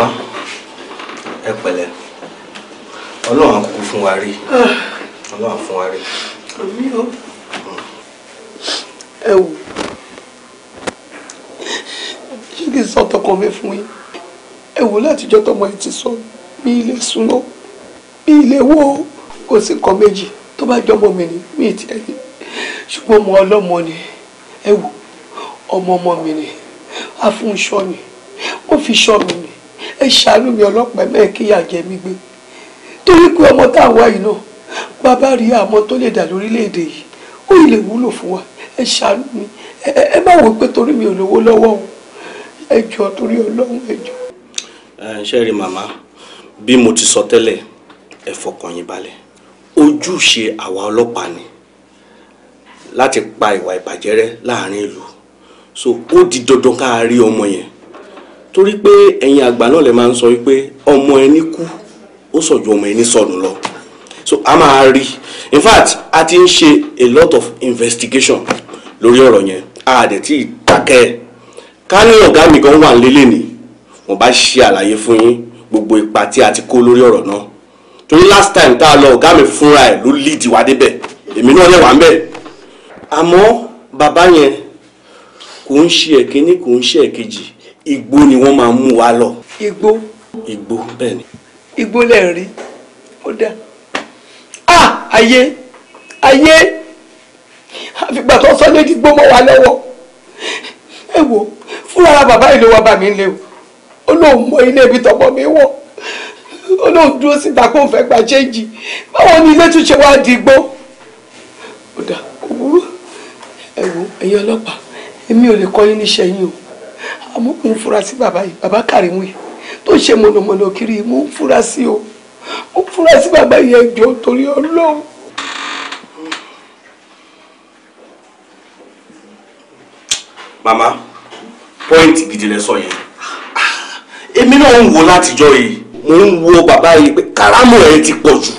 màmá ẹ pẹ̀lẹ́ ọlọ́run àkókò fún wa rí ọlọ́run fún wa rí. àmì o hmm. ẹ wò ṣé kí n sọ tọkàn mi fún yín ẹ wò látijọ́ tọmọ yìí ti sọ mi ilé súná mi ilé wó kò sí nǹkan méjì tó bá jọmọ mi ni mi ì tiẹ̀ ní ṣùgbọ́n ọmọ ọlọ́mọ ni ẹ wò ọmọ ọmọ mi ni a fún iṣọ́ ni wọ́n fi iṣọ́ mi ni ẹ ṣàánú mi ọlọ́pàá bẹ́ẹ̀ kíyà jẹ mí gbé torí pé ọmọ tá a wá yìí náà bàbá rí àmọ́ tó lè dà lórílẹ̀‐èdè yìí ó yìí lè wúlò fún wa ẹ ṣàánú mi ẹ má wò pé torí mi ò lówó lọ́wọ́ o ẹ jọ torí ọlọ́run ẹ jọ. ṣe rí màmá bí mo ti sọ tẹ́lẹ̀ ẹ fọkàn yín balẹ̀ ojúṣe àwa ọlọ́pàá ni láti pa ìwà ìbàjẹ́ láàrin ìlú so ó di dandan ká rí ọmọ yẹn torí pé ẹ̀yin àgbà náà lè máa ń sọ wípé ọmọ ẹni kú ó sọ ju ọmọ ẹni sọnù lọ so a máa rí in fact a ti ń ṣe a lot of investigation lórí ọ̀rọ̀ yẹn a dẹ̀ ti dákẹ́ ká ní ọ̀gá mi gan wà lélẹ̀ ni mo bá ṣe àlàyé fún yín gbogbo ipa tí a ti kó lórí ọ̀rọ̀ náà torí last time tá a lọ ọ̀gá mi fúnra ẹ̀ ló lead wa débẹ̀ èmi náà lẹ̀ wá ń bẹ̀ àmọ́ bàbá yẹn kò ń ṣe ẹ̀kíní kò ń ṣe ẹ̀kejì igbó ni wọ́n máa mú wa lọ. igbó. igbó bẹ́ẹ̀ ni. igbó lẹ́ẹ̀ rí ó dá a ayé ayé àfìgbà tó sọ lé dígbó mọ́ wa lọ́wọ́ ẹ wo fúnra bàbá ìlú wa bá mi lé o ó lóun mọ ilé ibi tọmọ mi wọ̀ ó lóun dúró síta kó n fẹ́ gba chéǹjì báwo ni ilé tún ṣe wá di igbó ó dá kò burú ẹ wo ẹ̀yin ọlọ́pàá èmi ò lè kọ́ yín níṣẹ́ yín o àmọ́ mo ń fura sí bàbá yìí bàbá Kàrímù yìí tó ṣe mọ̀nàmọ̀nà kiri mo ń fura sí o mo ń fura sí bàbá yìí ẹjọ́ torí Ọlọ́run. màmá pọ́ìntì gidi lẹ sọ yẹn èmi náà ń wo látijọ́ yìí mo ń wo bàbá yìí pé Kàrámù ẹ̀ ti pọ̀ jù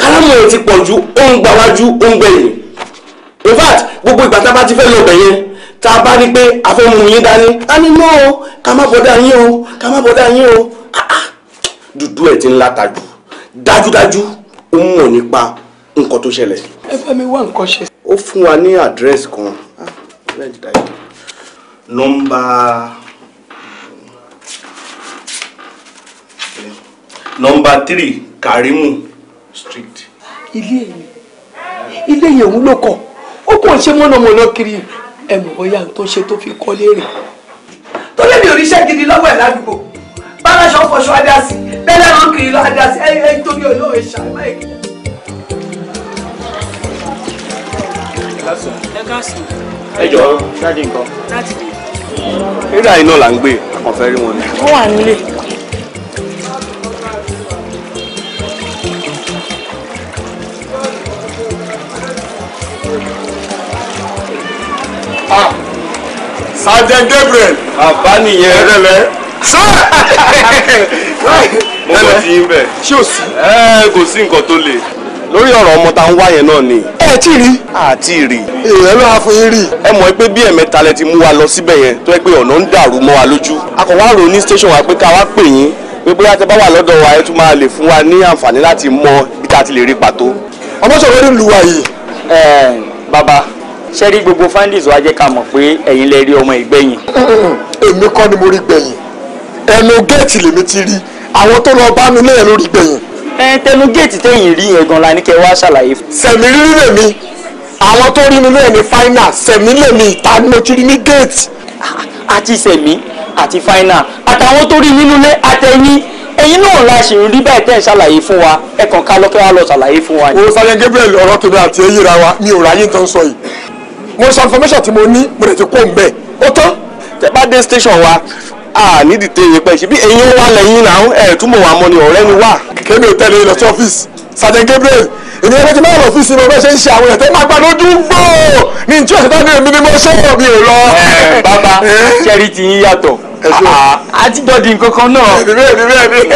Kàrámù ẹ̀ ti pọ̀ jù ó ń gbáwájú ó ń gbẹ̀yìn in fact gbogbo ìgbà tá a bá ti fẹ́ lọ bẹ̀ tá a bá rí pé a fẹ́ mú yín dání a ní mọ́ o ká má bọ́dá yín o ká má bọ́dá yín o ah, ah. dúdú ẹ̀ ti ń láta jù dájúdájú ó mọ̀ nípa nǹkan tó ṣẹlẹ̀. ẹ bá mi wá nǹkan ṣe. ó fún wa ní àdírẹ́sì kan ah, nọ́mbà nọ́mbà tírì Karimu street. ilé yẹn ilé yẹn òun ló kọ ó kàn ṣe mọ̀nàmọ́ná kiri ẹ mọ̀ bóyá n tó ṣe tó fi kọ́lé rẹ̀. tó lè mi ò ríṣẹ́ gidi lọ́wọ́ ẹ̀ ládùúgbò báraṣọ fọṣọ adásí bẹ́ẹ̀ lẹ́rọ kiri lọ adásí ẹ ẹ torí olóòwe ṣàlùmá ẹ jọ dáàdi nǹkan. dáàdi. nígbà là ń gbé a rí wọn ó wà nílé. sergeant gabriel. àbá nìyẹn. ẹ lẹ́lẹ́. sọ mo mọ̀ ti ń bẹ̀. ṣé o sí. ẹ kò sí nǹkan tó le. lórí ọ̀rọ̀ ọmọ tá ń wá yẹn náà ni. ẹ tí rí. àti rí. èèyàn ló wá fún yín rí. ẹ mọ̀ pé bí ẹ̀mẹ́ta lẹ ti mú wa lọ síbẹ̀ yẹn tó yẹ pé ọ̀nà ń dàrú mọ́ wa lójú. a kò wá rò ní station wa pé ká wá pè yín pé bóyá tẹ bá wà lọ́dọ̀ wa ẹ tún máa lè fún wa ní àǹfààní láti mọ ibi tá ti lè rí pàtó. ọmọ sọ̀rọ̀ ní ìlú yìí. ẹ bàbá ṣe rí gbogbo findings wa jẹ́ ká mọ̀ pé ẹ̀yin lẹ rí ọmọ ìgbẹ̀yìn. èmi kọ́ ni mo rí gbẹ̀yìn ẹnu géètì lèmi ti rí àwọn tó lọ bá mi lẹ́yìn ló rí gbẹ̀yìn. ẹ tẹnu géètì téyìn rí yẹn gan la ní kẹ wá ṣàlàyé. sẹ̀mí rírí lèmi àwọn tó rí mi lẹ́yìn ní final sẹ̀mí lèmi ìta ni mo ti rí ní géètì. àti sẹ̀mí àti final àtàwọn tó rí nínú ilé àtẹ̀yìn ẹ̀yin náà la ṣì ń rí bẹ́ẹ̀ tẹ́ ń ṣàlàyé fún wa ẹ kàn ká lọ́kẹ́ wa lọ ṣàlàyé fún wa. wo sáré Gabriel ọ̀rọ̀ kìnìún àti eyín ra wa mi ò ráyè tán sọ yìí mo sọ information tí mo ní mo lè ti kó n bẹ ó tán. tẹ bá dé station wa a ní dìde yìí pẹ́ ṣebí ẹ̀yin wa lẹ́yìn náà ẹ̀ túmọ̀ wà mọ́ ni ọ̀rẹ́ ni wà. kémi ò tẹ̀lé lọ sí ọ́fíìsì Sergeant Gabriel èmi ẹgbẹ́ tí máa lọ ọ́fíìsì mi ọ̀rẹ́ ṣe ń ṣe àwọn ẹ̀tẹ́ máa gbàdó dùn bò ní tí òṣèlú àti èmi ni mo ṣe é mi ò lọ. bàbá ṣẹ́rí ti yín yàtọ̀ àtijọ́ ah, ah, di nǹkan kan náà. bẹ́ẹ̀ ni bẹ́ẹ̀ ni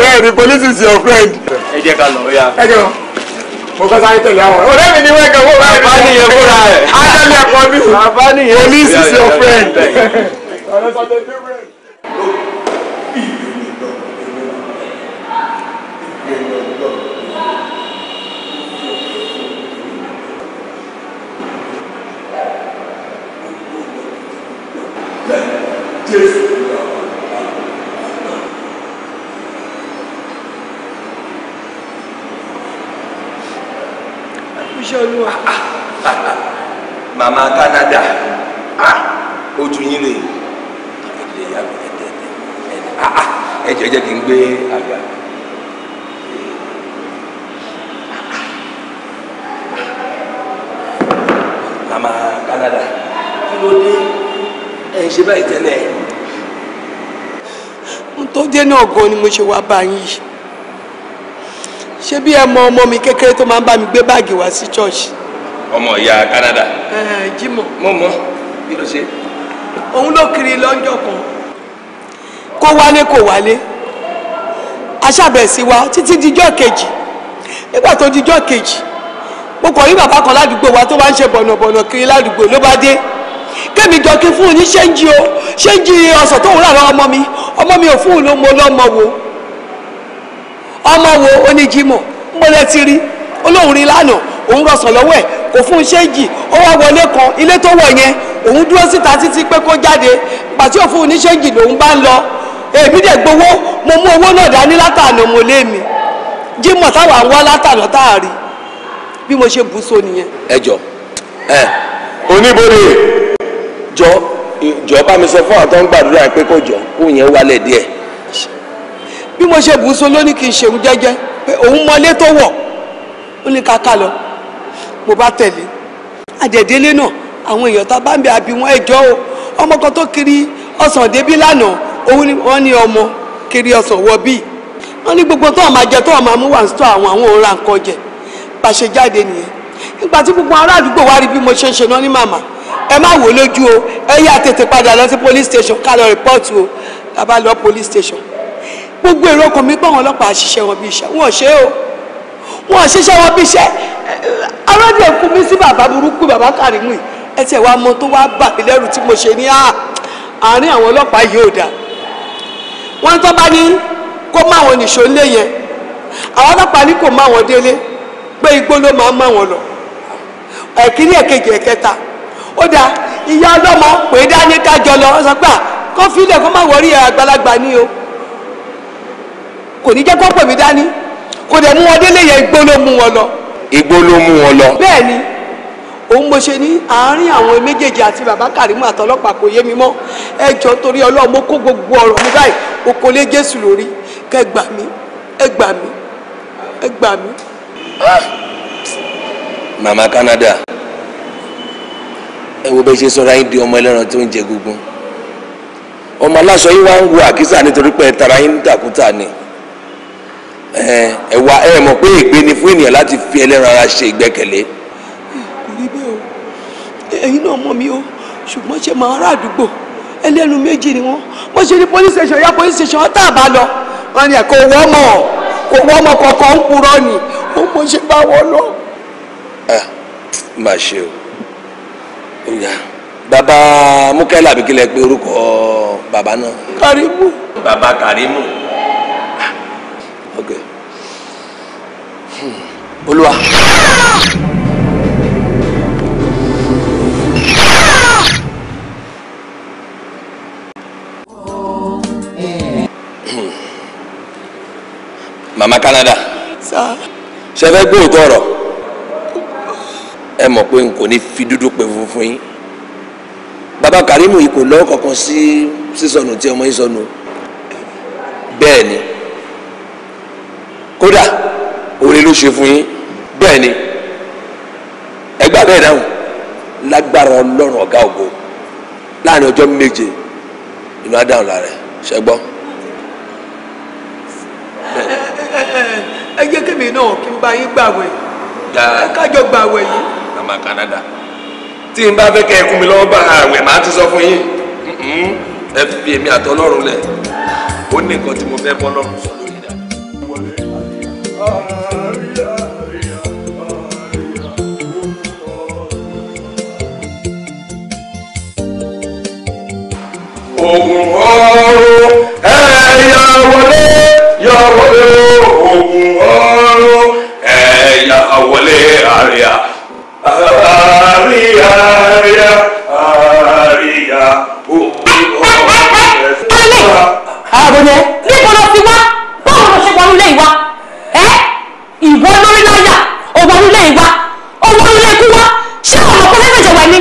bẹ́ẹ̀ ni police is your friend. ẹ jẹ́ ká lọ ya. ẹ jẹ́ ká lọ mo police is your friend. báwo ni mo ṣe wá bá yín yìí ṣé bí ẹ mọ ọmọ mi kékeré tó máa ń bá mi gbé báàgì wá sí chọ́ọ̀ṣì. ọmọ ìyá Canada. Jímọ̀. mo mọ bí ló ṣe. òun ló kiri lọ́jọ́ kan kó wálé kó wálé aṣàbẹ̀sí wa títí dijọ́ kejì nígbà tó dijọ́ kejì mo kọ̀ rí bàbá kan ládùúgbò wa tó bá ń ṣe bọ̀nàbọ̀nà kiri ládùúgbò ló bá dé kémi jọ kí fún un ní ṣéǹjì o ṣéǹjì ọ̀sán tó ń rà lọ́wọ́ ọmọ mi ọmọ mi ò fún un ló mo lọ́mọ wo ọmọ wo oníjìmọ̀ ń bọ́lẹ̀ ti rí olóhùn rí lánàá òun rọ̀sán lọ́wọ́ ẹ̀ kò fún un ṣéǹjì ó wá wọlé kan owó náà dání mo lé mi jímọ̀ táwa ń wá táàrí bí ẹ jọ ẹ jọ jọ bá mi sọ fún àwọn tó ń gbàdúrà pé kò jọ kó yẹn wálẹ̀ díẹ̀. bí mo ṣe bù ú so ló ní kí n ṣeun jẹ́jẹ́ pé òun mọlé tó wọ̀ ó ní ká lọ mo bá tẹ̀lé àdẹ̀dẹ́lé náà àwọn èèyàn tá a bá ń bẹ àbí wọn ẹjọ́ o ọmọ kan tó kiri ọsàn débí lánàá òun ni wọ́n ní ọmọ kiri ọsàn wọ bíi wọ́n ní gbogbo tó máa jẹ tó máa mú wà ń sọ àwọn àwọn òun ra nǹkan jẹ bá ṣe jáde nìyẹn nígbà tí gbogbo ará àdúgbò wá rí bí mo ṣe ń ṣe náà ní màmá ẹ má wò lójú o ẹ yá tètè padà lọ sí police station ká lọ report o la lọ police station gbogbo èrò ọkàn mi pé àwọn ọlọ́pàá ṣiṣẹ́ wọn bí iṣẹ́ wọn ṣe o wọn ṣiṣẹ́ wọn bí iṣẹ́ arábìnrin fún mi sí bàbá burúkú bàbá Kàrímù ẹ tiẹ̀ wá mọ tó wá bà mí lẹ́rù tí mo ṣe ní ah, àárín àwọn ọlọ́pàá yìí ò dáa wọ́n tó bá ní kó má wọn nìṣó lé yẹn àwọn ọlọ́pàá ní kò má wọn délé pé igbó ló máa má wọn lọ ẹ̀kíní ẹ̀kejì ẹ̀kẹta ó dáa ìyá ọlọ́mọ pè é dání kájọ lọ ọ sọ pé à kọ́ fílẹ̀ kó má wọrí àgbàlagbà ni o kò ní jẹ́ kó pè mí dání kò dẹ̀ mú wọn délé yẹn igbó ló mú wọn lọ. igbó ló mú wọn lọ. bẹ́ẹ̀ ni òun mo ṣe ní àárín àwọn méjèèjì àti bàbá Kàrímù àtọlọ́pàá kò yé mi mọ́ ẹ jọ̀ọ́ torí ọlọ́mọ kó gbogbo ọ̀rọ̀ mi báyìí òkòlé Jésù lórí kẹ gbà mí ẹ gbà mí ẹ gbà mí. mama Canada bẹ́ẹ̀ ṣe sọ́ra yín di ọmọ ẹlẹ́ran tó ń jẹ gúngún ọmọ aláṣọ yín wá ń wo àkísà nítorí pé tara yín dàkúta ni ẹ wá ẹ mọ̀ pé ègbé ni fún ènìyàn láti fi ẹlẹ́ran ara ṣe ìgbẹ́kẹ̀lé. kò rí bẹ́ẹ̀ o ẹ̀yin náà mọ̀ mí o ṣùgbọ́n ṣe máa ará àdúgbò ẹlẹ́nu méjì ni wọ́n mo ṣe ní police station ya police station ọ̀tá àbá lọ wọn ni kò wọ́ mọ̀ kò wọ́ mọ̀ kọ̀ọ̀kan ń purọ́ ni ó mọ̀ ṣe bá wọ́n lọ. ẹ ah, má ṣe o baba mukẹ́lá àbí kílẹ̀ pé orúkọ baba náà. karimu. baba karimu. ok olúwa. mama canada. sa. ṣe fẹ́ gbóòótọ́ ẹ mọ̀ pé n kò ní fi dúdú pé funfun yín baba Karimu yìí kò lọ́wọ́ kankan sí sísọnù tí ọmọ yìí sọnù bẹ́ẹ̀ ni kódà oore ló ṣe fún yín bẹ́ẹ̀ ni ẹgbà bẹ́ẹ̀ dáhùn lágbára ọlọ́run ọ̀gá ògo láàrin ọjọ́ méje inú adáhùn la rẹ̀ ṣe gbọ́. ẹ jẹ́ kí mi náà kí n bá yín gbàwẹ̀ kájọ gbàwẹ̀ yìí. ma kanada. tí n bá fẹ́ kẹ́ mi lọ́wọ́ bá àwẹ̀ màá ti sọ fún yín ẹ fi èmi àtọ́lọ́run lẹ̀ ó ní nǹkan ogun ọrùn ẹ yà wọlé yà wọlé ogun ọrùn ẹ yà wọlé àríyá. àríyá àríyá àríyá òkú ọmọ ẹ̀fọ́ wa. àròyé níbo ló ti wá báwo ló ṣe wọnú lé ìwà ẹ ìwọ lórí láyà ó wọnú lé ìwà ó wọnú lé ikú wá ṣé ọ̀nà kan lẹ́fẹ̀ẹ́ jẹ̀wẹ̀ ni.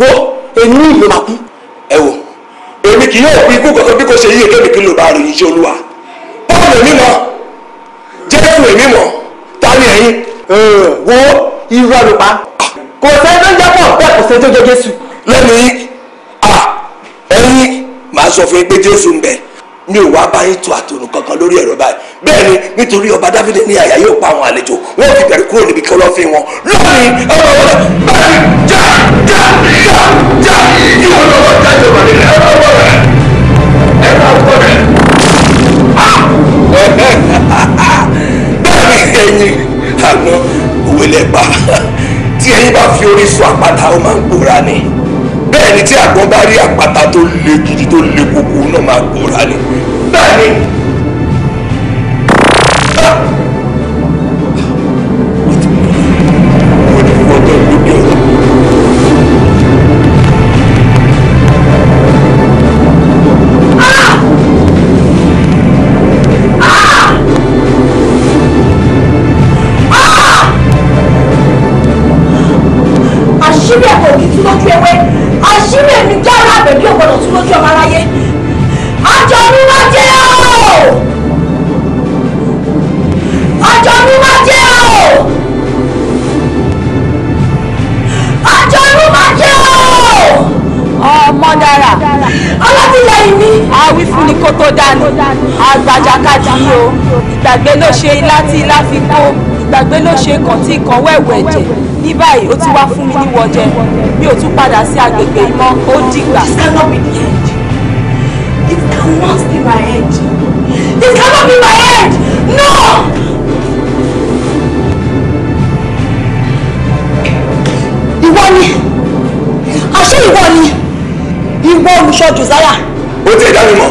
wo èmi ìlú máa kú ẹ wò èmi kì yóò kú ikú kankan bí kò ṣe yíyẹ kébì kí ló bá ròyìn jẹ olúwa bọ́ọ̀lù èmi mọ̀ jésù èmi mọ̀ ta ni ẹ̀yin. wo irọ́ ló pa kò sẹ́ni tó jẹ́ pọ̀ bẹ́ẹ̀ kò sẹ́ni tó jẹ́ jésù. lẹ́nu yìí ẹ̀yin màá sọ fún yín pé jésù ń bẹ mi ò wá bá yín tu àtòrùn kankan lórí ẹ̀rọ báyìí bẹ́ẹ̀ ni nítorí ọba dáfídì ní àyà yóò pa àwọn àlejò wọn ò fi bẹ̀rẹ̀ kúrò níbi kí ọlọ́fin wọn lónìí ẹ̀rọ wọn báyìí já já já já ìwọ lọ́wọ́ jáde wọn nílẹ̀ ẹ̀rọ wọn rẹ̀ ẹ̀rọ wọn rẹ̀ ah! bẹ́ẹ̀ ni ẹ̀yin àná ìpìlẹ̀ pa tí ẹyin bá fi orí sun àpáta ó máa ń pòórá ni bẹ́ẹ̀ ni tí àgbọn bá rí àpáta tó le gidi tó le koko náà máa pòórá ni bẹ́ẹ̀ yìí o ìgbàgbé ló ṣe láti láfi ìgbàgbé ló ṣe kàn tí kan wẹ̀wẹ̀ ẹ̀jẹ̀ ní báyìí ó ti wá fún mi níwọ̀ jẹ mi ò tún padà sí agbègbè ìmọ̀ ó dìgbà. This cannot be the end. It cannot be my end. This cannot be my end. No. ìwọ ni àṣé ìwọ ni ìwọ olùṣọ́ josiah. ó ti dá mi mọ̀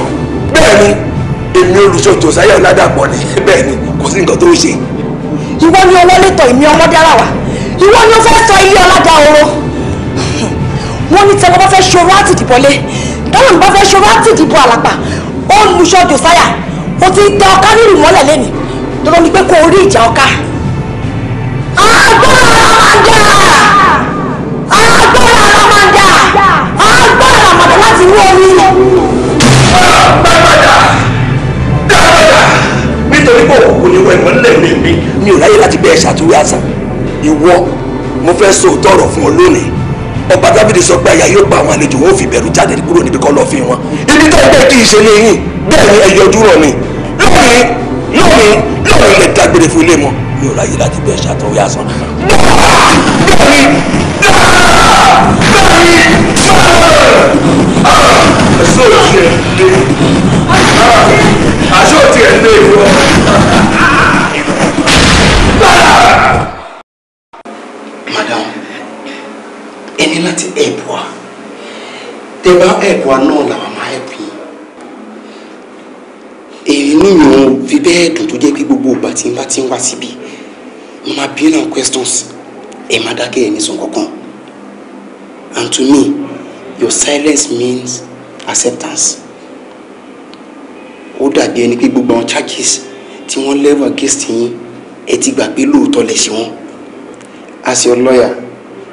bẹ́ẹ̀ ni èmi olùṣòtò sáyẹ̀ ládàpọ̀ ni bẹ́ẹ̀ ni kò sí nǹkan tó ń ṣe. ìwọ ni ọwọ́létọ̀ èmi ọmọ dára wa ìwọ ni ó fẹ́ sọ ilé ọlájà oró wọ́n ní tẹ́wọ́ bá fẹ́ ṣòro àti ìdìbò lé táwọn bá fẹ́ ṣòro àti ìdìbò àlàpà olùṣòtò sáyà ó ti tẹ ọká nírùmọ́lẹ̀ lẹ́nìí tó lọ ní pé kó o rí ìjà ọká. ìwọ ẹ̀gbọ́n lẹ̀ mí mi mi ò ráyè láti bẹ́ẹ̀ ṣàtúwé àṣà ìwọ mo fẹ́ sọ òótọ́ ọ̀rọ̀ fún ọ lónìí ọba dábìdì sọ pé àyà yóò pa àwọn àlejò wọn ò fi bẹ̀rù jáde kúrò níbi kọ́ lọ́ọ́ fi wọn ibi tó gbé kí ìṣe lẹ́yìn bẹ́ẹ̀ ni ẹ̀yọ́ dúró ni lónìí lónìí lónìí lè dágbére fún ilé wọn mi ò ráyè láti bẹ́ẹ̀ ṣàtúwé àṣà bẹ́ẹ̀ ni Aṣọ tiẹ̀ lé ìwọ. tẹ́ bá ẹ̀pù wa náà làwọn máa ẹ̀pù èyí nìyẹn ò fi bẹ́ẹ̀ dùn tó jẹ́ gbogbo ìgbà tí n bá ti ń wá síbi questions ẹ̀ má dákẹ́ ẹ̀ ní sùn and to me your silence means acceptance ó dàbí ẹni pé gbogbo àwọn charges tí wọ́n level against yín ẹ ti gbà pé lóòótọ́ lẹ̀ ṣe wọ́n as your lawyer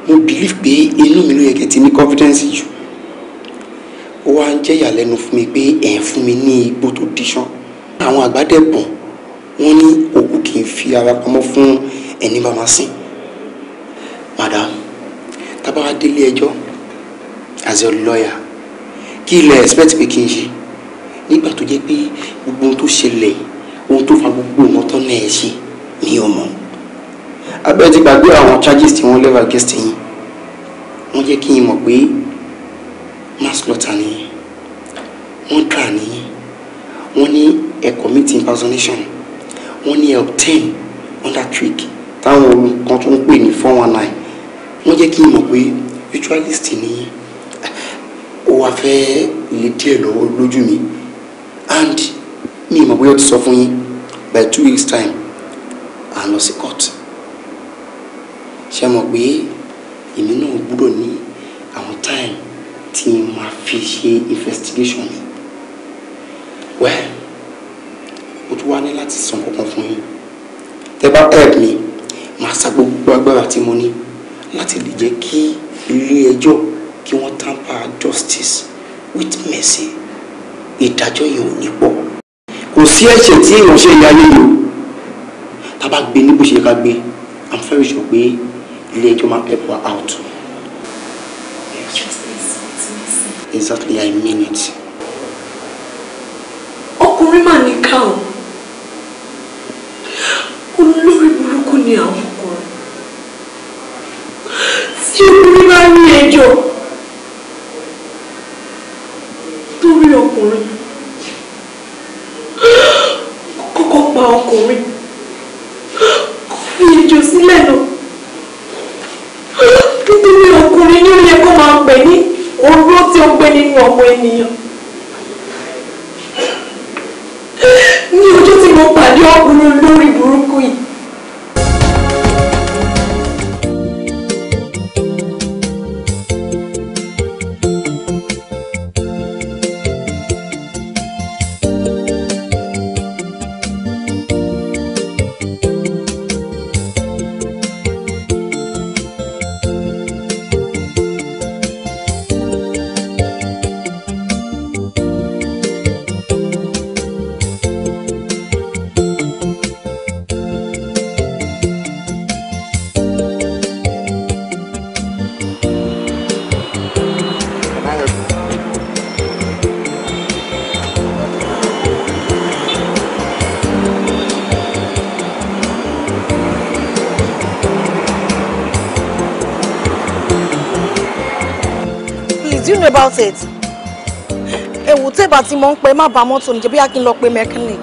mo believe pé inú mi ló yẹ kẹ́ ti ní confidence jù ó wá ń jẹ́ ìyàlẹ́nu fún mi pé ẹ̀ ń fún mi ní igbó tó díṣán àwọn àgbà dẹ̀ bọ̀ wọ́n ní òkú kì í fi ara pamọ́ fún ẹni bá máa sìn madam tábà wá délé ẹjọ́ as your lawyer kí ilẹ̀ expect pé kí n ṣe nígbà tó jẹ́ pé gbogbo ohun tó ṣẹlẹ̀ ohun tó fa gbogbo ọmọ tán náà ẹ̀ ṣe ní ọmọ abẹ́ẹ̀ ti gbàgbé àwọn charges tí wọ́n lẹ́wà gẹ́sì yín wọ́n jẹ́ kí n mọ̀ pé manslaughter ni wọ́n kà ní wọ́n ní ẹ commit impersonation wọ́n ní ẹ obtain under trick táwọn olùkan tó ń pè ní four one nine wọ́n jẹ́ kí n mọ̀ pé ritualist ni ó wàá fẹ́ lè díẹ̀ lọ́wọ́ lójú mi and mi ìmọ̀ bóyá ó ti sọ fún yín by two weeks time à ń lọ sí court ṣe mọ̀ pé èmi náà gbúdọ̀ ní àwọn time tí ma fi ṣe investigation mi well o tún wá ní láti san kankan fún yín tẹ bá help mi màá sa gbogbo agbára tí mo ní láti lè jẹ́ kí ilé ẹjọ́ kí wọ́n tamper justice with mercy ìdájọ́ yìí ò ní pọ̀ kò sí ẹ̀ṣẹ̀ tí èèyàn ṣe ìyá yìí o tá a bá gbé ní bó ṣe ká gbé i'm very sure pé ilé ẹjọ́ máa help wa out. exactly I mean it. ọkùnrin mà ní ká o olórí burúkú ni àwọn ọkùnrin tí obìnrin bá rí ẹjọ́. about it. Ẹ wò tẹ́ bá ti mọ̀ ń pẹ́ má ba mọ́tò níjẹ́ bóyá kí n lọ pe mechanic.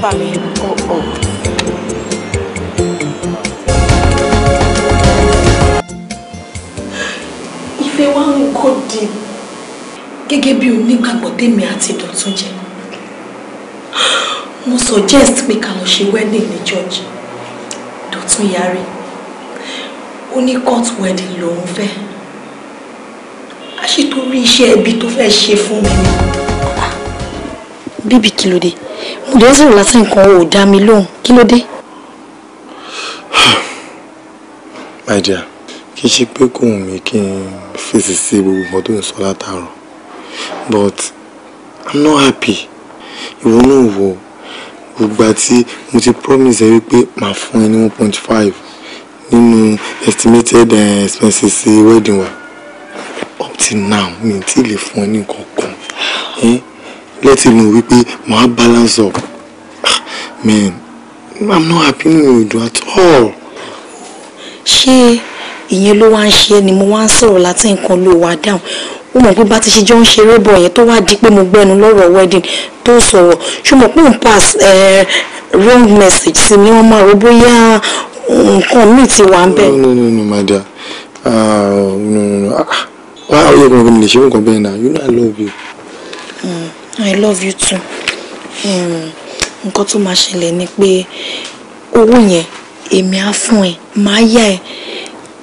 nọ́mbà oh ìfẹ́ wa ń kó di gẹ́gẹ́ bí onígbàgbọ́ tèmi àti Dọ̀tun jẹ́ mo suggest pé ká lọ ṣe wedding ní church Dọ̀tun yarí ó ní court wedding lòún fẹ́ àṣìtorí iṣẹ́ ẹbí tó fẹ́ ṣe fún mi. bíbí kí ló dé mo dé sọ̀rọ̀ láti nǹkan ò dá mi lóhùn kí ló dé. my dear kì í ṣe pé kò wù mí kí n fèsì sí gbogbo nǹkan tó ń sọ látàárọ̀ but i'm not happy ìwọ náà wò gbogbo àti mo ti promise ẹ wípé màá fún ẹ ní one point five nínú estimated eh, expenses wedding wa up till now mi ò tí ì lè fún ẹ ní nǹkan kan. Eh? let him know wípé mo á balance up man i'm not happy with you at all. She, ìyẹn ló one, she, ṣe ni mo wá ń sọ̀rọ̀ láti down. Woman wá dáhùn ó mọ̀ pé bá ti ṣe jọ ń ṣeré bọ̀ yẹn tó wá wedding To so, she pé n pass wrong message See ni wọ́n máa rò bóyá to one ti no no no my dear uh, no no no ah, Why are you mi lè ṣe nǹkan bẹ́ẹ̀ náà you know i love you. I love you too. Hmm, nǹkan tó máa ṣẹlẹ̀ ni pé owó yẹn èmi á fún ẹ màá yá ẹ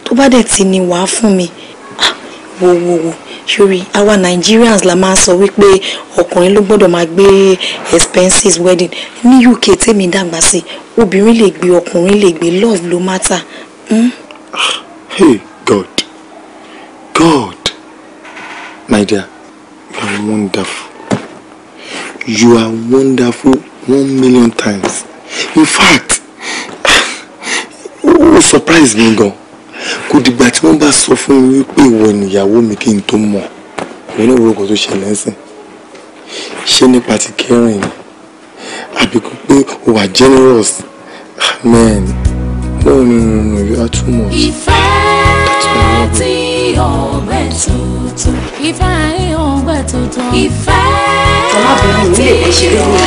To bá dẹ̀ ti ní wàá fún mi wo wo wo sórí àwa Nigerians la máa ń sọ wípé ọkùnrin ló gbọ́dọ̀ máa gbé expenses wedding ní UK tèmi dàgbà sí obìnrin lè gbé ọkùnrin lè gbé love ló matter. Hmm. Hey God God my dear you are wonderful you are wonderful one million times in fact oh, surprise me, gan kò dìgbà tí wọ́n bá sọ fún mi wípé ìwọ nìyàwó mi kí n tó mọ̀ èmi náà wúrò kò tó ṣẹlẹ̀ ẹsẹ̀ ṣé nípa ti kẹrin ni àbí pé o wà generous amen ah, no no no no you are too much. ìfẹ́ tí ọgbẹ́ tuntun ìfẹ́ ọgbẹ́ tuntun ìfẹ́ ẹ má bínú mi lè fẹ́ ṣeré mi.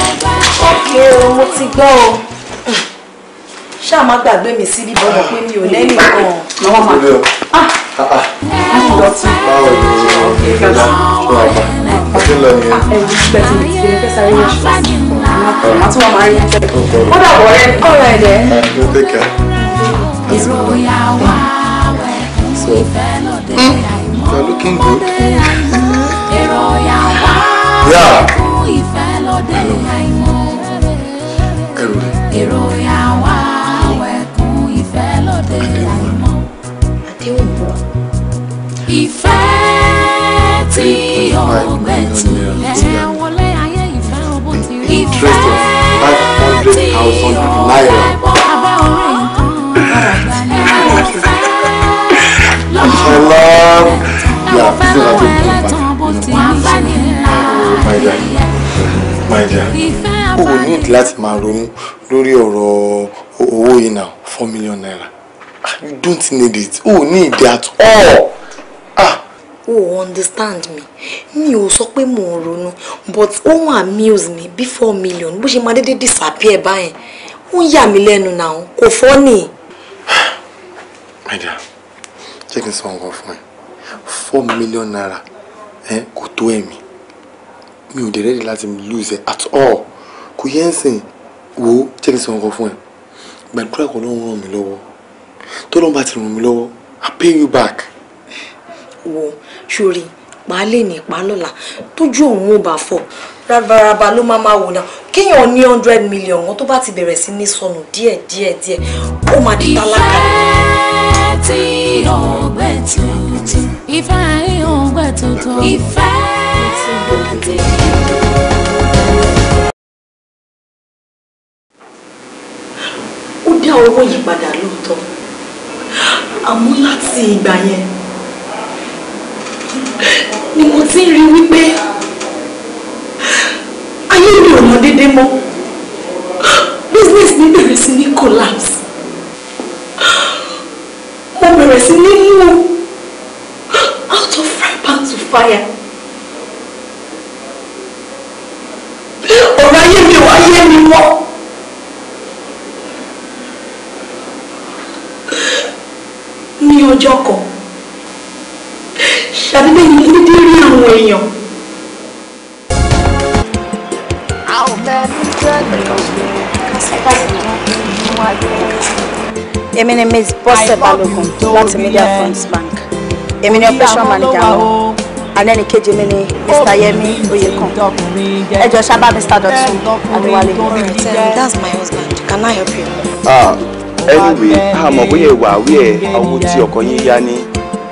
ọ̀kẹ́ o mo ti gbọ́ o ṣáà má gbàgbé mi síbí bọ́dọ̀ pé mi ò lẹ́yìn kan àwọn máa tó. Báwo ni ọ̀gá ọ̀gá lọ ni ẹ? Ẹ̀wù ìgbẹ́ tí mo ti fi fẹ́ sáré yẹn ṣùgbọ́n màá hmm? tún wà máa rí ẹ̀jẹ̀. Ó dàbọ̀ rẹ̀ ọ̀rọ̀ ẹ̀ dẹ̀. Ẹ̀jẹ̀ ó dẹ̀kẹ́. Ìròyìn àwa ẹ̀kún ìfẹ́ lóde àìmọ́. You are looking good. Yeah. àwa àwẹ̀kùn ìfẹ́ lóde àìmọ́. àdéhùn bọ̀. ìfẹ́ my dear my dear o ò ní láti máa ronú lórí ọ̀rọ̀ owó yìí four million naira ah, you don't need it o ò ní ìdí all. Ah o oh, understand me mi ò sọ pé mo ronú but ohun amuse me? bí four million bó ṣe máa dédé disappear báyẹn ó ń yà mí lẹ́nu náà kò fọ́ ni. my dear jẹ́ kí n sọ nǹkan fún ẹ four million naira kò tó ẹ̀mí mi ò dẹ̀ rẹ́dí láti lose ẹ at all kò yẹ ń sìn wo jẹ́ kí n sọ nǹkan fún ẹ gbàdúrà kọ́ ló ń ràn mí lọ́wọ́ tó lọ́n bá ti ràn mí lọ́wọ́ i pay you back. wo sori paálé ní ìpalọ́la tójú òun ò bá fọ́ rabaraba ló máa máa wò náà kéèyàn ní hundred million wọn tó bá ti bẹ̀rẹ̀ sí ní sọnù díẹ̀ díẹ̀ díẹ̀ ó máa di tálákà. ìfẹ́ tí ọ̀gbẹ́ tuntun ìfẹ́ yìí ò ń gbẹ tuntun. ìfẹ́ ti dùn. ó dá owó yìí padà lóòótọ́ àmọ́ láti ìgbà yẹn ni mo ti rí wípé ayé mi ò mọ déédéé mọ́ business mi bẹ̀rẹ̀ sí ní collapse mo bẹ̀rẹ̀ sí ní mú fire. ọ̀rọ̀ ayé mi ò ayé mi wọ́. ní ọjọ́ kan ṣàdédé ní dídí rí àwọn èèyàn. èmi ni Miss Bọ́sẹ̀ Balógun láti Media Funds Bank èmi ni operation manager wọn anẹ́ni kejì mi ni Mr. Yemi Oyekan ẹ jọ̀ọ́ ṣá Mr. Dotun Adéwálé. Ah, anyway a mọ̀ bóyá ìwà àwíẹ̀ owó tí ọkọ yín yá ní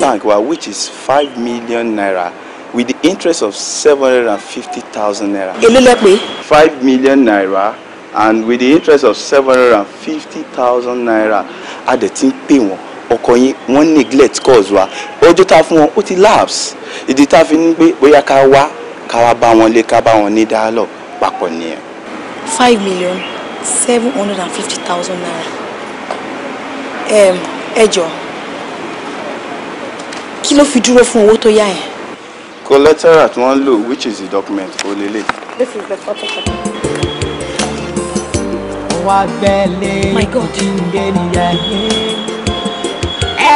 bank wa which is five million naira with the interest of seven hundred and fifty thousand naira. èlé lẹ five million naira and with the interest of seven hundred and fifty thousand naira a dẹ̀ ti ń pè wọ́n ọkọ yín wọ́n neglect calls wa ọjọ́ tá fún wọn ó ti lapse ìdí tá fi ní pé bóyá ká wá ká wá bá wọn lé ká bá wọn ní dialogue papọ̀ nìyẹn. five million seven hundred and fifty thousand naira ẹ jọ kí ló fi dúró fún owó tó yá yẹn. collateral tí wọ́n lò which is the document ó lélẹ̀. this is the photocopy. wàá gbẹ́lẹ̀ kí n gbé níyàgbé.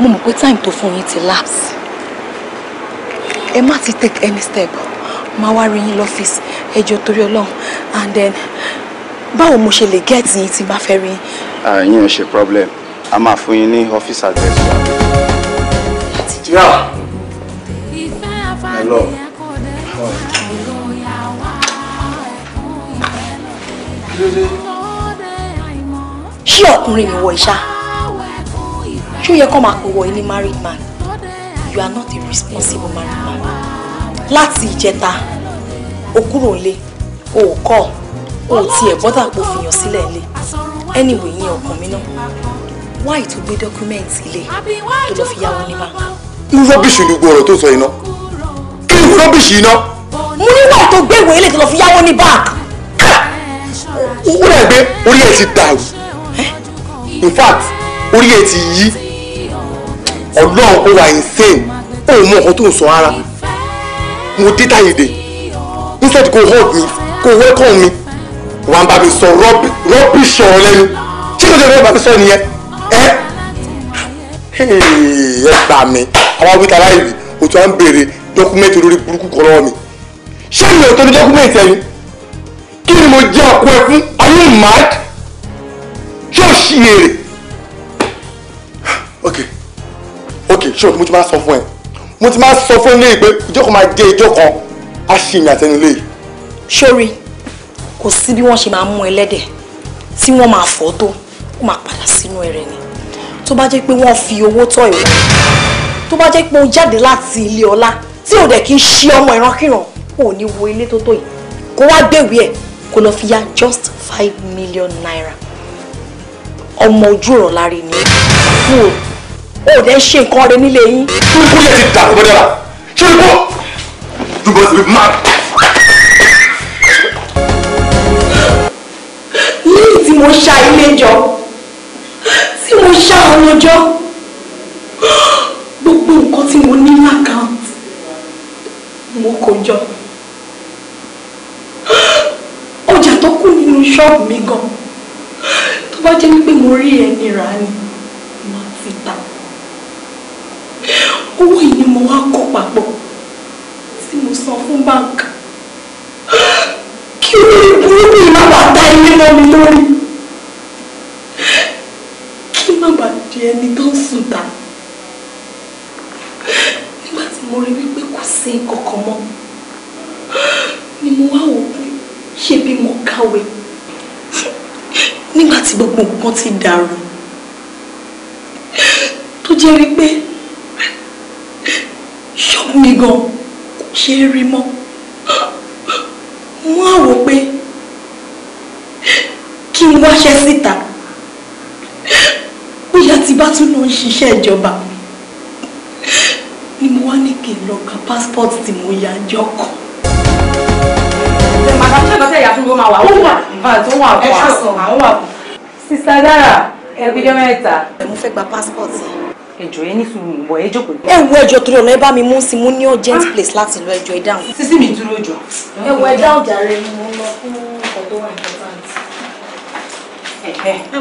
mo mọ̀ pé time tó fún yín ti lapse ẹ má ti take any step máa wá rí yín lọ́fíìsì ẹjọ́ torí ọlọ́run and then báwo mo ṣe lè get yín tí bá fẹ́ rí yín. àyìn ò ṣe problem a máa fún yín ní ọ́fíìsì address wa. Yeah. Hello. ṣé ọkùnrin mi wọ ìṣá ṣó yẹ kó máa pọ̀wọ́ ẹni married man you are not a responsible married man láti ìjẹta o kúrò nílé o ò kọ́ o ò tiẹ̀ bọ́dà pò fìyàn sílẹ̀ nílé anyway yẹn ọkàn mi náà why tó gbé dọ́kúmẹ́ǹtì ilé tó lọ fi yáwó ní báńkì. rubbish! ni gbogbo ọ̀rọ̀ tó sọ iná kí ni rọ́bìṣì iná. mo ní wà tó gbé ìwé ilé tó lọ fi yáwó ní báńkì. ó rẹ̀ gbé orí ẹ̀ ti dàrú in fact orí ẹ̀ ti yí ọlọ́run ó wà insane ó mọ nǹkan tó ń sọ ara mo dé táyédè instead kó hug mi kó welcome mi wà ń bá mi sọ rubbish ọ̀rọ̀ lẹ́nu ṣé kò tẹ̀lé bá mi sọ nìyẹn ẹ ẹ gbà mí àwọn wíta láìrí òtún à ń béèrè dọ́kúmẹ́ntì olórí burúkú kọ́ lọ́wọ́ mi ṣé mi ò tó ní dọ́kúmẹ́ntì ẹ̀yìn kí ni mo jẹ́ ọ̀pọ̀ ẹ̀ fún are you mad ṣé ò èrè. ṣọ́ọ̀tì mo ti máa sọ fún ẹ mo ti máa sọ fún léyìí pé ìjọ kan máa dé a kan á ṣe ìrìn àtẹnu léyìí. sórí kò sí bí wọ́n ṣe máa mú ẹlẹ́dẹ̀ tí wọ́n máa fọ́ tó kó máa padà sínú ẹ̀rẹ̀ ni tó bá jẹ́ pé wọ́n fi owó tọ́ ìwọ tó bá jẹ́ pé o jáde láti ilé ọlá tí ò dẹ̀ kí n ṣe ọmọ ìrankíran ò ní wo ilé tó tó yìí kó wá gbèwé ẹ̀ kó lọ fi ya just five million naira ọmọ ojú ọ̀rọ̀ láre ni mo o dẹ̀ ṣe nǹkan rẹ nílé yín. kúrúkú yẹn ti dà bọ́dọ̀ la ṣé o kọ́ you must be lẹ́yìn tí mo ṣa ilé jọ tí mo ṣa ọ̀nà jọ gbogbo nǹkan tí mo ní lákàntì mo kò jọ ọjà tó kù nínú ṣọ́ọ̀bù mi gan tó bá jẹ́ wípé mo rí ẹni rà ni. owó yìí ni mo wá kó papọ̀ tí mo san fún báńkì kí ni burúkú yìí má bàa ta ilé mọ́ mi lórí kí má bàa di ẹni tó ń sùn ta nígbà tí mo rí wípé kò sí kankan mọ́ ni mo wá wò pé ṣé bí mo kàwé nígbà tí gbogbo nǹkan ti dàrú tó jẹ́ rí ṣọ́ọ̀bù mi gan kò ṣe é rí mọ́ wọ́n á wò pé kí n wáṣẹ́ síta bóyá tí bá tún lọ ń ṣiṣẹ́ ìjọba ni mo wá ní kí n lọ ka passport tí mo yà jọ kọ. màdàm ṣé ìgbà tí ẹ̀yà fún mi ó máa wà ó wà ìfàǹtì ó wà kó àwọn wà kó. sista dara ẹgbẹjọ mẹ́ta. mo fẹ́ gba passport yìí ẹjọ ẹ ní sùn wọ ẹjọ pẹ̀lú. ẹ wo ẹjọ torí ọ̀nà ẹ bá mi mú sí mú ní urgent ah. place láti lọ ẹjọ ẹ dáhùn. sísí mi dúró jọ. ẹ wo ẹ dáhùn jàre mo lọ fún ọkọ tó wà important. ẹ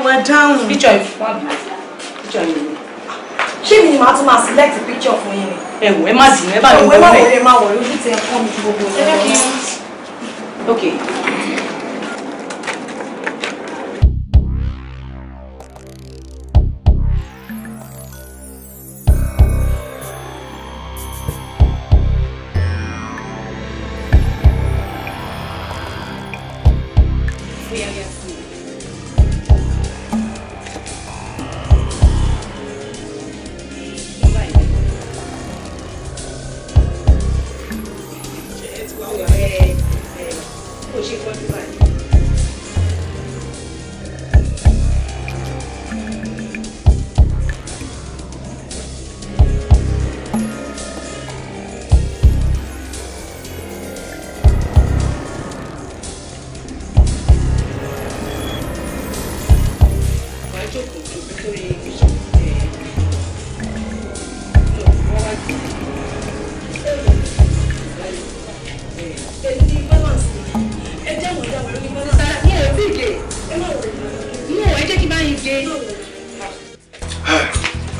wo ẹ dáhùn. píjọ ẹ fún àbí píjọ ẹ lò. ṣé mi ni màá tún máa select picture fún yín ni. ẹ wo ẹ má dì ẹ bá mi wọlé. ẹ wo ẹ má wọlé ẹ má wọlé ojú ti ẹ kọ́ mi ju gbogbo ẹ lọ. ok.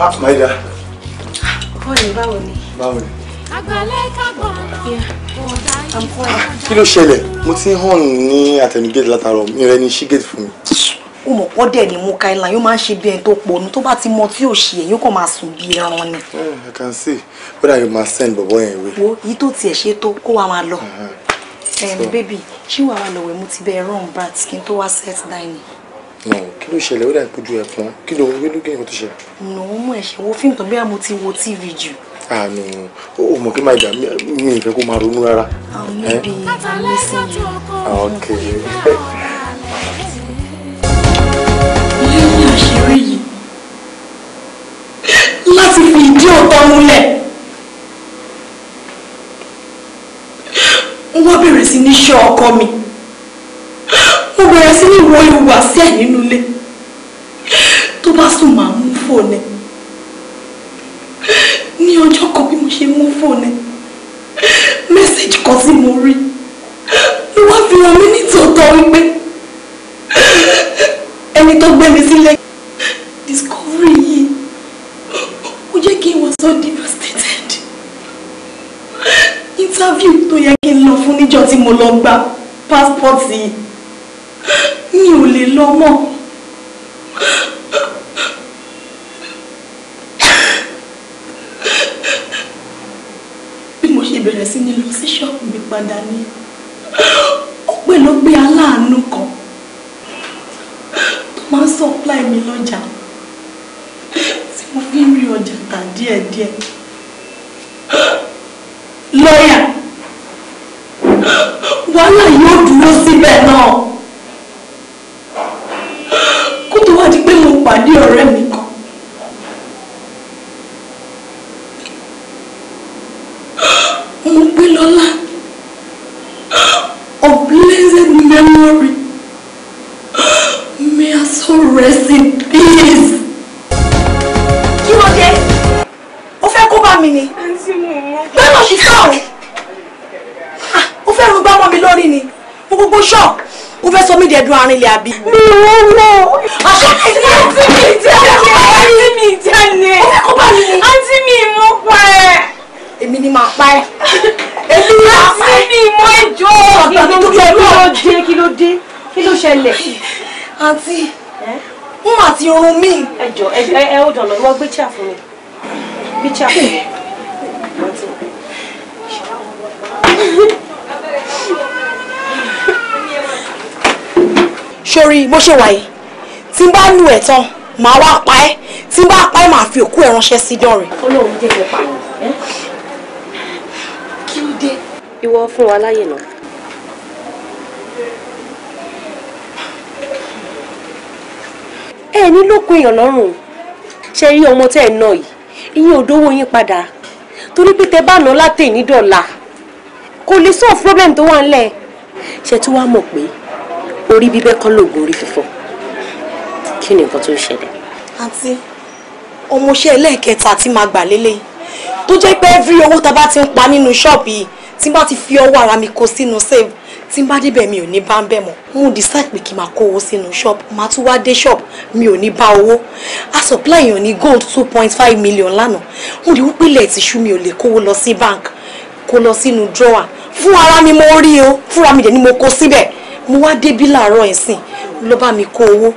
Ah, Maida. Báwo báwo ni? Báwo ni? Ah, kí ló ṣẹlẹ̀? Mo ti ń hàn ní àtẹnugéètì látàárọ̀, mi rẹ ní ṣígéètì fún mi. Ó mọ̀ pọ́ dẹ̀ ni mo ka ẹ̀la, yóò máa ń ṣe bí ẹni tó pọnu, tó bá ti mọ tí ò ṣe ẹ̀, yóò kàn máa sùn bí ẹran ni. Oh, I can see whether I must send bọ̀bọ̀ yẹn wé. Wo yìí tó tiẹ̀ ṣe tó kó wa máa lọ. Bébì, ṣé wàá wà lọ́wọ́ ẹ̀ mo ti bẹ ẹ̀rọ ń kí n tó wá set dining kí ló ṣẹlẹ̀ ó dà ìpójú ẹ̀pọ̀n kí ló wí lókè nǹkan tó ṣẹlẹ̀. nà ó mú ẹ̀ṣẹ̀ wo fíìmù tó bí àmọ́ ti wo tv jù. àmì ó mọ̀ kí máa dà mí ìfẹ́ kó máa ronú rárá. àwọn ibi nísìnyí. ok. láti fi ìdí ọ̀tọ̀ múlẹ̀. wọ́n bẹ̀rẹ̀ sí ní ṣọ́ ọkọ mi bẹ̀rẹ̀ sí ní ìwọ ìwà sí ẹ̀ nínú ilé tó bá sùn máa mú fóònù ní ọjọ́ kan bí mo ṣe mú fóònù mẹ́sẹ̀jì kan tí mo rí ló wá fi hàn mí ní tòótọ́ wípé ẹni tó gbé mi sílẹ̀ discovery yìí ó jẹ́ kí n wọ́n so devastated interview tó yẹ kí n lọ fún níjọ́ tí mo lọ gba passport yìí mi ò lè lọ mọ́. bí mo ṣe bẹ̀rẹ̀ sí ní lọ sí ṣọ́ọ̀bù mi padà ní ọpẹ́lọpẹ́ aláàánú kan tó máa ń sọ́pláì mi lọ́jà tí mo fi ń rí ọjà tà díẹ̀díẹ̀ lọ́yà wàhálà yóò dúró síbẹ̀ náà. pàdé ọ̀rẹ́ mi mi dẹ̀ dùn àárín ilẹ̀ àbí. mi ò wọ. àǹtí mi jẹ́ ni àǹtí mi jẹ́ ni àǹtí mi mú pa ẹ̀. èmi ni màá pa ẹ́. èmi ni màá pa ẹ́. àǹtí mi mọ ìjọ. kí ló dé kí ló dé kí ló ṣẹlẹ̀. àǹtí wọn máa ti run mí. ẹ jọ ẹ ẹ ẹ ó dọ̀nà wọn gbé chaff mi gbé chaff mi. sórí bó ṣe wáyé tí n bá lù ẹ̀ tán màá wá pa ẹ́ tí n bá pa ẹ́ màá fi òkú ẹ̀ ránṣẹ́ sí dọ̀rẹ́. Ọlọ́run jẹ́ kẹ́ pa kí ló dé. ìwọ fún wa láyè náà. ẹ ní lókun èèyàn lọ́rùn ṣe rí ọmọ tẹ́ ẹ ná yìí ìyẹn ò dówó yín padà torí pé tẹ́ bá ná látẹ̀ ní kò lè solve problem tó wà ńlẹ̀ ṣe tí wàá mọ̀ pé orí bíbẹ́ kọ́ lóògùn orí fífọ́ kí ni nǹkan tó ń ṣẹlẹ̀. àǹtí ọmọọṣẹ́ ẹlẹ́ẹ̀kẹta tí máa gbà lélẹ̀ tó jẹ́ pé every owó tá bá ti ń pa nínú ṣọ́ọ̀bù yìí tí bá ti fi ọwọ́ ara mi kó sínú save tí n bá débẹ̀ mi ò ní bá ń bẹ̀ mọ́ mo decide pé kí n máa kó owó sínú shop máa tún wá dé shop mi ò ní bá owó a supply èèyàn ní gold two point five million lánàá mo rí wípé ilẹ̀ tìṣú mi ò lè kówó lọ sí bank kó lọ sínú drawer fún ara mi mo rí o fúnra mi dẹ̀ ni mo kó síbẹ̀ mo wá débí láàárọ̀ ẹ̀sìn ló bá mi kó owó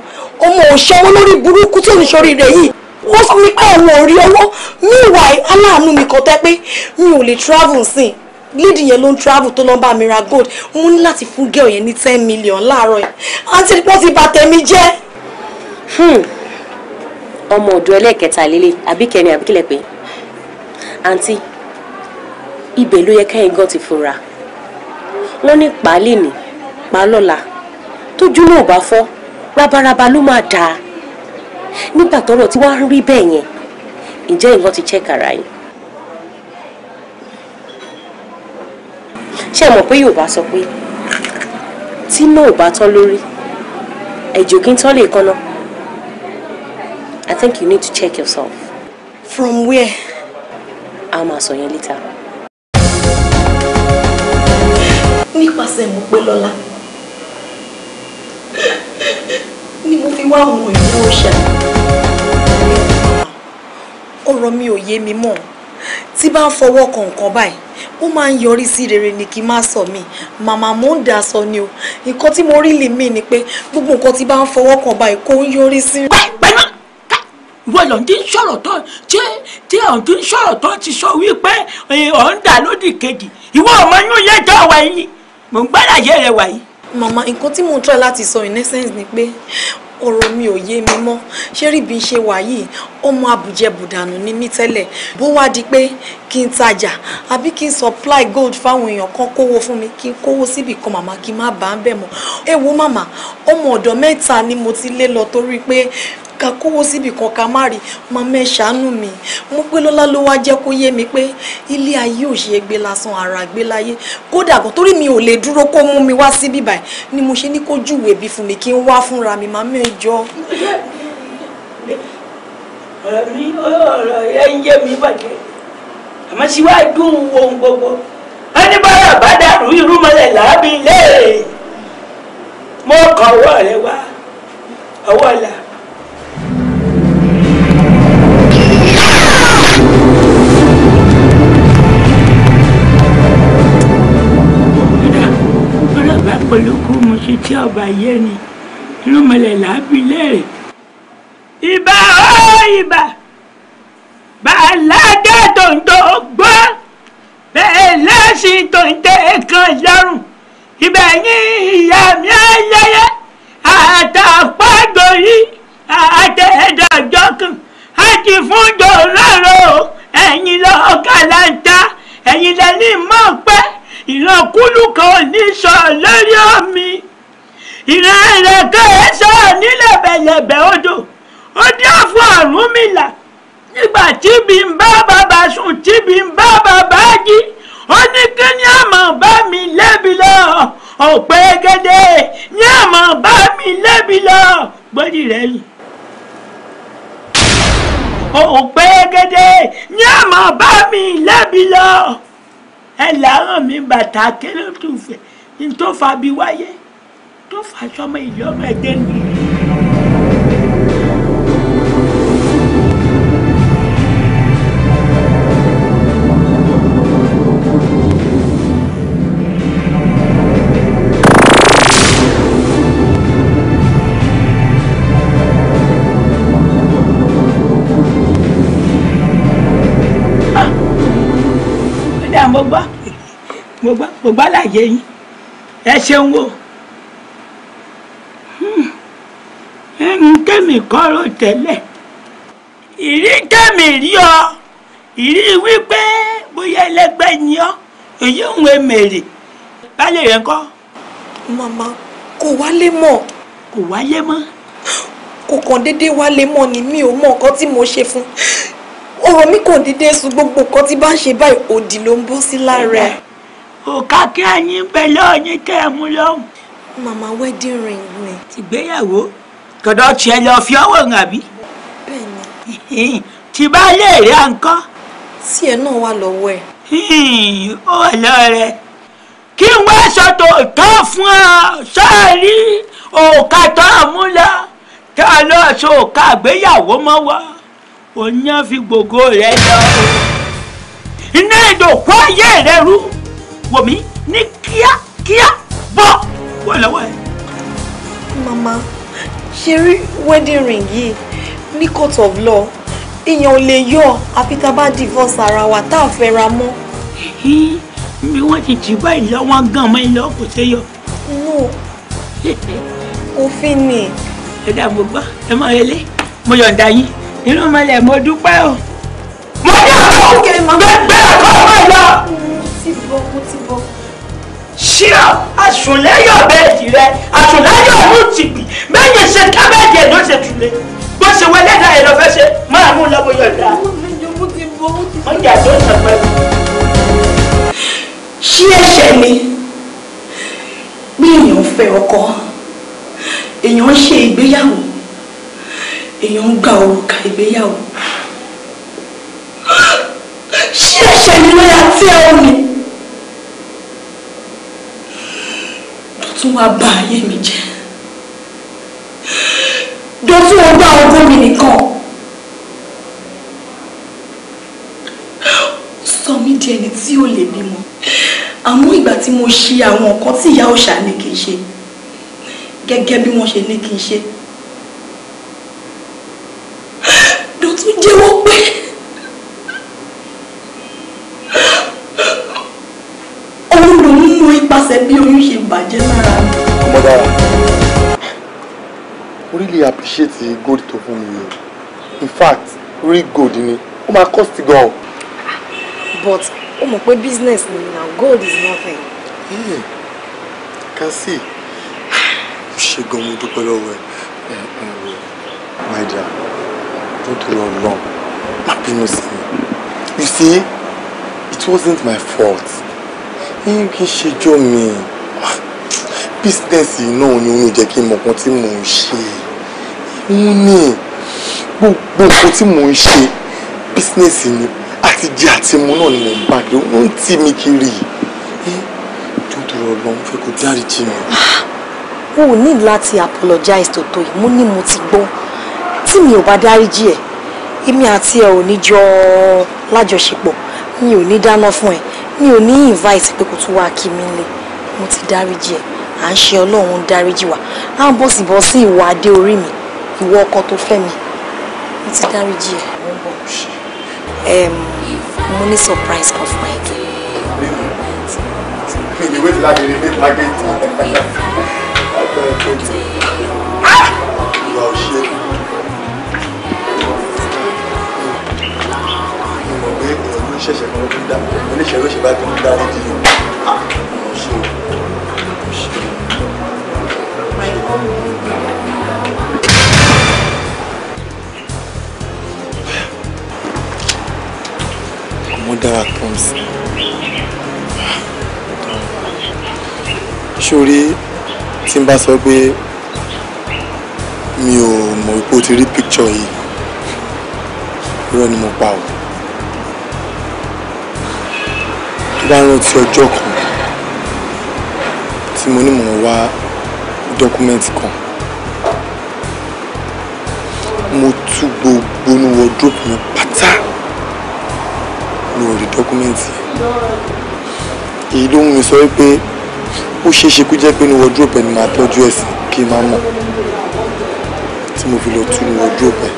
ọmọ òṣèwọ́ lórí burúkú tí òǹṣọ́rí rẹ̀ yìí ó sọ wípé àwọn ò rí owó ní ìwà aláàánú mi kan tẹ́ pé mi ò lè travel sìn lead yẹn ló ń travel tó lọ ń bá mi ra gold mo ní láti fún girl yẹn ní ten million láàárọ̀ yìí àǹtí pọ́ ti bà tèmi jẹ́. Hmm. ọmọ ọ̀dọ̀ ẹlẹ́ẹ̀kẹta lélẹ̀ àbí kẹrin àbí kílẹ̀ pé àǹtí ibẹ̀ ló yẹ kẹ́yìn gan ti fura wọ́n ní pàálì ni. Pa pa lọ́la tójú náà bá fọ́ rabaraba ló máa dà á nígbà tọ́rọ̀ tí wàá rí bẹ́ẹ̀ yẹn ǹjẹ́ ìwọ ti check ara yín. ṣé ẹ mọ̀ pé Yorùbá sọ pé tí náà ò bá tán lórí ẹ̀jọ̀ kí n tán lè kanna I think you need to check yourself. From where? a máa sọ yẹn later. nípasẹ̀ mo pé lọ́la. irú àwọn ìlú ó ṣẹlẹ̀ ọ̀rọ̀ mi ò yé mi mọ́ tí bá ń fọwọ́ kọ̀ọ̀kan báyìí ó máa ń yọrí sí rere ni kí n má sọ mí màmá mò ń dà sọ ni o nǹkan tí mo rí lè mí ni pé gbogbo nǹkan tí bá ń fọwọ́ kàn báyìí kò ń yọrí sí. pẹ́ẹ́pẹ́ẹ́rọ ìwọ lọ́n ti ń sọ̀rọ̀ tán tí tí ọ̀n ti ń sọ̀rọ̀ tán ti sọ wípé ọ̀n dà lódì kejì ìwọ ọmọ inú ilé tó wà yìí mò ń gbàdàyé rẹ wà yìí. màmá nǹkan tí mò ń tọ́ láti sọ in essence ni pé ọ̀rọ̀ mi ò yé mi mọ́ ṣé rí bí n ṣe wà yìí ọmọ àbùjẹbùdànù ni mí tẹ́lẹ̀ bó wá di pé kí n tajà àbí kí n supply gold fáwọn èèyàn kan kówó fún mi kí n kówó síbì kan màmá kí n má bàá bẹ̀ mọ́ ẹ wo màmá ọmọ ọ̀dọ̀ mẹ́ta ni mo ti lé lọ torí pé ká kówó síbi kan ká má rí màmá ẹ ṣàánú mi mo pé lọ́lá ló wá jẹ́ kó yé mi pé ilé ayé ò ṣe é gbé lásán ara gbé láyé kódà kan torí mi ò lè dúró kó mú mi wá síbí báyìí ni mo ṣe ní kó júwèé bí fún mi kí n wá fúnra mi màmá ẹ jọ. ọ̀rọ̀ mi ọ̀rọ̀ ẹ ń yé mi bàjẹ́ àmọ́ síwájú ohun gbogbo a ní báyà bá dàrú irú làábí lẹ́ẹ̀ mọ́ ọkọ̀ ọwọ́ rẹ wá ọwọ́ làá. olùkú musu tí ọba yé ni irúnmọlẹ̀ làábí léèrè. ìbà ó ìbà bàládé tòǹtò gbọ́ bẹ́ẹ̀ lẹ́sìn tòǹtò kan lọ́rùn ibẹ̀ yín ìyá mi ayẹyẹ àtàpọ̀dọ̀ yìí àtẹ̀dàjọ́ kan àti fúnjọ lọ́rọ̀ ẹ̀yin lọ́ọ́ kàlàǹtà ẹ̀yin lẹ́ni mọ̀ pẹ́ ìrànkúlù kan ní sọ lórí omi ìran ìrẹ̀kẹ́ ẹ̀ sọ nílẹ̀bẹ̀lẹ̀bẹ̀ odò ó dín àfọ̀ Ọ̀rúnmìlà nígbà tíbi ń bá bàbá sùn tíbi ń bá bàbá jí ó ní kí ní àmọ́ bá mi lẹ́bi lọ ọ̀pẹ́ gẹ́gẹ́ ní àmọ́ bá mi lẹ́bi lọ gbọ́dì rẹ̀ yìí ọ̀pẹ́ gẹ́gẹ́ ní àmọ́ bá mi lẹ́bi lọ ẹ làárọ̀ mi bàtà kéré tó fẹ́ ní tó fa bí wáyé tó fa sọmọ ìlú ọmọ ẹgbẹ́ mi. mo gbá yín ẹ ṣeun o ẹnu tẹ̀mí kọ́rọ̀ tẹ́lẹ̀ ìrí tẹ̀mí rí ọ ìrí wípé bóyá ẹlẹgbẹ́ ni ọ èyí ń wé mèrè bálẹ̀ rẹ̀ kọ́. màmá kò wálé mọ́. kò wálé mọ́. kò kàn déédéé wálé mọ́ ni mi ò mọ nǹkan tí mo ṣe fún ọ̀rọ̀ mi kàn déédéé sun gbogbo nǹkan tí bá ń ṣe báyìí òdì ló ń bọ́ sí lára ẹ̀ òkà kí ẹ̀yin pẹ̀lú ọyìn ẹ mú lọ́hùn. màmá wedding ring ni. tìgbéyàwó tọ̀dọ̀ tiẹ̀ lọ fi ọwọ́ ràn àbí. bẹ́ẹ̀ni. tí bá lè rí à ń kọ́. tí ẹ náà wà lọ́wọ́ ẹ. ó wà lọ́wọ́ rẹ kí n wá sọ̀tò tán fún ọ sọ́ọ̀rí òkà tó mú lọ tá a lọ sọ òkà àgbéyàwó mọ́ wá òun fi gbogbo rẹ lọ. iná ìdòkú ayé rẹ rú wò mí ní kíákíá bọ́ wọ ìlọ́wọ́ ẹ. màmá ṣe rí wedding ring yìí ní court of law èèyàn ò lè yọ àfi tá a bá divorce ara wa tá a fẹ́ ra mọ́. bí wọ́n ti tì bá ìlọ wọn gan mọ́ ìlọ kò ṣe yọ. no òfin ni. ẹ dá mo gbọ́ ẹ máa relé mo yọ̀ǹda yín inú mọ́lẹ̀ mo dúpẹ́ o. mo ní àwọn òkè màmá. bẹ́ẹ̀ bẹ́ẹ̀ kọ́ ṣíọ àṣùnlẹ́yọ̀ bẹ́ẹ̀dì rẹ àṣùnlẹ́yọ̀ ọ̀hún ti gbì bẹ́ẹ̀ ṣe kábẹ́ẹ̀dì ẹ̀ ló ṣe tulẹ̀ bó ṣe wọlé náà ẹ̀ lọ fẹ́ ṣe máa mú lọ́wọ́ yọ̀ dá. ọjà tó ń sọpẹ́ mi. ṣí ẹ̀ṣẹ̀ ni bí èèyàn fẹ́ ọkọ èèyàn ń ṣe ìgbéyàwó èèyàn ń gba òrùka ìgbéyàwó ṣí ẹ̀ṣẹ̀ ni lọ́yà tí ẹ ò ní. tún wá bà ayé mi jẹ́ jọ fún ọgbà ogún mi nìkan sọ mí di ẹni tí ò lè bímọ àmọ́ ìgbà tí mo ṣe àwọn nǹkan tí ìyá òòṣà ní kì í ṣe gẹ́gẹ́ bí wọ́n ṣe ní kì í ṣe ló tún pé. ẹsẹ̀ bí oyún ṣe bàjẹ́ lára mi. ọmọ dára really appreciate the gold to fún mi in fact real gold ni ó máa cost gan. but ó mọ̀ pé business ni na gold is nothing. Mm. can see ṣe gan mo dúpẹ́ lọ́wọ́ ẹ̀ eh, eh, my dear don't dúró ọlọ́run má bínú sí you see it wasn't my fault kí ṣèjọ mi bísínẹ́sì náà ni òun jẹ́ kí n mọ̀ kan tí mò ń ṣe òun ni gbogbo nǹkan tí mò ń ṣe bísínẹ́sì ni àti jẹ́ àti mu náà ni mò ń bá kí òun tì mí kiri tó tó lọ ń fẹ́ kó dáríjì mi. o ò ní láti apologize tòótọ́ yìí mo ní mo ti gbọ́ tí mi ò bá dáríjì ẹ̀ èmi àti ẹ̀ ò ní jọ lájọṣepọ̀ mi ò ní dáná fún ẹ mi ò ní invite pé kò tún wá kí mi lé mo ti dáríjì ẹ à ń ṣe ọlọ́run dáríjì wá à ń bọ̀ sí bọ́ sí ìwà adé orí mi ìwọ ọkọ tó fẹ́ mi mo ti dáríjì ẹ mo ń bọ̀ ṣe mo ní surprise kan fún ẹ. mi ni wéètì lágbèrè wéètì lágbèrè tí a ṣẹ̀ṣẹ̀ kan ló ń dá oníṣẹ́ ló ṣe bá gbọ́n dá nídìí yìí ah, mo ṣe o mo ṣe o. ọmọ dára kan sí sórí tí n bá sọ pé mi ò mọ̀ pé o ti rí picture yìí irọ́ ni mo pa o. rántí ọjọ́ kan tí mo ní mò ń wá dọ́kúmẹ́ǹtì kan mo tú gbogbo inú wọ́dúrópù mi pátá mi ò rí dọ́kúmẹ́ǹtì èyí ló mú mi sọ wípé ó ṣeé ṣe kó jẹ́ pé inú wọ́dúrópù ẹni máa tọ́jú ẹ̀sìn kí n má mọ̀ tí mo fi lọ tú inú wọ́dúrópù ẹ̀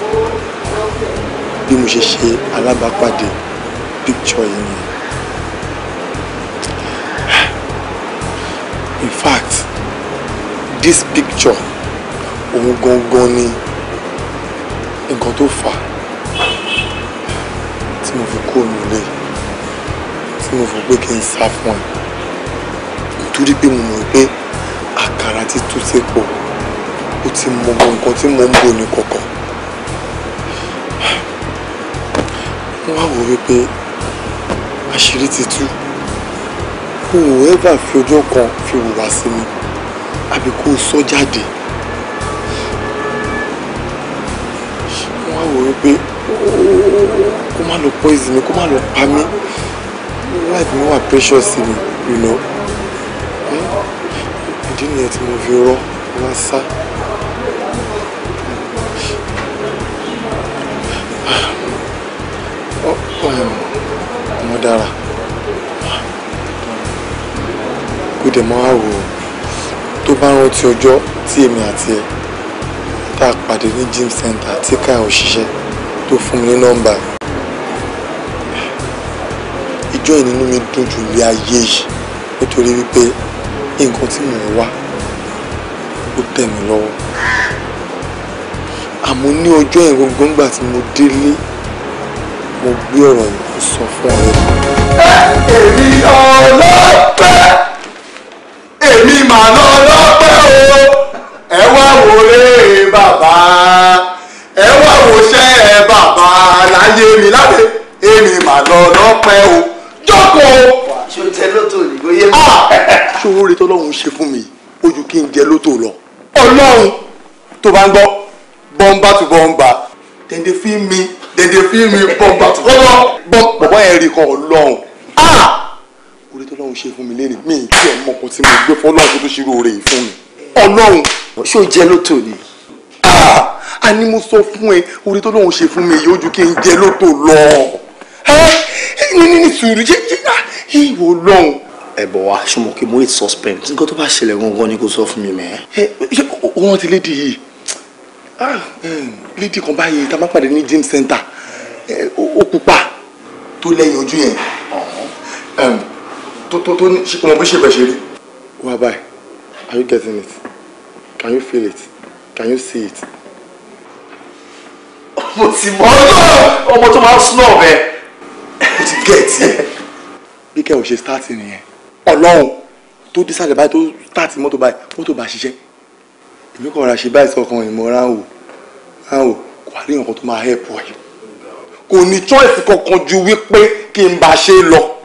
bí mo ṣe ṣe alábàápàdé píkṣọ yìí nìyẹn. in fact this picture òun gangan ni nǹkan tó fà tí mo fi kó nílé tí mo fi pé kí n sá fún ẹ nítorí pé mo mọ̀ pé àkàrà ti tú sépò ó ti mọ gbogbo nǹkan tí mo ń bò ní kọ̀ọ̀kan wọ́n wá wò wípé àṣírí ti tú kò ẹ́fà fi ọjọ́ kan fi hùwà sí mi àbí kò sọ jáde wọ́n á wò wípé kó má lọ poison mi kó má lọ pa mí life mi wà precious mi you know eh? ìdí nìyẹn tí mo fi rọ́ wá sá. Ah, oh, oh, um, mo dára. kó dẹ̀ máa rò tó bá rántí ọjọ́ tí èmi àti ẹ̀ tá a pàdé ní gym center tí ká òṣìṣẹ́ tó fún mi ní nọ́mbà ìjọ ìnínú mi dùn jù ní ayé yìí nítorí wípé nǹkan tí mò ń wá ó tẹ̀ mí lọ́wọ́ àmọ́ ní ọjọ́ yẹn gbogbo ńgbà tí mo délé mo gbé ọ̀rọ̀ yìí sọ fún ọ̀rẹ́ mi. èmi ọlọ́pẹ́ èmi mà lọ lọ́pẹ́ o ẹ wá wò lé bàbá ẹ wá wò ṣẹ́ bàbá láyé mi lábẹ́ èmi mà lọ lọ́pẹ́ o jókòó. ṣé o tẹ lóto òyìnbó yé mi. Ah! ṣòro rẹ tọ́lọ́run ṣe fún mi ojú kí n jẹ lóto lọ ọlọ́run tó bá ń gbọ́ bọ́ńbà tó bọ́ńbà dèndé fi mi dèndé fi mi bọ́ńbà tó bọ́ńbà bọ́ńbà yẹn rí kan ọlọ́run. Ah! orí tó lọ́hùn ṣe fún mi lẹ́nu mi ìdí ẹ̀ mọ̀ kan tí mo gbé fún ọlọ́run tó tó ṣírò rẹ̀ fún mi. ọlọ́run ṣó jẹ́ lótò ni. Ah, a ní mo sọ fún ẹ orí tó lọ́hùn ṣe fún mi yóò ju kí n jẹ lótò lọ. ní ní ní sùúrù jẹ́ jẹ́ ah, ìwọ ọlọ́run. ẹ bọ̀ wá ṣùgbọ́n kí mo wait suspend nǹkan tó bá ṣẹlẹ̀ gangan ni kò sọ fún mi mẹ́. ẹ ṣé o rántí lady yìí ah, lady kan báyìí tá a máa pàdé ní gym center ó pupa tó lẹ́yìn ojú yẹn tó tó tó ní ọmọ bí ṣe bẹ̀ ṣe rí. wá báyìí are you getting it can you feel it can you see it. ọmọ tí mo ọmọ tó máa ń sún náà bẹ́ẹ̀ mo ti gẹ̀ẹ́tì ẹ̀. bí kẹ́ ò ṣe start nìyẹn ọlọ́run tó dé báyìí tó start mọ́tò báyìí mọ́tò bá ṣiṣẹ́ èmi kò rà ṣe báyìí sọ̀kan ìmọ̀ràn wò ràn wò kò wá rí nǹkan tó máa help ọ̀ yìí kò ní choice kankan ju wípé kí n bá ṣe lọ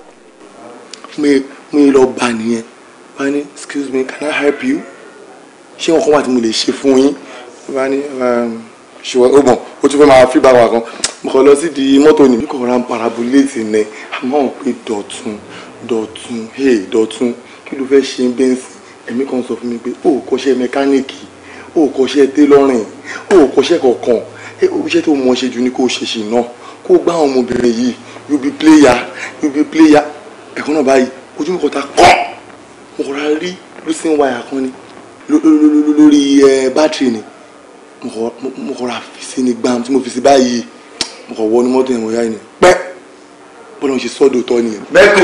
mo yẹ lọ bá nìyẹn bá ní excuse me can I help you ṣé nǹkan wà tí mo lè ṣe fún yín bá ní ṣùgbọ́n ó bọ̀ ó tún fẹ́ máa fi báwa kan mo kàn lọ sí di mọ́tò ni bí kò rán paraboléètì nẹ àmọ́ ò pé dọ̀tun dọ̀tun hey dọ̀tun kí ló fẹ́ ṣe bẹ́ǹsì ẹ̀mí kan sọ fún mi pé ó kọ́ṣẹ́ mẹkáníìkì ó kọ́ṣẹ́ télọ́rìn ó kọ́ṣẹ́ kọ̀ọ̀kan iṣẹ́ tó mọ̀ ṣe jù ni kó ṣe ṣì náà kó gbá àwọn ọmọbìnrin yìí you be player you be player ẹ̀kọ́ náà báyìí ojú mi kọta kọ́ mo kọ̀ ra rí lósìn wáyà kan ni lórí bátìrì ni mo kọ̀ ra fi sí ni gbàm tí mo fi sí báyìí mo kọ̀ wọ ní mọ́tò yẹn mo yá ni pẹ́ bọ́lá ń ṣe sọ́dọ̀ tọ́ nìyẹn. mẹ́kò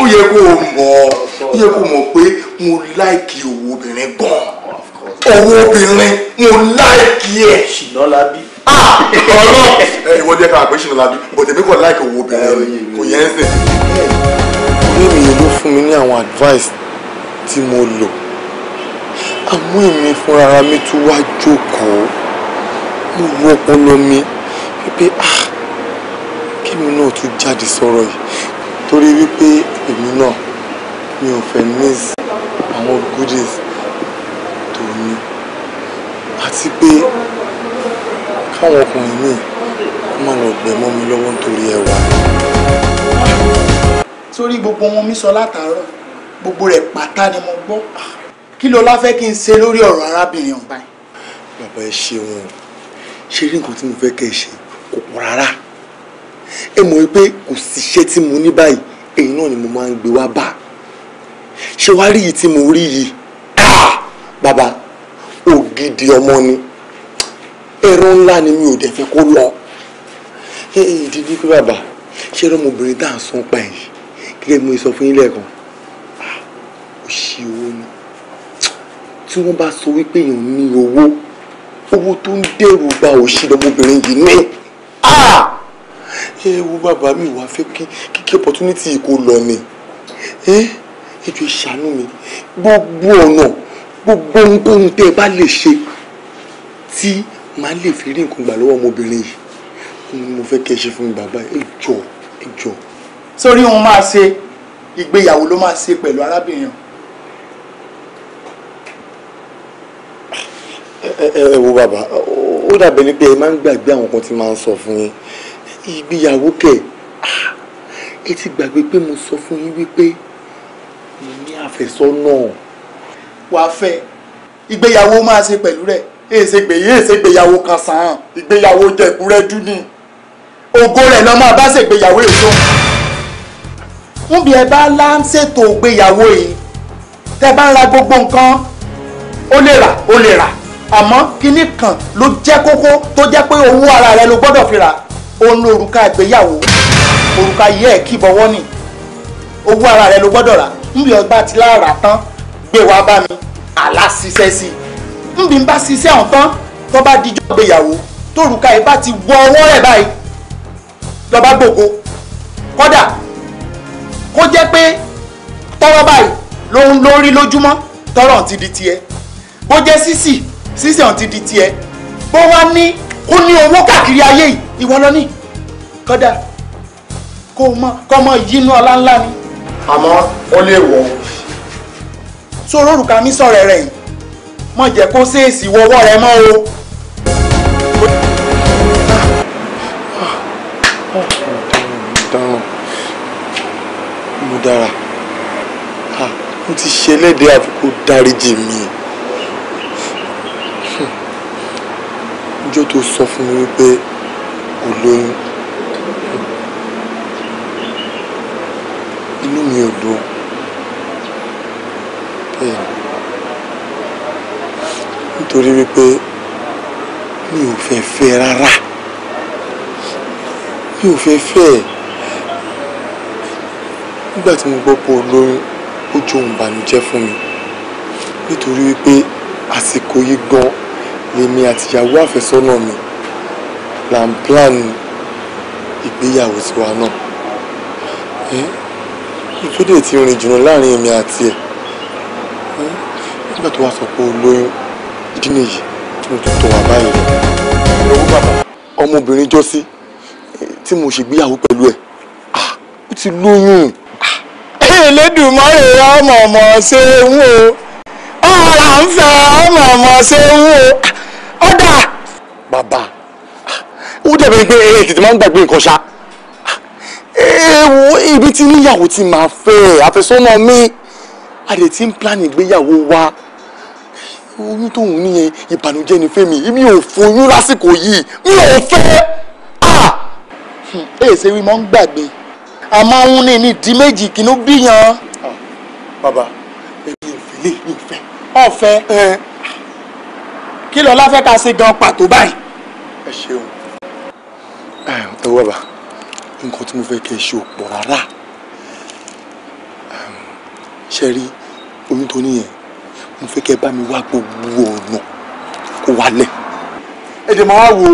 ó yẹ kó o mọ̀ ó yẹ kó o mọ̀ pé mo láìkì owó obìnrin gan-an owó obìnrin mo láìkì ẹ̀. ṣìnà la bí Ah, ẹ ìwọ jẹ ká àpèsìnà lábí bọ̀dẹ̀ mi kò láìka owó obìnrin kò yẹn ń sìn. bẹ́ẹ̀ mi ló fún mi ní àwọn advice tí mo lò àmọ́ èmi fúnra mi tún wá jókòó mo wo ọpọlọ mi wípé ah kémi náà tún jáde sọ̀rọ̀ yìí torí wípé èmi náà mi ò fẹ́ miss àwọn goodies tó ní àti pé fáwọn ọkùnrin míì kó má lọ gbẹ mọ́ mi lọ́wọ́ nítorí ẹwà. sórí gbogbo wọn mi sọ látàárọ̀ gbogbo rẹ̀ pátá ni mo gbọ́ kí ló lá fẹ́ kí n ṣe lórí ọ̀rọ̀ arábìnrin ọ̀hún báyìí. bàbá ẹ ṣeun ṣe rí nǹkan tí mo fẹ́ kẹ́ ẹ ṣe kò pọ̀ rárá ẹ mọ̀ pé kò síṣẹ́ tí mo ní báyìí èyí náà ni mo máa ń gbé wá bá ṣé wàá rí yìí tí mo rí yìí ah! bàbá ògidì ọmọ ni ẹ̀rọ ńlá ni mi ò dẹ̀ fẹ́ kó lọ. ìdílé pé bàbá ṣé ọmọbìnrin tá à ń sún pa yìí gẹ́gẹ́ bí mo sọ fún yín lẹ́ẹ̀kan ó ṣe owó ni tí wọ́n bá sọ wípé èèyàn ní owó owó tó ń dẹ́rù bà òṣì lọmọbìnrin yìí ní ẹ wo bàbá mi wàá fẹ́ kí kí opportunity yìí kó lọ ni ẹ ẹ jọ̀ọ́ ṣàánú mi gbogbo ọ̀nà gbogbo ohunkóhun tẹ́ ẹ bá lè ṣe tí máa lè fi rí nǹkan gbà lọ́wọ́ ọmọbìnrin yìí mo fẹ́ kẹ́ ṣe fún mi bàbá ẹ jọ ẹ jọ. sórí òun máa ṣe ìgbéyàwó ló máa ṣe pẹ̀lú arábìnrin ẹ wo bàbá ó dàbẹ̀ ni pé ẹ máa ń gbàgbé àwọn kan tí máa ń sọ fún yín ìgbéyàwó kẹ ah, ẹ ti gbàgbé pé mo sọ fún yín wípé mo ní àfẹ́sọ́nà. wàá fẹ́ ìgbéyàwó máa ṣe pẹ̀lú rẹ̀ èsè gbèyí èsè gbèyàwó kan sàn ìgbéyàwó jẹkúrẹ́dú ni ògo rẹ̀ lọ́mọ bá ṣègbéyàwó èso níbi ẹ bá lá ń ṣètò ìgbéyàwó yìí tẹ́ bá ń ra gbogbo nǹkan ó lè rà ó lè rà àmọ́ kinní kan ló jẹ́ kókó tó jẹ́ pé owó ara rẹ ló gbọ́dọ̀ fi rà òun ní òrùka ìgbéyàwó òrùka yìí ẹ̀ kì bọ́wọ́ nì owó ara rẹ ló gbọ́dọ̀ rà níbi ọba ti lára tán gbé wá bá mi àlá ṣiṣẹ́ sí i ń bí n bá ṣiṣẹ́ ọ̀tán tó bá dijọ́ ìgbéyàwó tórùka ẹ̀ bá ti wọ ọwọ́ rẹ̀ báyìí lọ́ba gbògo kódà kó jẹ́ pé tọ́rọ́ báyìí ló ń lórí lójúmọ́ tọ́rọ̀ ti di tiẹ̀ bó jẹ́ sísì sísì ọ̀hún ti di tiẹ̀ bó wá ní kó ní owó káàkiri ayé yìí ìwọ lọ ní kó mọ kó mọ yínú ọlá ni. àmọ́ ó lè wọ̀ ọ́. sọ orórùka mi sọ̀rọ̀ rẹ̀ yìí má jẹ́ kó ṣèèṣì wọwọ́ rẹ mọ́ o. mo dára mo ti ṣe ẹlẹ́dẹ̀ẹ́ àfikún dáríjì mi ọjọ́ hm. tó sọ fún mi wípé kò lóyún torí wípé mi ò fẹ́ fẹ́ rárá mi ò fẹ́ fẹ́ ẹ̀ nígbà tí mo gbọ́ pé olóyún ó jó ohun ìbànújẹ́ fún mi nítorí wípé àsìkò yìí gan lèmi àtìyàwó àfẹ́sọ́nà mi là ń plan ìgbéyàwó tiwa náà ìfúdè ti rìn jùlọ láàrin èmi àti ẹ̀ nígbà tó wá sọ pé olóyún ìdí nìyí tí mo tún tọ̀ wá báyìí lọ. ọmọbìnrin jọ́sí tí mo ṣègbéyàwó pẹ̀lú ẹ̀ ah, ó ti lóyún. Ah, Elédùmarè ọmọ ọmọ ṣe ń wò ó ọ̀rà ń fẹ́ ọmọ ọmọ ṣe ń wò ó ọ̀dà. bàbá ah, ó dẹ̀bẹ̀ pé ètìtì máa ń gbàgbé nǹkan ṣá ewu ibi tí níyàwó ti máa fẹ́ àfẹ́sọ́nà mi a lè ti ń plan ìgbéyàwó wa oyún tóun níyẹn ìbànújẹ́ ni fẹ́mi mi ò foyún lásìkò yìí mi ò fẹ́ èsè wí mọ́ ń gbàgbé àmọ́ òun ní ní di méjì kìnnú bíyan. Ah, bàbá èmi ò fi lè mi ò fẹ́. ọ̀fẹ́ kí lọ́lá fẹ́ ká ṣe gan pàtó báyìí. ẹ ṣeun ẹ wọ bàbá nǹkan tí mo fẹ́ kẹ́ ẹ ṣe ò pọ̀ rárá ṣe rí oyún tó níyẹn mo fẹ́ kẹ́ bá mi wá gbogbo ọ̀nà kó wálẹ̀ ẹ dẹ̀ máa wo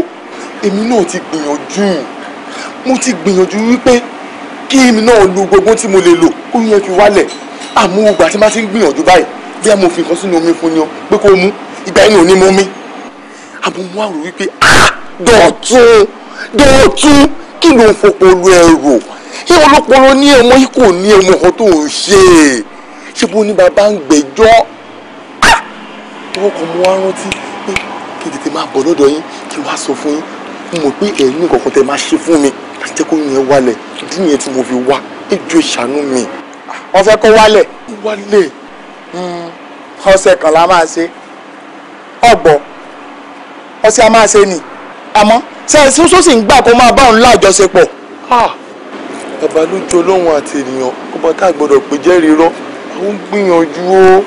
èmi náà ti gbìyànjú mo ti gbìyànjú wípé kí èmi náà lo gbogbo tí mo lè lò kó yẹn fi wálẹ̀ àmọ́ ògbà tí má ti ń gbìyànjú báyìí bí a mo sínú omi fún ni pé kó mú ìgbà yẹn ò ní mú mi àmọ́ mo wá rò wípé ah dọ̀tún dọ̀tún kí ló ń fọpọlọ ẹrù ṣé olópọlọ ní ẹmọ yìí kò ní ẹmọ kan tó ń ṣe ṣé bó ní bàbá ń gbẹ́jọ́ tọwọ́ kan mo wá rántí pé kí tètè máa bọ̀ lọ́dọ̀ yín kí wàá sọ fún yín mo mọ̀ pé ẹ̀yin nìkan kan tẹ máa ṣe fún mi láti jẹ́ kó yẹn wálẹ̀ ìdí yẹn tí mo fi wá ẹjọ́ ìṣàánú mi. wọ́n fẹ́ kó wálẹ̀. wálẹ̀. Hmm, ọ̀sẹ̀ kan la máa ṣe ọ̀gbọ̀ ọ̀sẹ̀ a máa ṣe ni àmọ́ sẹ́yìn sọ́sì ń gbà kó máa bá òun lájọṣepọ̀. bàbá ló jọ lóhun àti ènìyàn kó tá a gbọ́dọ̀ pé jẹ́rìí rọ́ àwọn gbìyànjú o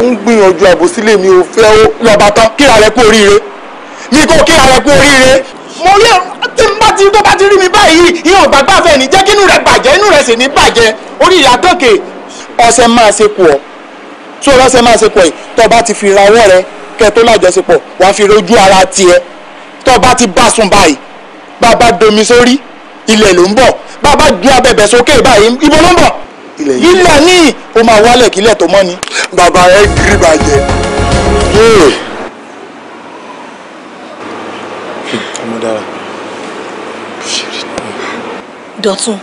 ń gbìyànjú àbòsílẹ̀ mi ò fẹ́ ó lọ́ba tán kíra rẹ kú oríire mi kò kíra rẹ kú oríire. mo rí tí n bá ti tó bá ti rí mi báyìí ìyẹn ògbàgbà fẹ́ ní jẹ́ kí inú rẹ bàjẹ́ inú rẹ sì ní bàjẹ́ orí ìyá gòkè ọsẹ máa ṣe pọ̀ tó ọlọ́sẹ̀ máa ṣe pọ̀ yìí tó o bá ti fi ra ọwọ́ rẹ kẹ́ tó lájọṣepọ̀ wàá fi rojú ara tiẹ̀ tó o bá ti bá sùn báyìí bàbá domi sórí ilẹ̀ ló ń bọ̀ bàbá ju abẹ̀bẹ̀ sókè báyìí ibo ló ń bọ̀ ilẹ̀ ní o máa wálẹ̀ kílẹ̀ tó mọ́ ni. bàbá ẹ gírí bàjẹ́. ọmọdára kò ṣe rí. dọ̀tun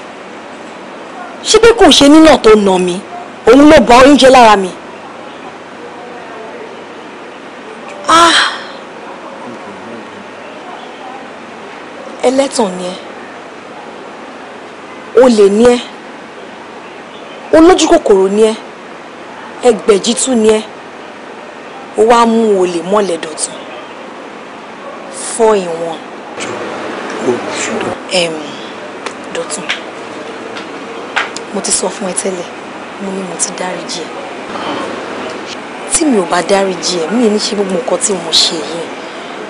ṣé pé kò ṣe nínà tó nà mí òun ló bọ oúnjẹ lára mi. Ah. ẹlẹ́tàn ni ẹ́ olè ni ẹ́ olójú kòkòrò ni ẹ ẹgbẹ̀jítú ni ẹ ó wá mú olè mọ́lẹ̀ dọ̀tún four in one. Um, dọ̀tún mo ti sọ fún ẹ tẹ́lẹ̀ mo ní mo ti dáríjì ẹ tí mi ò bá dáríjì ẹ mi ní ṣe gbogbo nǹkan tí mo ṣe yìí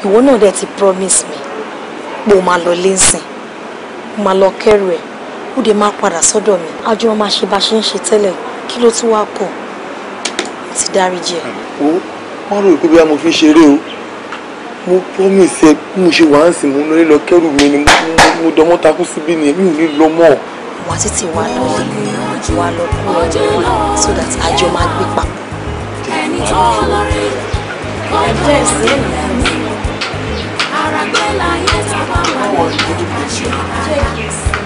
ìwọ náà dẹ̀ ti promise mi pé o máa lọ lẹ́sìn o máa lọ kẹ́rù ẹ̀ ó dẹ̀ máa padà sọ́dọ̀ mi àjọ máa ṣe bá ṣe ń ṣe tẹ́lẹ̀ kí ló tún wá kọ̀ ti dáríjì ẹ̀. o wọn rò pé bí mo fi ṣeré o mo promise ẹ bí mo ṣe wà á sìn mo lọ lọ kẹrù mi ni mo dánwó takú síbí ni mi ò ní lọ mọ́ ọ. títí wà lọ wà lọ kú ọ so that àjọ máa gbé papọ̀. ẹni tó lórí ọjọ́ ìsìn ara gbé láyé tá bá wà ní àṣẹ àṣẹ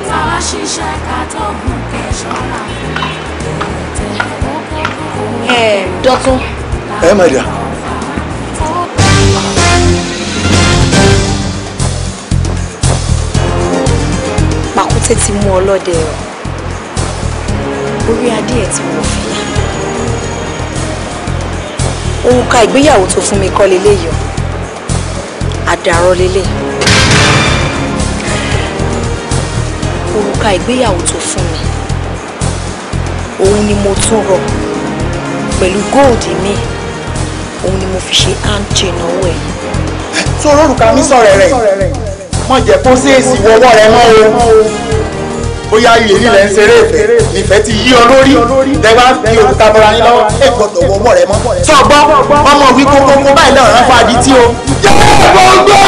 táwa ṣiṣẹ́ ká tó gùn kẹsọ́ra ẹ̀ dọ́tún. ẹ má dà. pàkúté ti mú ọlọ́dẹ ọ orí adé ẹ̀ ti wọ̀ fìyà òun ka ìgbéyàwó tó fún mi kọ́ leléyìí ọ àdàrọ òrùka ìgbéyàwó tó fún mi òun ni mo tún rọ pẹ̀lú góòdì mi òun ni mo fi ṣe handchain ọwọ́ ẹ̀. tó rọrùka mi sọ̀rọ̀ rẹ̀ mọ̀ jẹ́ kó ṣèèṣì wọ́wọ́ rẹ mọ́ o bóyá ilé nílẹ̀ ń ṣeré ìfẹ́ nífẹ̀ ti yí ọ lórí dẹ́gbà bí òkúta bọ́ra ní lọ́wọ́ ẹ gbọ́dọ̀ wọ ọwọ́ rẹ mọ́. sọ gbọ́ ọmọ wí kókókó báyìí náà rán fàdí tí o. yẹ́n gbọ́dọ̀.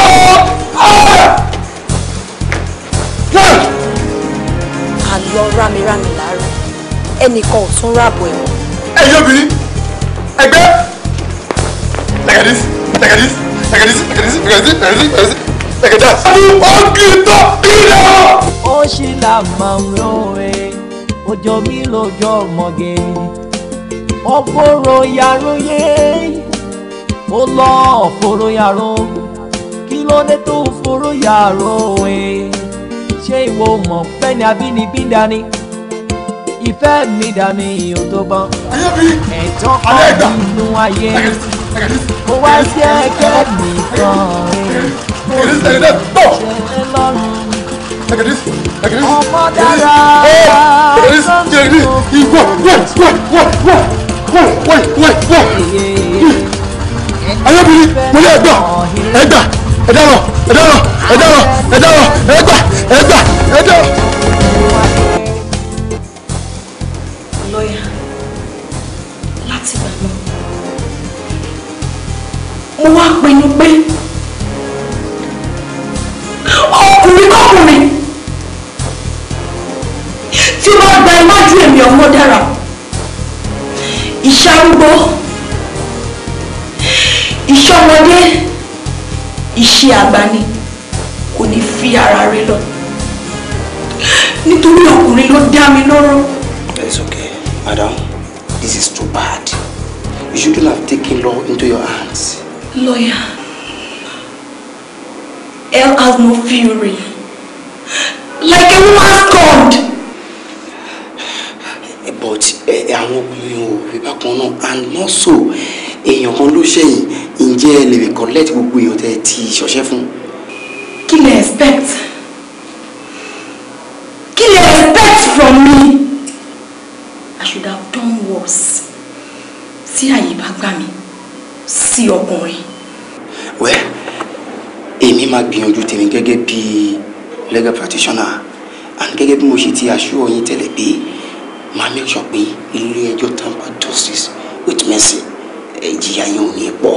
Ah! lọ rámirámi láàárọ̀ ẹnìkan ò tún ráàbọ̀ ẹ̀wọ̀n. ẹ̀yin obìnrin ẹgbẹ́ lẹ́gẹ̀dís lẹ́gẹ̀dís lẹ́gẹ̀dís lẹ́gẹ̀dís lẹ́gẹ̀dís lẹ́gẹ̀dís lẹ́gẹ̀dás. ọdún ọ̀gìntàn ó ṣì là máa ń lóore ọjọ́ mi lọ́jọ́ ọmọge ọ̀pọ̀rọ̀ yàrá yé ó lọ ọ̀pọ̀rọ̀ yàrá kí ló dé tó fọ̀rọ̀ yàrá òwe ṣé ìwọ mọ̀ fẹ́ ni abínibí dání ìfẹ́ mi dání ìyó tó bọ́n ẹ̀tàn kan nínú ayé mo wá sí ẹgbẹ́ mi kan rẹ̀ oh! mo ṣe lọ́rùn ọmọ dára lọ́sùn ayébíyí mo yẹ ẹgbà ẹgbà ẹ dáràn ẹ dáràn ẹ dáràn ẹ dáràn ẹ gbà ẹ gbà ẹ dáràn. lọ́yà láti gbà náà mo wá pinnu pé ọkùnrin kọkùnrin tí wọ́n gba iwájú èmi ọmọ dára ìṣàrúgbó ìṣọmọdé iṣẹ́ agbani kò ní fi ara rẹ̀ lọ nítorí ọkùnrin ló dá mi lọ́rọ̀. it's okay madam this is too bad you shouldn't have taken law into your hands. lawyer hell has no fury like a woman scorned. but eh, àwọn obìnrin ò rí bákan náà and more so èèyàn kan ló ṣẹ̀yìn ǹjẹ́ ẹ lè recollect gbogbo èèyàn tẹ́ ti ṣọṣẹ́ fún. kí lè expect kí lè expect from me I should have done worse tí àyè bá gbà mí sí ọkùnrin. wẹ́ èmi máa gbìyànjú tèmi gẹ́gẹ́ bí legal practitioner and gẹ́gẹ́ bí mo ṣe ti assure yín tẹ́lẹ̀ pé màá make sure pé ilé ẹjọ́ tamper justice with mercy ìjìyà yẹn ò ní pọ̀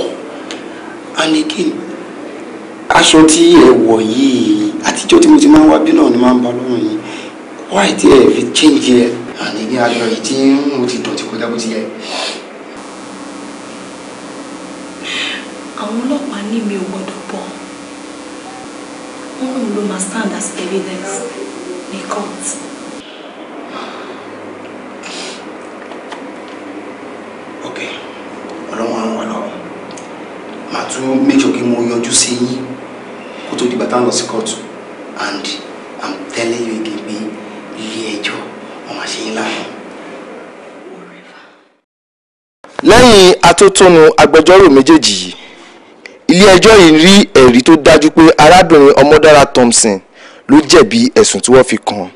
and again aṣọ tí ẹ wọ̀ yìí àtijọ́ tí mo ti máa ń wá bí náà ni máa ń ba lọ́rùn yìí why ti ẹ fi change ẹ and aṣọ yìí tí mo ti dọ̀tí kó dábò ti yẹ. àwọn ọlọ́pàá ní mi ò gbọ́dọ̀ bọ̀ wọn ló máa stand as evidence ní court. Okay ọlọ́run àrùn wà lọ́rùn màá tún méjọ kí mo yọjú sí yín kó tó di bàtà lọ sí kóòtù and i'm telling you again pé ilé ẹjọ́ wọn máa ṣe yín láàánú. lẹ́yìn atótónu agbẹjọ́rò méjèèjì yìí ilé ẹjọ́ yìí rí ẹ̀rí tó dájú pé arábìnrin ọmọdára Thompson ló jẹ̀bi ẹ̀sùn tí wọ́n fi kàn án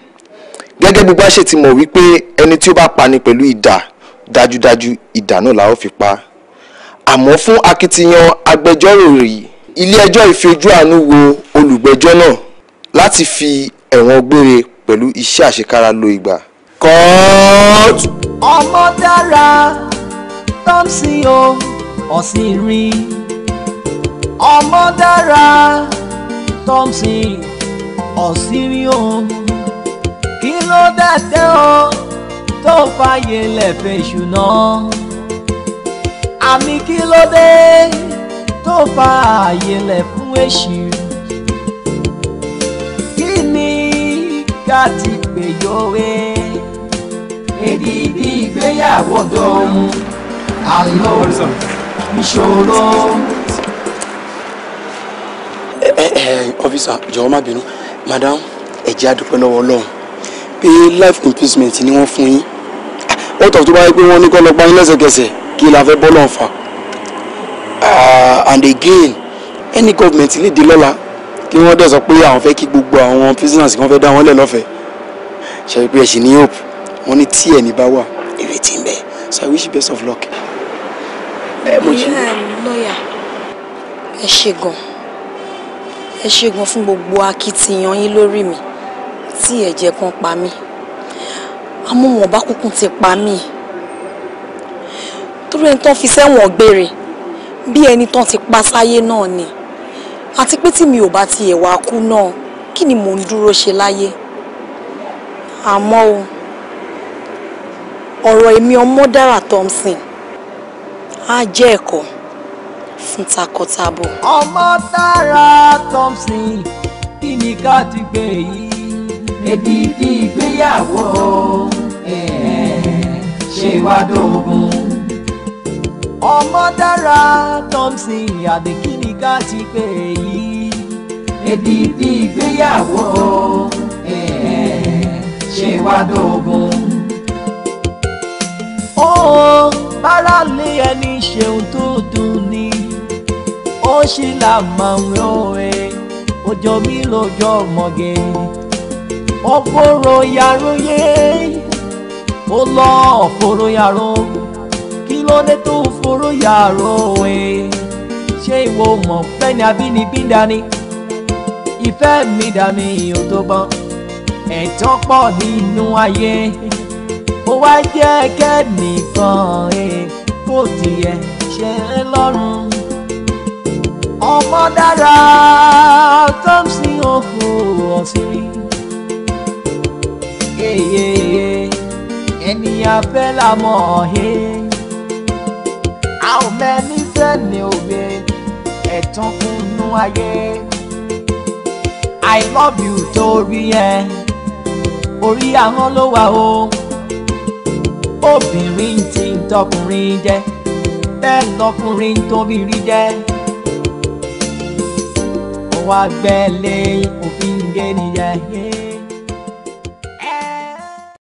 gẹ́gẹ́ bí bá ṣe ti mọ̀ wípé ẹni tí ó bá pani pẹ̀lú idà dájúdájú idà náà la fi pa á àmọ́ fún akitiyan agbẹjọ́rò yìí ilé-ẹjọ́ ìfojú àánú wo olùgbẹ́jọ́ náà láti fi ẹ̀wọ̀n gbére pẹ̀lú iṣẹ́ àṣekára lo ìgbà. court. ọmọ dára thompson o ọ̀sìn rí ọmọ dára thompson ọ̀sìn rí o kí ló dé tẹ́ o tó fàyè lẹ́fẹ̀ẹ́ ṣùnà àmì kí ló dé tó fa ààyè lẹ̀ fún èṣù kí ni ká ti pè yọ̀wé. èdè ibi ìgbéyàwó dọ́mú àlọ́ ìṣòro. ọ́fíìsà eh, eh, eh, jọ̀wọ́ má bínú madam ẹ jẹ́ a dúpẹ́ pé life imprisonment ni wọ́n fún yín wọ́n tọ̀ tó bá pé wọ́n ní kọ́ lọ́gbọ́n lẹ́sẹ̀kẹsẹ̀ kí la fẹ́ bọ́ lọ́n fa ah, and again any government lè dé lọ́la kí wọ́n dẹ̀ sọ pé àwọn fẹ́ kí gbogbo àwọn prisoners kan fẹ́ dá wọn lẹ̀ lọ́fẹ̀ẹ́ ṣàbí pé ẹ̀sìn ní hope wọ́n ní tí ẹ̀ bá wà ìrètí ń bẹ so I wish you best of luck. ẹ eh, mo jí. lọ́ọ̀yà ẹ ṣe gan ẹ ṣe gan fún gbogbo akitiyan yín lórí mi tí ẹ̀jẹ̀ kan pa mí àmọ́ wọn kúkú ti pa mí torí ẹni tán fi sẹ́wọ̀n gbére bí ẹni tán ti pa sáyé náà ni àti pé tí mi ò bá tiẹ̀ wá kú náà kí ni mò ń dúró ṣe láyé àmọ́ o ọ̀rọ̀ èmi ọmọ dára Thompson á jẹ́ ẹ̀kọ́ fún takọtabo. ọmọ dára Thompson kí ni ká ti gbé yìí èdìdì ìgbéyàwó ṣe wá dógún ọmọ dára thompson adekini ká ti pè yí. èdè ibi ìgbéyàwó ṣe wá dógún. ó bára lé ẹni ṣeun tó dùn ni ó sì là máa ń rán ẹ ọjọ́ mi lójọ́ ọmọge ọ̀pọ̀rọ̀ yàrá yé ó lọ ọ̀pọ̀rọ̀ yàrá kí ló dé tó ń foró yàrá òwe ṣé ìwọ mọ̀ fẹ́ ni abínibí dání ìfẹ́ mi dání ìhò tó gbọ́n ẹ̀tàn pọ̀ nínú ayé ó wá jẹ́ kẹ́nìkan e, kó tiẹ̀ ṣe é lọ́rùn ọmọ dára tó ń sin òkú ọ̀sìn ẹni afẹ́ làmọ́ ẹ̀. E a ò mẹ́ni sẹ́ni òwe ẹ̀tàn kúnnú ayé i love you torí ẹ orí ahọ́n ló wà o obìnrin tí ń tọkùnrin jẹ bẹ́ẹ̀ lọkùnrin tóbìnrin jẹ wá gbẹ́lẹ̀ òfin gé nìyẹn.